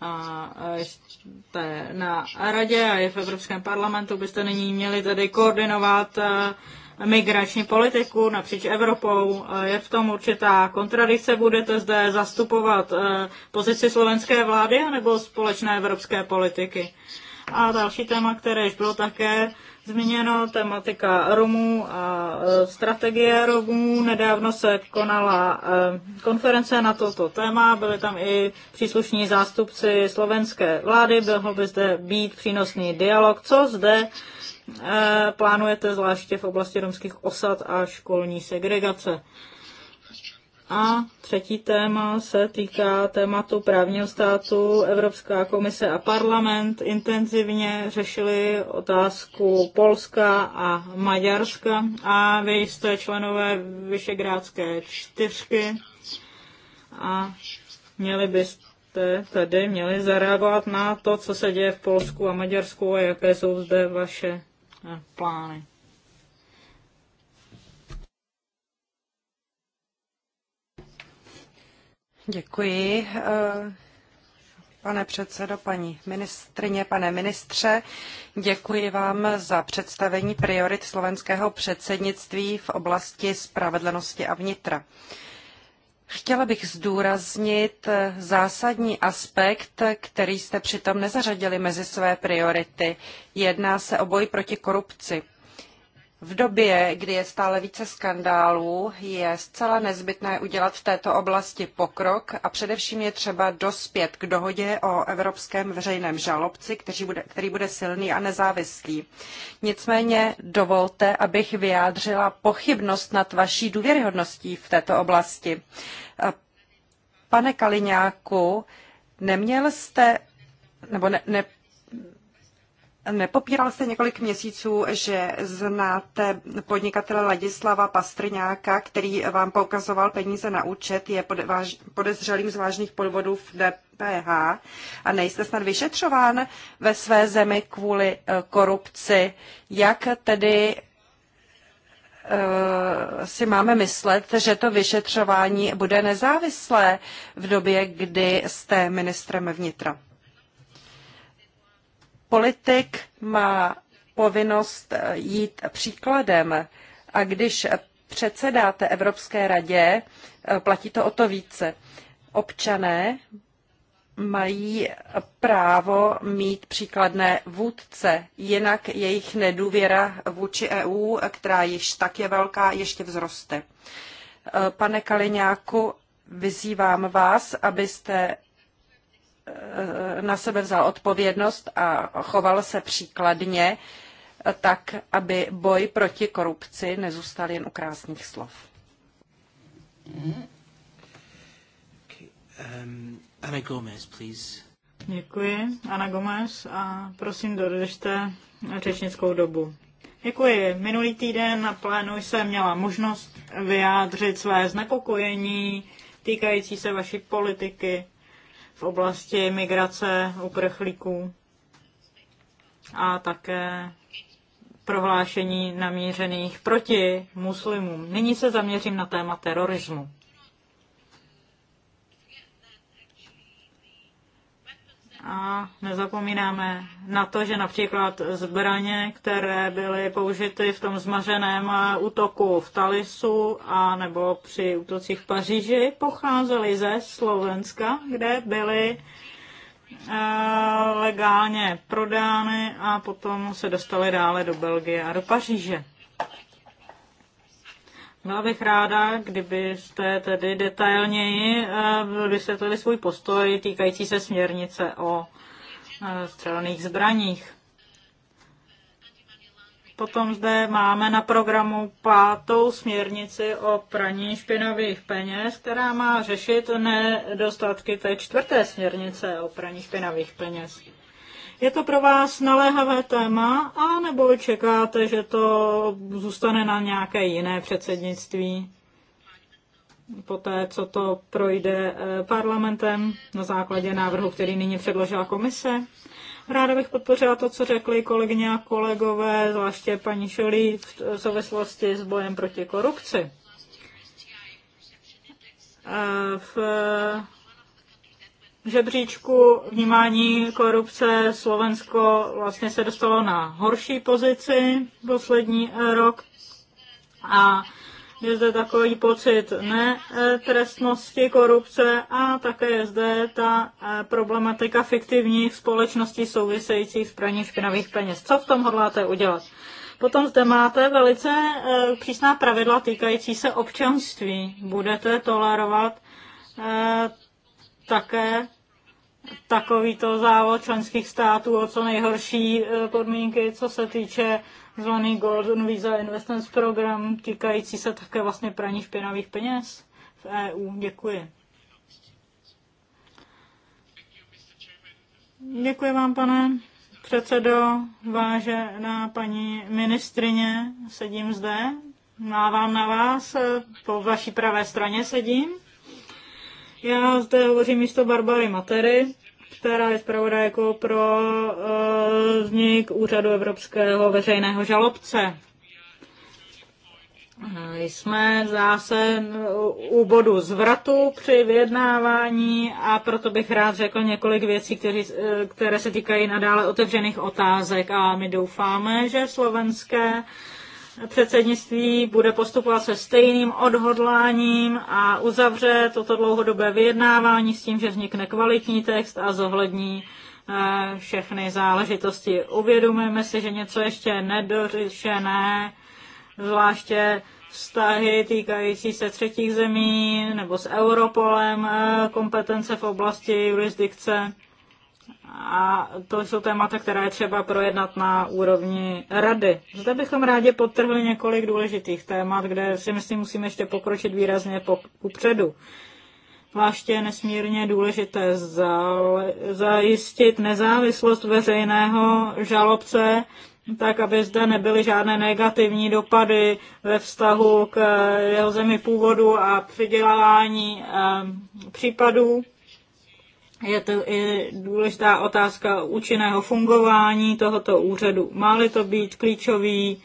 Speaker 3: A eh, jste na radě a je v Evropském parlamentu, byste nyní měli tedy koordinovat eh, migrační politiku napříč Evropou. Eh, je v tom určitá kontradice? Budete zde zastupovat eh, pozici slovenské vlády anebo společné evropské politiky? A další téma, které již bylo také zmíněno, tematika Romů a eh, strategie Romů. Nedávno se konala konference na toto téma, byli tam i příslušní zástupci slovenské vlády, byl by zde být přínosný dialog. Co zde E, plánujete, zvláště v oblasti romských osad a školní segregace. A třetí téma se týká tématu právního státu. Evropská komise a parlament intenzivně řešili otázku Polska a Maďarska a vy jste členové Vyšegrádské čtyřky a měli byste tady měli zareagovat na to, co se děje v Polsku a Maďarsku a jaké jsou zde vaše Eh, plány. Děkuji. Eh,
Speaker 2: pane předsedo, paní ministrině, pane ministře, děkuji vám za představení priorit slovenského předsednictví v oblasti spravedlnosti a vnitra. Chtěla bych zdůraznit eh, zásadní aspekt, eh, který jste přitom nezařadili mezi své priority. Jedná se o boj proti korupci. V době, kdy je stále více skandálů, je zcela nezbytné udělat v této oblasti pokrok a především je třeba dospět k dohodě o evropském veřejném žalobci, který bude, který bude silný a nezávislý. Nicméně dovolte, abych vyjádřila pochybnost nad vaší důvěryhodností v této oblasti. Pane Kaliňáku, neměl jste nebo ne, ne, Nepopíral jste několik měsíců, že znáte podnikatele Ladislava Pastrňáka, který vám poukazoval peníze na účet, je podezřelým z vážných podvodů v DPH a nejste snad vyšetřován ve své zemi kvůli eh, korupci. Jak tedy eh, si máme myslet, že to vyšetřování bude nezávislé v době, kdy jste ministrem vnitra? politik má povinnost jít příkladem a když předsedáte Evropské radě, platí to o to více. Občané mají právo mít příkladné vůdce, jinak jejich nedůvěra vůči EU, která již tak je velká, ještě vzroste. Pane Kaliňáku, vyzývám vás, abyste na sebe vzal odpovědnost a choval se příkladně, tak aby boj proti korupci nezůstal jen u krásných slov.
Speaker 1: Um, Ana Gomez, please.
Speaker 3: Děkuji, Ana Gomez, a prosím dodržte řečnickou dobu. Děkuji. Minulý týden na plénu jsem měla možnost vyjádřit své znepokojení týkající se vaší politiky v oblasti migrace uprchlíků a také prohlášení namířených proti muslimům. Nyní se zaměřím na téma terorismu. a nezapomínáme na to, že například zbraně, které byly použity v tom zmařeném útoku v Talisu a nebo při útocích v Paříži, pocházely ze Slovenska, kde byly eh, legálně prodány a potom se dostaly dále do Belgie a do Paříže. Byla bych ráda, kdybyste tedy detailněji eh, vysvětlili svůj postoj týkající se směrnice o eh, střelných zbraních. Potom zde máme na programu pátou směrnici o praní špinavých peněz, která má řešit nedostatky té čtvrté směrnice o praní špinavých peněz. Je to pro vás naléhavé téma, a nebo čekáte, že to zůstane na nějaké jiné předsednictví? poté, co to projde eh, parlamentem na základě návrhu, který nyní předložila komise. Ráda bych podpořila to, co řekli kolegyně a kolegové, zvláště paní Šolí eh, v souvislosti s bojem proti korupci. Eh, v žebříčku vnímání korupce Slovensko vlastně se dostalo na horší pozici poslední rok a je zde takový pocit netrestnosti korupce a také je zde ta eh, problematika fiktivních společností souvisejících s praní špinavých peněz. Co v tom hodláte udělat? Potom zde máte velice eh, přísná pravidla týkající se občanství. Budete tolerovat eh, také takovýto závod členských států o co nejhorší e, podmínky, co se týče zvaný Golden Visa Investments Program, týkající se také vlastně praní špinavých peněz v EU. Děkuji. Děkuji vám, pane předsedo, vážená paní ministrině, sedím zde, mávám na vás, e, po vaší pravé straně sedím. Já zde hovořím místo Barbary Matery, která je zpravodajkou pro uh, vznik Úřadu Evropského veřejného žalobce. Eh, jsme zase u bodu zvratu při vyjednávání a proto bych rád řekl několik věcí, které, eh, které se týkají nadále otevřených otázek a my doufáme, že slovenské předsednictví bude postupovat se stejným odhodláním a uzavře toto dlouhodobé vyjednávání s tím, že vznikne kvalitní text a zohlední eh, všechny záležitosti. Uvědomujeme si, že něco ještě nedořešené, zvláště vztahy týkající se třetích zemí nebo s Europolem, eh, kompetence v oblasti jurisdikce a to jsou témata, které je třeba projednat na úrovni rady. Zde bychom rádi podtrhli několik důležitých témat, kde si myslím musíme ještě pokročit výrazně kupředu. Zvláště je nesmírně důležité zajistit nezávislost veřejného žalobce, tak aby zde nebyly žádné negativní dopady ve vztahu k jeho zemi původu a přidělávání eh, případů je to i důležitá otázka účinného fungování tohoto úřadu. Má-li to být klíčový,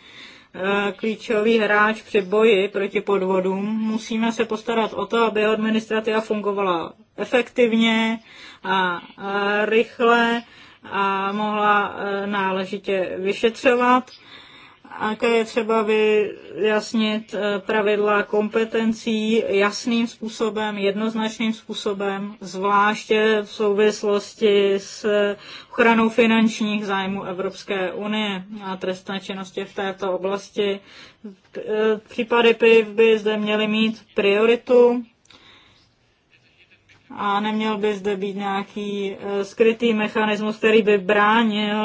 Speaker 3: eh, klíčový hráč při boji proti podvodům, musíme se postarat o to, aby administrativa fungovala efektivně a eh, rychle a mohla eh, náležitě vyšetřovat také je třeba vyjasnit eh, pravidla kompetencí jasným způsobem, jednoznačným způsobem, zvláště v souvislosti s ochranou finančních zájmů Evropské unie a trestné činnosti v této oblasti. Eh, případy PIV by zde měly mít prioritu a neměl by zde být nějaký eh, skrytý mechanismus, který by bránil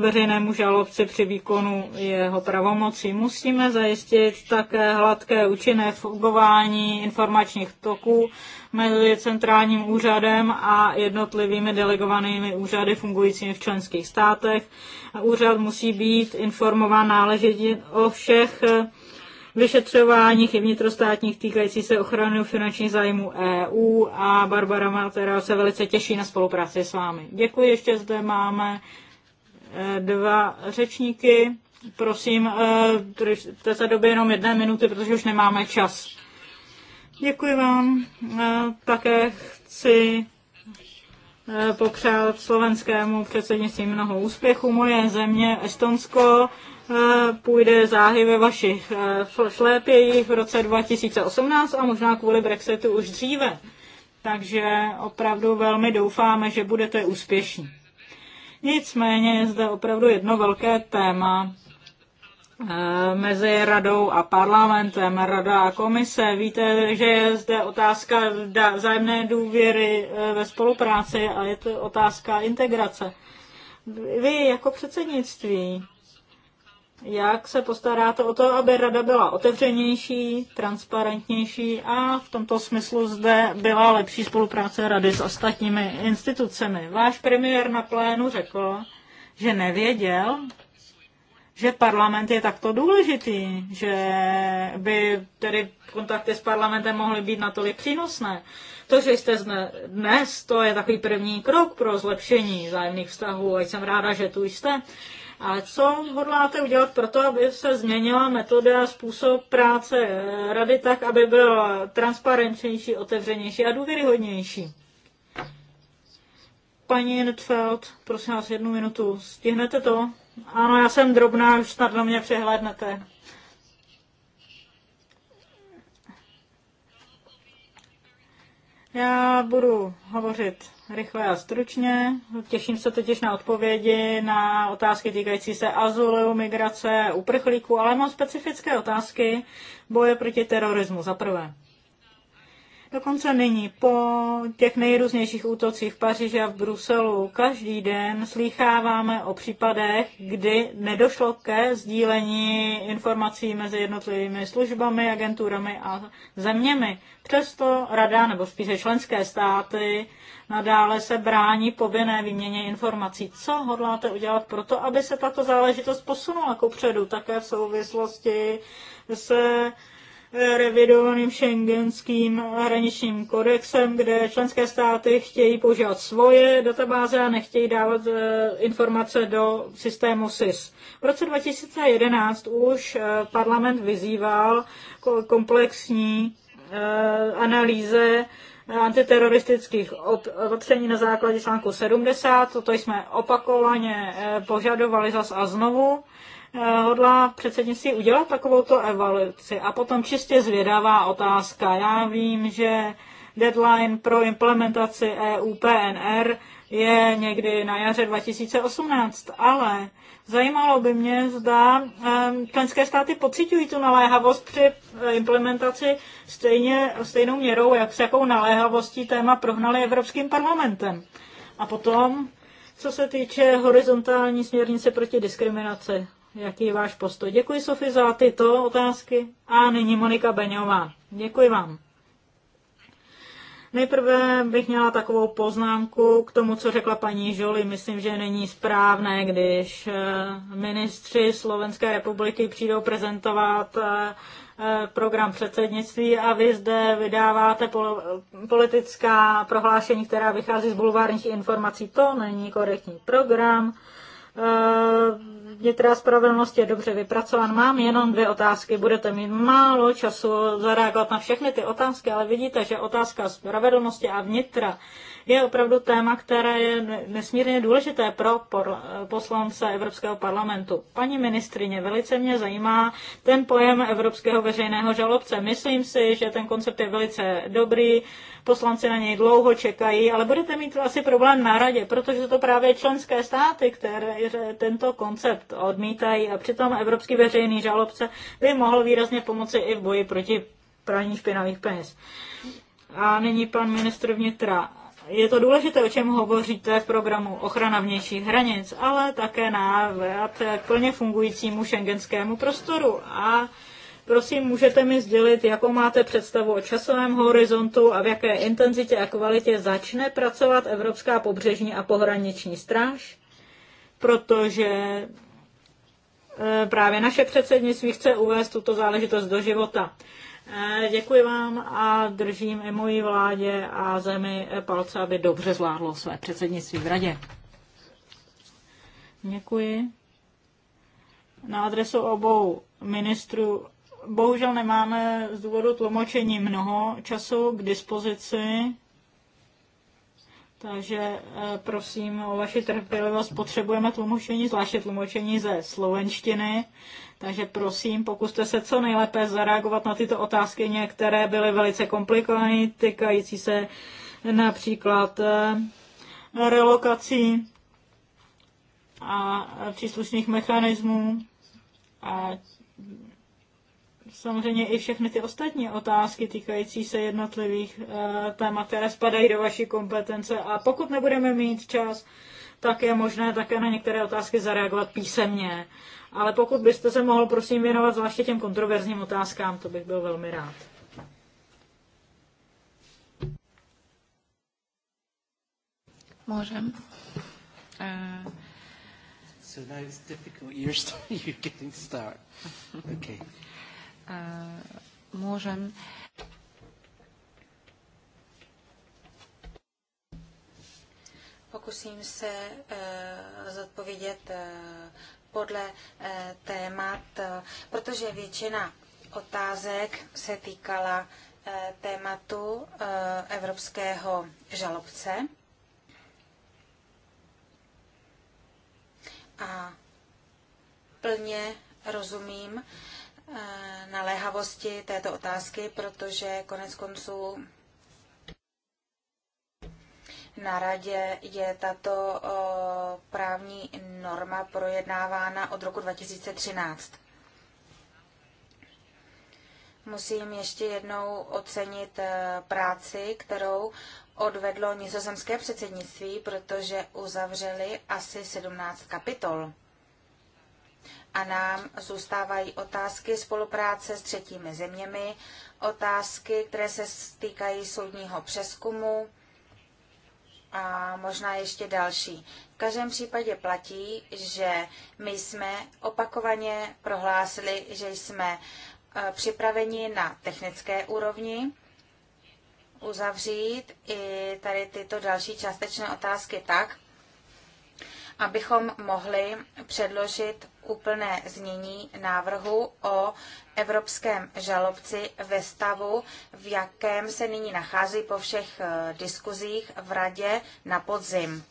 Speaker 3: veřejnému žalobci při výkonu jeho pravomocí. Musíme zajistit také hladké účinné fungování informačních toků mezi centrálním úřadem a jednotlivými delegovanými úřady fungujícími v členských státech. Úřad musí být informován náležitě o všech eh, vyšetřování i vnitrostátních týkající se ochrany finančních zájmů EU a Barbara Matera se velice těší na spolupráci s vámi. Děkuji, ještě zde máme eh, dva řečníky. Prosím, eh, držte se době jenom jedné minuty, protože už nemáme čas. Děkuji vám. Eh, také chci popřát slovenskému předsednictví mnoho úspěchu. Moje země Estonsko půjde záhy ve vašich šlépějích v roce 2018 a možná kvůli Brexitu už dříve. Takže opravdu velmi doufáme, že budete úspěšní. Nicméně je zde opravdu jedno velké téma mezi radou a parlamentem, rada a komise. Víte, že je zde otázka vzájemné důvěry e, ve spolupráci a je to otázka integrace. Vy jako předsednictví jak se postaráte o to, aby rada byla otevřenější, transparentnější a v tomto smyslu zde byla lepší spolupráce rady s ostatními institucemi? Váš premiér na plénu řekl, že nevěděl, že parlament je takto důležitý, že by tedy kontakty s parlamentem mohly být natolik přínosné. To, že jste dnes, to je takový první krok pro zlepšení zájemných vztahů a jsem ráda, že tu jste. Ale co hodláte udělat pro to, aby se změnila metoda a způsob práce eh, rady tak, aby byl transparentnější, otevřenější a důvěryhodnější? Paní Netfeld, prosím vás jednu minutu, stihnete to? Ano, já jsem drobná, už snad na mě přehlédnete. Já budu hovořit rychle a stručně. Těším se totiž na odpovědi na otázky týkající se azulu, migrace, uprchlíků, ale mám specifické otázky boje proti terorismu za prvé. Dokonce nyní, po těch nejrůznějších útocích v Paříži a v Bruselu, každý den slýcháváme o případech, kdy nedošlo ke sdílení informací mezi jednotlivými službami, agenturami a zeměmi. Přesto rada, nebo spíše členské státy, nadále se brání povinné výměně informací. Co hodláte udělat pro to, aby se tato záležitost posunula kupředu, také v souvislosti se revidovaným šengenským hraničním kodexem, kde členské státy chtějí používat svoje databáze a nechtějí dávat eh, informace do systému SIS. V roce 2011 už eh, parlament vyzýval komplexní eh, analýze antiteroristických opatření na základě článku 70. Toto jsme opakovaně požadovali zas a znovu. Eh, hodlá předsednictví udělat takovouto evaluaci? A potom čistě zvědavá otázka. Já vím, že deadline pro implementaci EU PNR je někdy na jaře 2018, ale zajímalo by mě, zda členské státy pocitují tu naléhavost při eh, implementaci stejně, stejnou měrou, jak s jakou naléhavostí téma prohnali Evropským parlamentem. A potom, co se týče horizontální směrnice proti diskriminaci, jaký je váš postoj. Děkuji, Sofi za tyto otázky. A nyní Monika Beňová. Děkuji vám. Nejprve bych měla takovou poznámku k tomu, co řekla paní Žoli. Myslím, že není správné, když eh, ministři Slovenské republiky přijdou prezentovat eh, eh, program předsednictví a vy zde vydáváte politická prohlášení, která vychází z bulvárních informací. To není korektní program vnitra spravedlnosti je dobře vypracován. Mám jenom dvě otázky. Budete mít málo času zareagovat na všechny ty otázky, ale vidíte, že otázka spravedlnosti a vnitra je opravdu téma, které je nesmírně důležité pro poslance Evropského parlamentu. Paní ministrině, velice mě zajímá ten pojem Evropského veřejného žalobce. Myslím si, že ten koncept je velice dobrý, poslanci na něj dlouho čekají, ale budete mít asi problém na radě, protože jsou to právě členské státy, které tento koncept odmítají a přitom Evropský veřejný žalobce by mohl výrazně pomoci i v boji proti praní špinavých peněz. A nyní pan ministr vnitra je to důležité, o čem hovoříte v programu Ochrana vnějších hranic, ale také návrat k plně fungujícímu šengenskému prostoru. A prosím, můžete mi sdělit, jakou máte představu o časovém horizontu a v jaké intenzitě a kvalitě začne pracovat Evropská pobřežní a pohraniční stráž? Protože e, právě naše předsednictví chce uvést tuto záležitost do života. Eh, děkuji vám a držím i mojí vládě a zemi palce, aby dobře zvládlo své předsednictví v radě. Děkuji. Na adresu obou ministrů bohužel nemáme z důvodu tlumočení mnoho času k dispozici, takže eh, prosím o vaši trpělivost. Potřebujeme tlumočení, zvláště tlumočení ze slovenštiny, takže prosím, pokuste se co nejlépe zareagovat na tyto otázky, některé byly velice komplikované, týkající se například eh, relokací a příslušných mechanismů a samozřejmě i všechny ty ostatní otázky týkající se jednotlivých eh, témat, které spadají do vaší kompetence. A pokud nebudeme mít čas, tak je možné také na některé otázky zareagovat písemně ale pokud byste se mohl prosím věnovat zvláště těm kontroverzním otázkám, to bych byl velmi rád.
Speaker 1: Můžem. Uh... So now it's difficult. You're, you're getting start. Okay.
Speaker 4: Uh, můžem. Pokusím se uh, zodpovědět uh, podle eh, témat, eh, protože většina otázek se týkala eh, tématu evropského žalobce. A plně rozumím naléhavosti této otázky, protože konec konců na radě je tato právní norma projednávána od roku 2013. Musím ještě jednou ocenit e, práci, kterou odvedlo nizozemské předsednictví, protože uzavřeli asi 17 kapitol. A nám zůstávají otázky spolupráce s třetími zeměmi, otázky, které se týkají soudního přeskumu, a možná ještě další. V každém případě platí, že my jsme opakovaně prohlásili, že jsme eh, připraveni na technické úrovni uzavřít i tady tyto další částečné otázky tak, abychom mohli předložit úplné znění návrhu o evropském žalobci ve stavu, v jakém se nyní nachází po všech eh, diskuzích v radě na podzim,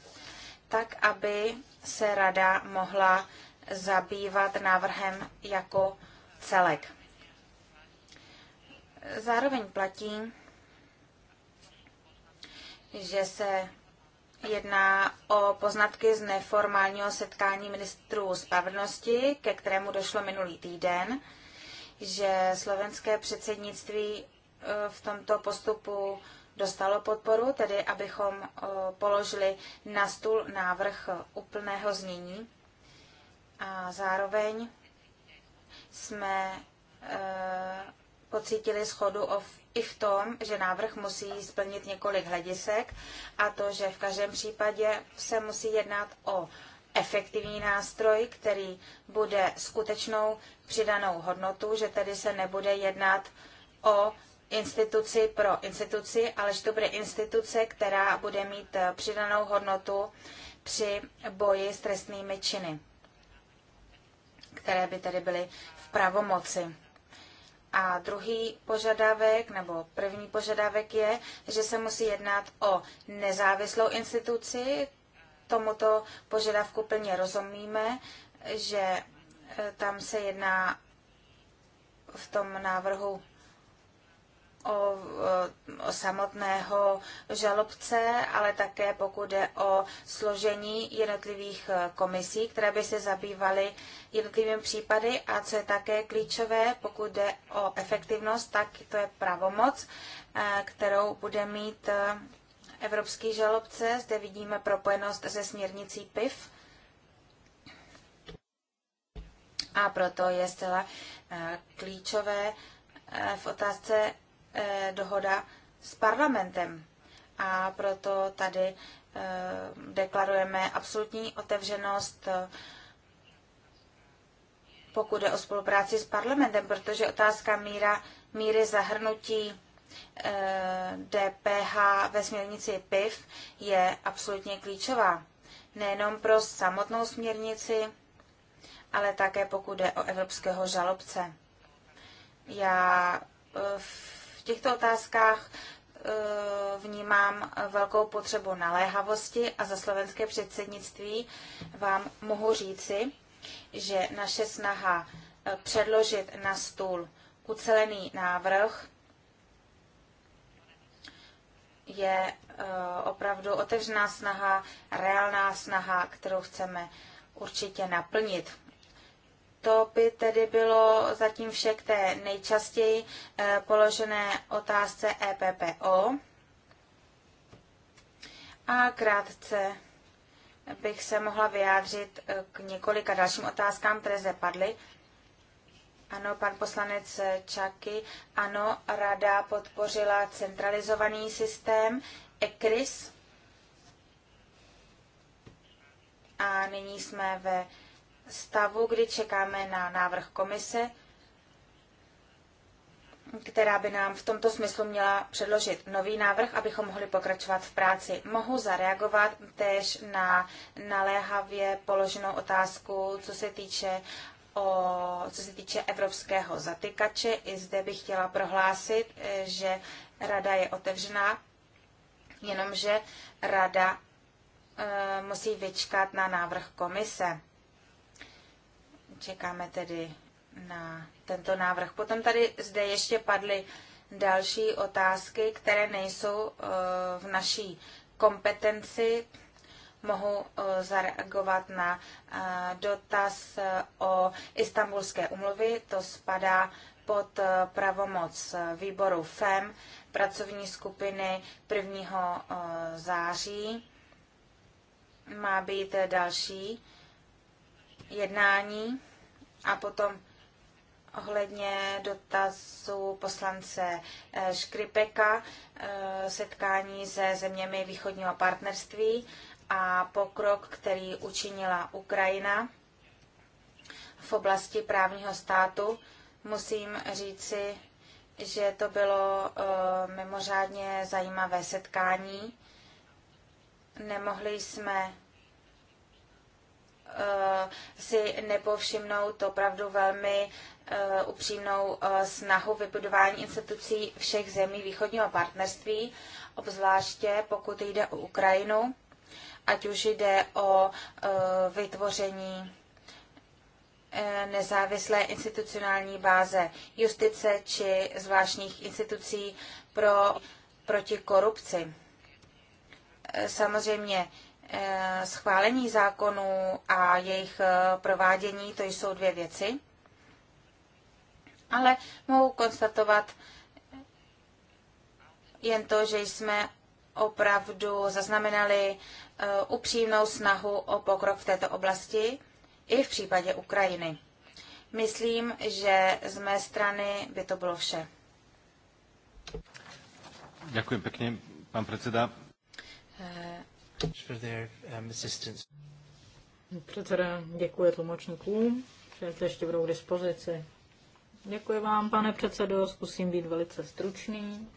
Speaker 4: tak aby se rada mohla zabývat návrhem jako celek. Zároveň platí, že se jedná o poznatky z neformálního setkání ministrů spravedlnosti, ke kterému došlo minulý týden, že slovenské předsednictví e, v tomto postupu dostalo podporu, tedy abychom e, položili na stůl návrh úplného znění. A zároveň jsme e, pocítili schodu o i v tom, že návrh musí splnit několik hledisek a to, že v každém případě se musí jednat o efektivní nástroj, který bude skutečnou přidanou hodnotu, že tedy se nebude jednat o instituci pro instituci, ale že to bude instituce, která bude mít eh, přidanou hodnotu při boji s trestnými činy, které by tedy byly v pravomoci a druhý požadavek, nebo první požadavek je, že se musí jednat o nezávislou instituci. Tomuto požadavku plně rozumíme, že e, tam se jedná v tom návrhu o, o samotného žalobce, ale také pokud jde o složení jednotlivých eh, komisí, které by se zabývaly jednotlivými případy a co je také klíčové, pokud jde o efektivnost, tak to je pravomoc, eh, kterou bude mít eh, evropský žalobce. Zde vidíme propojenost se směrnicí PIV. A proto je zcela klíčové v otázce Eh, dohoda s parlamentem. A proto tady eh, deklarujeme absolutní otevřenost eh, pokud je o spolupráci s parlamentem, protože otázka míra, míry zahrnutí DPH ve směrnici PIV je absolutně klíčová. Nejenom pro samotnou směrnici, ale také pokud jde o evropského žalobce. Já v v těchto otázkách eh, vnímám velkou potřebu naléhavosti a za slovenské předsednictví vám mohu říci, že naše snaha eh, předložit na stůl ucelený návrh je eh, opravdu otevřená snaha, reálná snaha, kterou chceme určitě naplnit. To by tedy bylo zatím vše k té nejčastěji eh, položené otázce EPPO. A krátce bych se mohla vyjádřit eh, k několika dalším otázkám, které zde padly. Ano, pan poslanec Čaky. Ano, rada podpořila centralizovaný systém ECRIS. A nyní jsme ve stavu, kdy čekáme na návrh komise, která by nám v tomto smyslu měla předložit nový návrh, abychom mohli pokračovat v práci. Mohu zareagovat též na naléhavě položenou otázku, co se týče o, co se týče evropského zatykače. I zde bych chtěla prohlásit, že rada je otevřená, jenomže rada eh, musí vyčkat na návrh komise. Čekáme tedy na tento návrh. Potom tady zde ještě padly další otázky, které nejsou eh, v naší kompetenci. Mohu eh, zareagovat na eh, dotaz o istambulské umluvy. To spadá pod pravomoc výboru FEM pracovní skupiny 1. září. Má být další jednání a potom ohledně dotazu poslance eh, Škripeka, eh, setkání se zeměmi východního partnerství a pokrok, který učinila Ukrajina v oblasti právního státu, musím říci, že to bylo eh, mimořádně zajímavé setkání. Nemohli jsme Eh, si nepovšimnout opravdu velmi eh, upřímnou eh, snahu vybudování institucí všech zemí východního partnerství, obzvláště pokud jde o Ukrajinu, ať už jde o vytvoření nezávislé institucionální báze justice či zvláštních institucí pro, proti korupci. Samozřejmě Eh, schválení zákonů a jejich eh, provádění, to jsou dvě věci. Ale mohu konstatovat jen to, že jsme opravdu zaznamenali eh, upřímnou snahu o pokrok v této oblasti i v případě Ukrajiny. Myslím, že z mé strany by to bylo vše.
Speaker 1: Děkuji pěkně, pan předseda. Um,
Speaker 3: Předseda děkuji tlumočníkům, že to ještě budou k dispozici. Děkuji vám, pane předsedo, zkusím být velice stručný.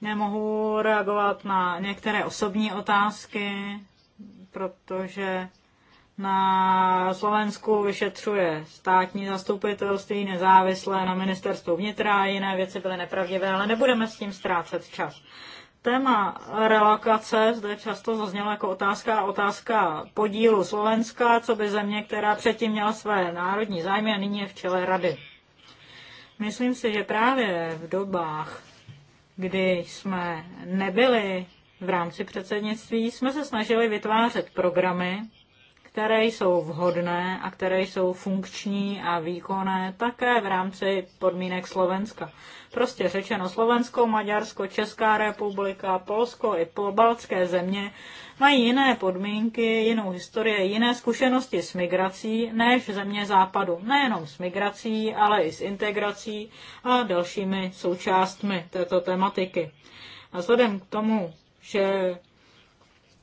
Speaker 3: Nemohu reagovat na některé osobní otázky, protože na Slovensku vyšetřuje státní zastupitelství nezávislé na ministerstvu vnitra, jiné věci byly nepravdivé, ale nebudeme s tím ztrácet čas téma relakace zde často zazněla jako otázka otázka podílu Slovenska, co by země, která předtím měla své národní zájmy a nyní je v čele rady. Myslím si, že právě v dobách, kdy jsme nebyli v rámci předsednictví, jsme se snažili vytvářet programy, které jsou vhodné a které jsou funkční a výkonné také v rámci podmínek Slovenska. Prostě řečeno Slovensko, Maďarsko, Česká republika, Polsko i pobaltské země mají jiné podmínky, jinou historii, jiné zkušenosti s migrací než země západu. Nejenom s migrací, ale i s integrací a dalšími součástmi této tematiky. A vzhledem k tomu, že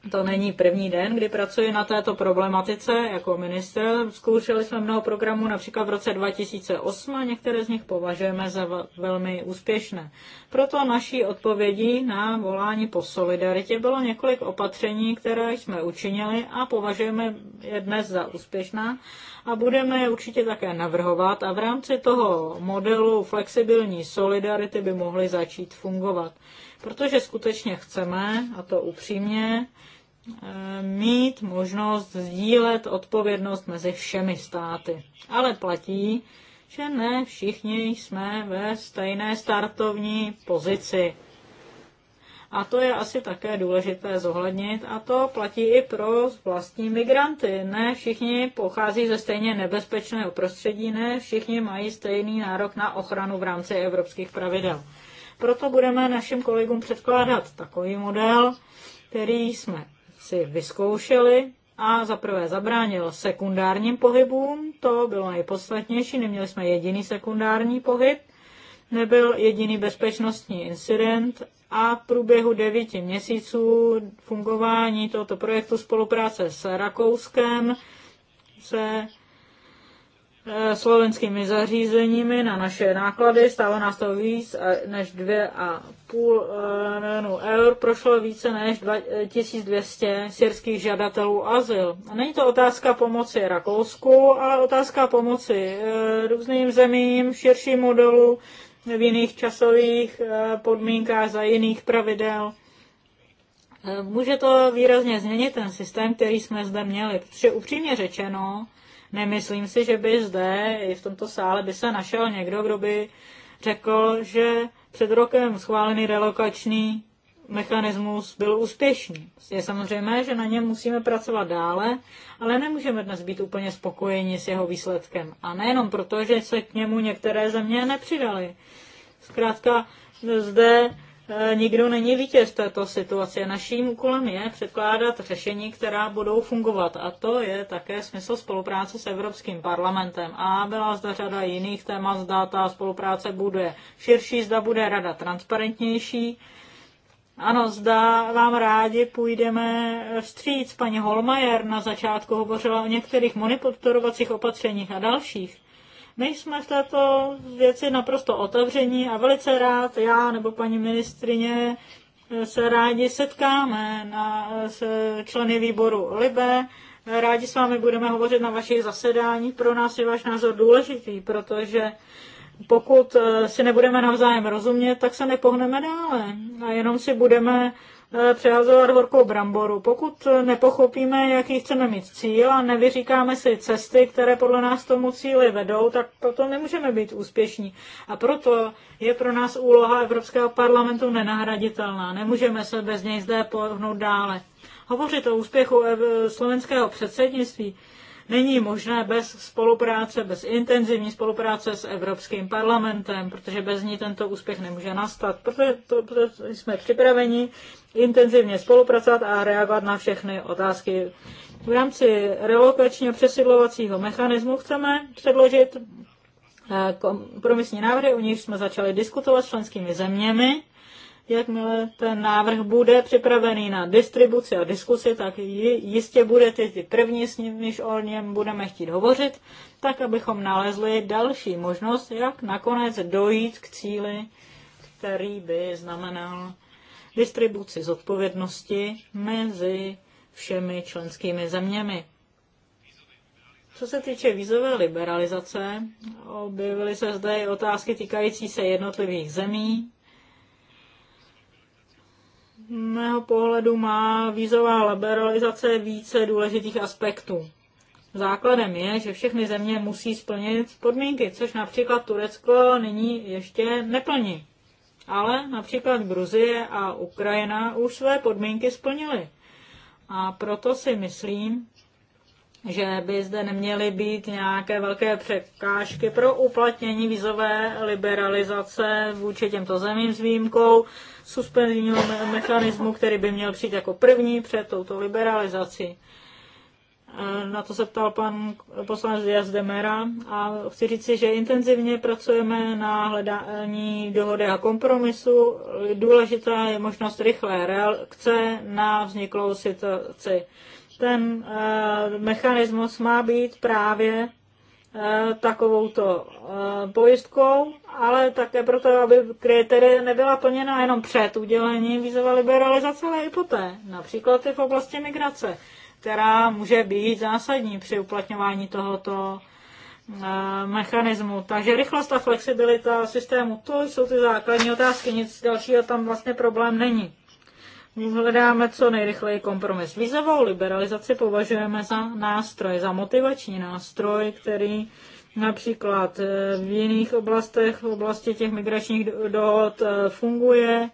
Speaker 3: to není první den, kdy pracuji na této problematice jako minister. Zkoušeli jsme mnoho programů, například v roce 2008 a některé z nich považujeme za velmi úspěšné. Proto naší odpovědí na volání po solidaritě bylo několik opatření, které jsme učinili a považujeme je dnes za úspěšná a budeme je určitě také navrhovat a v rámci toho modelu flexibilní solidarity by mohly začít fungovat. Protože skutečně chceme, a to upřímně, Eh, mít možnost sdílet odpovědnost mezi všemi státy. Ale platí, že ne všichni jsme ve stejné startovní pozici. A to je asi také důležité zohlednit a to platí i pro vlastní migranty. Ne všichni pochází ze stejně nebezpečného prostředí, ne všichni mají stejný nárok na ochranu v rámci evropských pravidel. Proto budeme našim kolegům předkládat takový model, který jsme si vyzkoušeli a za prvé zabránil sekundárním pohybům, to bylo nejpodstatnější, neměli jsme jediný sekundární pohyb, nebyl jediný bezpečnostní incident a v průběhu devíti měsíců fungování tohoto projektu spolupráce s Rakouskem se E, slovenskými zařízeními na naše náklady. Stálo nás to víc e, než 2,5 e, milionů eur. Prošlo více než 1200 syrských žadatelů azyl. A není to otázka pomoci Rakousku, ale otázka pomoci různým zemím, širším modelu v jiných časových podmínkách, za jiných pravidel. Může to výrazně změnit ten systém, který jsme zde měli, protože upřímně řečeno, Nemyslím si, že by zde, i v tomto sále, by se našel někdo, kdo by řekl, že před rokem schválený relokační mechanismus byl úspěšný. Je samozřejmé, že na něm musíme pracovat dále, ale nemůžeme dnes být úplně spokojeni s jeho výsledkem. A nejenom proto, že se k němu některé země nepřidaly. Zkrátka zde E, nikdo není vítěz této situace. Naším úkolem je předkládat řešení, která budou fungovat. A to je také smysl spolupráce s Evropským parlamentem. A byla zde řada jiných témat, zda ta spolupráce bude širší, zda bude rada transparentnější. Ano, zda vám rádi půjdeme vstříc. Paní Holmajer na začátku hovořila o některých monitorovacích opatřeních a dalších. My jsme v této věci naprosto otevření a velice rád já nebo paní ministrině eh, se rádi setkáme na, eh, s členy výboru LIBE. Rádi s vámi budeme hovořit na vašich zasedání. Pro nás je váš názor důležitý, protože pokud eh, si nebudeme navzájem rozumět, tak se nepohneme dále a jenom si budeme Eh, přehazovat horkou bramboru. Pokud nepochopíme, jaký chceme mít cíl a nevyříkáme si cesty, které podle nás tomu cíli vedou, tak proto nemůžeme být úspěšní. A proto je pro nás úloha Evropského parlamentu nenahraditelná. Nemůžeme se bez něj zde pohnout dále. Hovořit o úspěchu slovenského předsednictví není možné bez spolupráce, bez intenzivní spolupráce s Evropským parlamentem, protože bez ní tento úspěch nemůže nastat. Proto, to, jsme připraveni intenzivně spolupracovat a reagovat na všechny otázky. V rámci relokačního přesidlovacího mechanismu chceme předložit eh, kompromisní návrhy, o nich jsme začali diskutovat s členskými zeměmi. Jakmile ten návrh bude připravený na distribuci a diskusi, tak jistě bude ty první s když o něm budeme chtít hovořit, tak abychom nalezli další možnost, jak nakonec dojít k cíli, který by znamenal distribuci zodpovědnosti mezi všemi členskými zeměmi. Co se týče vízové liberalizace, objevily se zde i otázky týkající se jednotlivých zemí. Mého pohledu má vízová liberalizace více důležitých aspektů. Základem je, že všechny země musí splnit podmínky, což například Turecko nyní ještě neplní ale například Gruzie a Ukrajina už své podmínky splnily. A proto si myslím, že by zde neměly být nějaké velké překážky pro uplatnění vizové liberalizace vůči těmto zemím s výjimkou suspenzního mechanismu, který by měl přijít jako první před touto liberalizací. Na to se ptal pan poslanec Diaz Demera a chci říci, že intenzivně pracujeme na hledání dohody a kompromisu. Důležitá je možnost rychlé reakce na vzniklou situaci. Ten eh, mechanismus má být právě eh, takovouto eh, pojistkou, ale také proto, aby kritéria nebyla plněna jenom před udělením vízové liberalizace, ale i poté, například i v oblasti migrace která může být zásadní při uplatňování tohoto eh, mechanismu. Takže rychlost a flexibilita systému, to jsou ty základní otázky, nic dalšího tam vlastně problém není. Hledáme co nejrychleji kompromis. Vizovou liberalizaci považujeme za nástroj, za motivační nástroj, který například eh, v jiných oblastech, v oblasti těch migračních dohod eh, funguje.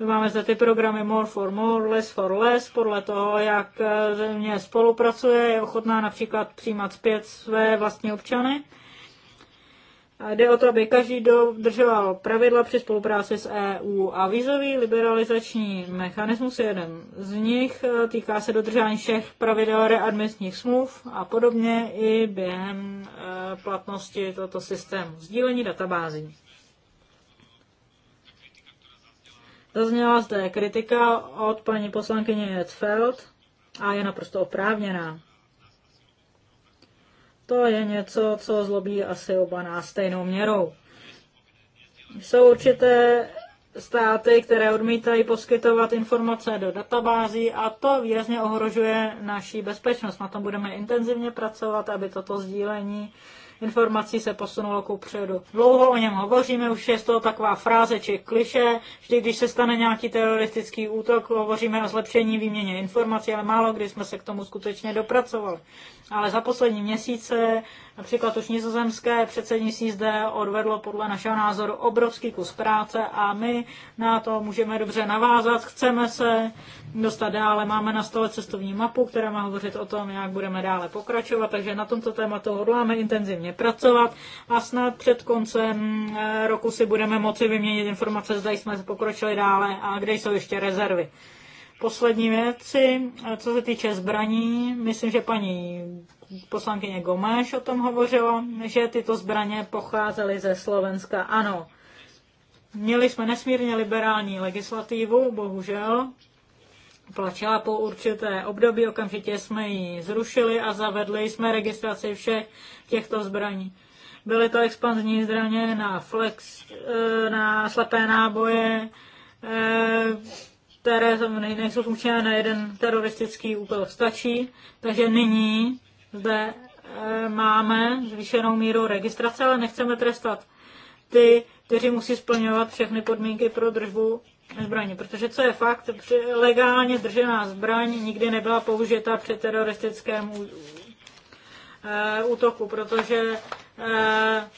Speaker 3: My máme zde ty programy More for More, Less for Less, podle toho, jak eh, země spolupracuje, je ochotná například přijímat zpět své vlastní občany. A jde o to, aby každý dodržoval pravidla při spolupráci s EU a vízový liberalizační mechanismus je jeden z nich. Eh, týká se dodržování všech pravidel readmisních smluv a podobně i během eh, platnosti tohoto systému sdílení databází. Zazněla zde kritika od paní poslankyně Jedfeld a je naprosto oprávněná. To je něco, co zlobí asi oba nás stejnou měrou. Jsou určité státy, které odmítají poskytovat informace do databází a to výrazně ohrožuje naší bezpečnost. Na tom budeme intenzivně pracovat, aby toto sdílení informací se posunulo ku předu. Dlouho o něm hovoříme, už je z toho taková fráze či kliše. Vždy, když se stane nějaký teroristický útok, hovoříme o zlepšení výměně informací, ale málo kdy jsme se k tomu skutečně dopracovali. Ale za poslední měsíce Například už nizozemské předsednictví zde odvedlo podle našeho názoru obrovský kus práce a my na to můžeme dobře navázat, chceme se dostat dále, máme na stole cestovní mapu, která má hovořit o tom, jak budeme dále pokračovat, takže na tomto tématu hodláme intenzivně pracovat a snad před koncem eh, roku si budeme moci vyměnit informace, zda jsme pokročili dále a kde jsou ještě rezervy. Poslední věci, eh, co se týče zbraní, myslím, že paní poslankyně Gomáš o tom hovořila, že tyto zbraně pocházely ze Slovenska. Ano, měli jsme nesmírně liberální legislativu, bohužel. Plačela po určité období, okamžitě jsme ji zrušili a zavedli jsme registraci všech těchto zbraní. Byly to expanzní zbraně na, flex, eh, na slepé náboje, eh, které nejsou funkčné na jeden teroristický úkol stačí. Takže nyní zde eh, máme zvýšenou míru registrace, ale nechceme trestat ty, kteří musí splňovat všechny podmínky pro držbu zbraní. Protože co je fakt, legálně držená zbraň nikdy nebyla použita při teroristickém eh, útoku, protože eh,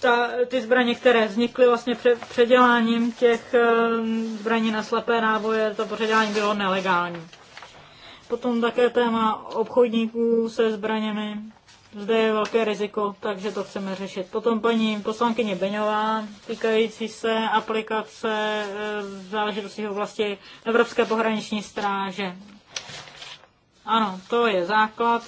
Speaker 3: ta, ty zbraně, které vznikly vlastně před, předěláním těch zbraní na slepé náboje, to předělání bylo nelegální. Potom také téma obchodníků se zbraněmi. Zde je velké riziko, takže to chceme řešit. Potom paní poslankyně Beňová, týkající se aplikace v eh, záležitosti v oblasti Evropské pohraniční stráže. Ano, to je základ,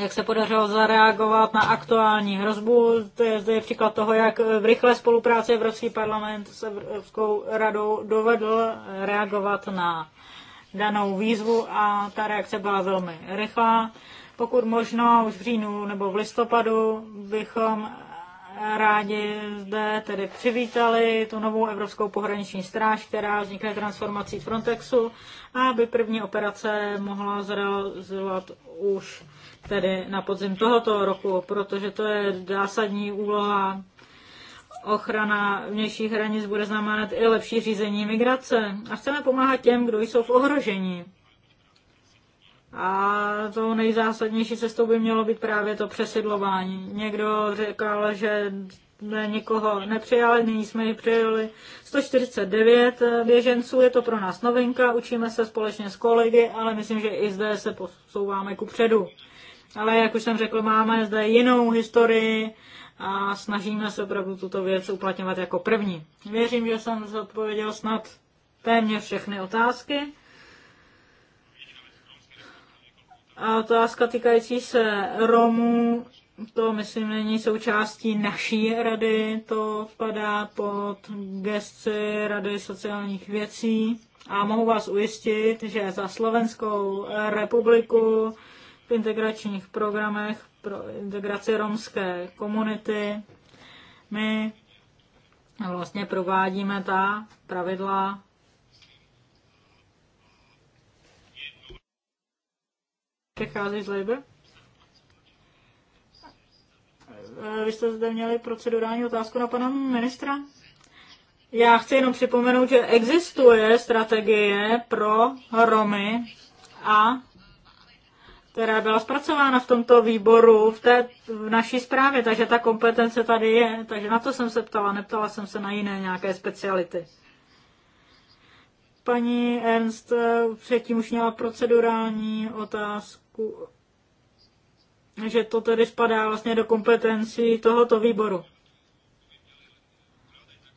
Speaker 3: jak se podařilo zareagovat na aktuální hrozbu. To je zde příklad toho, jak v rychlé spolupráci Evropský parlament s Evropskou radou dovedl reagovat na danou výzvu a ta reakce byla velmi rychlá. Pokud možno už v říjnu nebo v listopadu bychom rádi zde tedy přivítali tu novou Evropskou pohraniční stráž, která vznikne transformací Frontexu, aby první operace mohla zrealizovat už tedy na podzim tohoto roku, protože to je zásadní úloha ochrana vnějších hranic bude znamenat i lepší řízení migrace. A chceme pomáhat těm, kdo jsou v ohrožení. A to nejzásadnější cestou by mělo být právě to přesidlování. Někdo říkal, že ne, nikoho nepřijali, nyní jsme ji přijali 149 běženců, je to pro nás novinka, učíme se společně s kolegy, ale myslím, že i zde se posouváme ku předu. Ale jak už jsem řekl, máme zde jinou historii, a snažíme se opravdu tuto věc uplatňovat jako první. Věřím, že jsem zodpověděl snad téměř všechny otázky. A otázka týkající se Romů, to myslím není součástí naší rady, to spadá pod gesci Rady sociálních věcí. A mohu vás ujistit, že za Slovenskou republiku v integračních programech pro integraci romské komunity. My vlastně provádíme ta pravidla Přechází z Libe? Eh, vy jste zde měli procedurální otázku na pana ministra? Já chci jenom připomenout, že existuje strategie pro Romy a která byla zpracována v tomto výboru, v, té, v naší zprávě, takže ta kompetence tady je. Takže na to jsem se ptala, neptala jsem se na jiné nějaké speciality. Paní Ernst eh, předtím už měla procedurální otázku, že to tedy spadá vlastně do kompetencí tohoto výboru.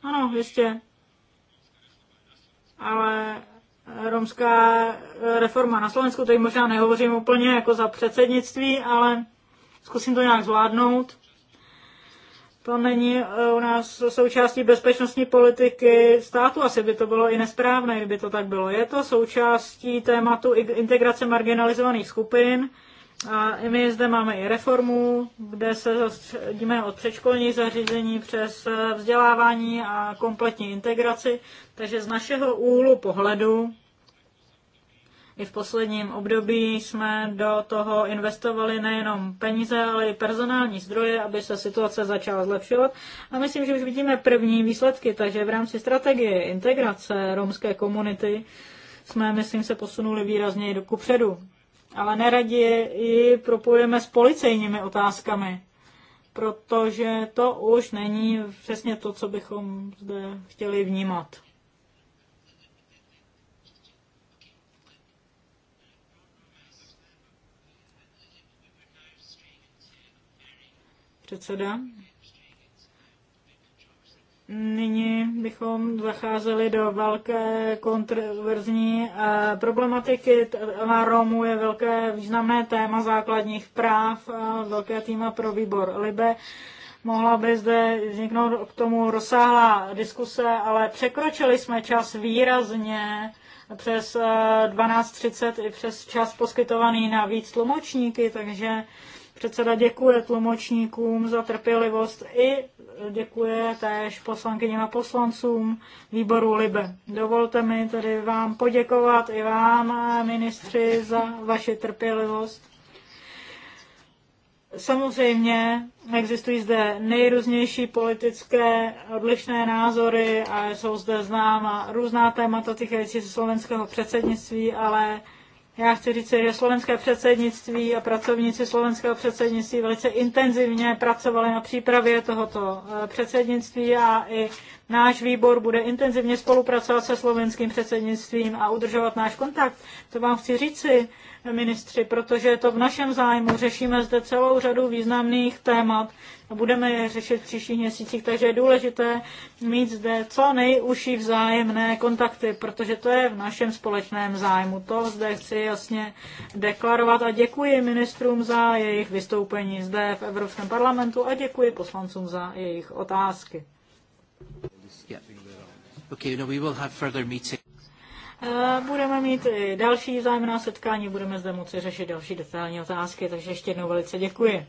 Speaker 3: Ano, jistě. Ale romská eh, reforma na Slovensku, teď možná nehovořím úplně jako za předsednictví, ale zkusím to nějak zvládnout. To není eh, u nás součástí bezpečnostní politiky státu, asi by to bylo i nesprávné, kdyby to tak bylo. Je to součástí tématu integrace marginalizovaných skupin, a my zde máme i reformu, kde se zastředíme od předškolních zařízení přes vzdělávání a kompletní integraci. Takže z našeho úhlu pohledu i v posledním období jsme do toho investovali nejenom peníze, ale i personální zdroje, aby se situace začala zlepšovat. A myslím, že už vidíme první výsledky, takže v rámci strategie integrace romské komunity jsme, myslím, se posunuli výrazněji do kupředu ale neradě ji propojujeme s policejními otázkami, protože to už není přesně to, co bychom zde chtěli vnímat. Předseda, Nyní bychom zacházeli do velké kontroverzní eh, problematiky. Téma Romů je velké významné téma základních práv a velké téma pro výbor Libe. Mohla by zde vzniknout k tomu rozsáhlá diskuse, ale překročili jsme čas výrazně přes 12.30 eh, i přes čas poskytovaný na víc tlumočníky, takže Předseda děkuje tlumočníkům za trpělivost i děkuje též poslankyním a poslancům výboru Libe. Dovolte mi tedy vám poděkovat i vám, ministři, za vaši trpělivost. Samozřejmě existují zde nejrůznější politické odlišné názory a jsou zde známa různá témata týkající se slovenského předsednictví, ale já chci říct, že slovenské předsednictví a pracovníci slovenského předsednictví velice intenzivně pracovali na přípravě tohoto eh, předsednictví a i náš výbor bude intenzivně spolupracovat se slovenským předsednictvím a udržovat náš kontakt. To vám chci říci, ministři, protože je to v našem zájmu. Řešíme zde celou řadu významných témat a budeme je řešit v příštích měsících, takže je důležité mít zde co nejužší vzájemné kontakty, protože to je v našem společném zájmu. To zde chci jasně deklarovat a děkuji ministrům za jejich vystoupení zde v Evropském parlamentu a děkuji poslancům za jejich otázky.
Speaker 1: Okay, no, we will have further meeting.
Speaker 3: Budeme mít i další vzájemná setkání, budeme zde moci řešit další detailní otázky, takže ještě jednou velice děkuji.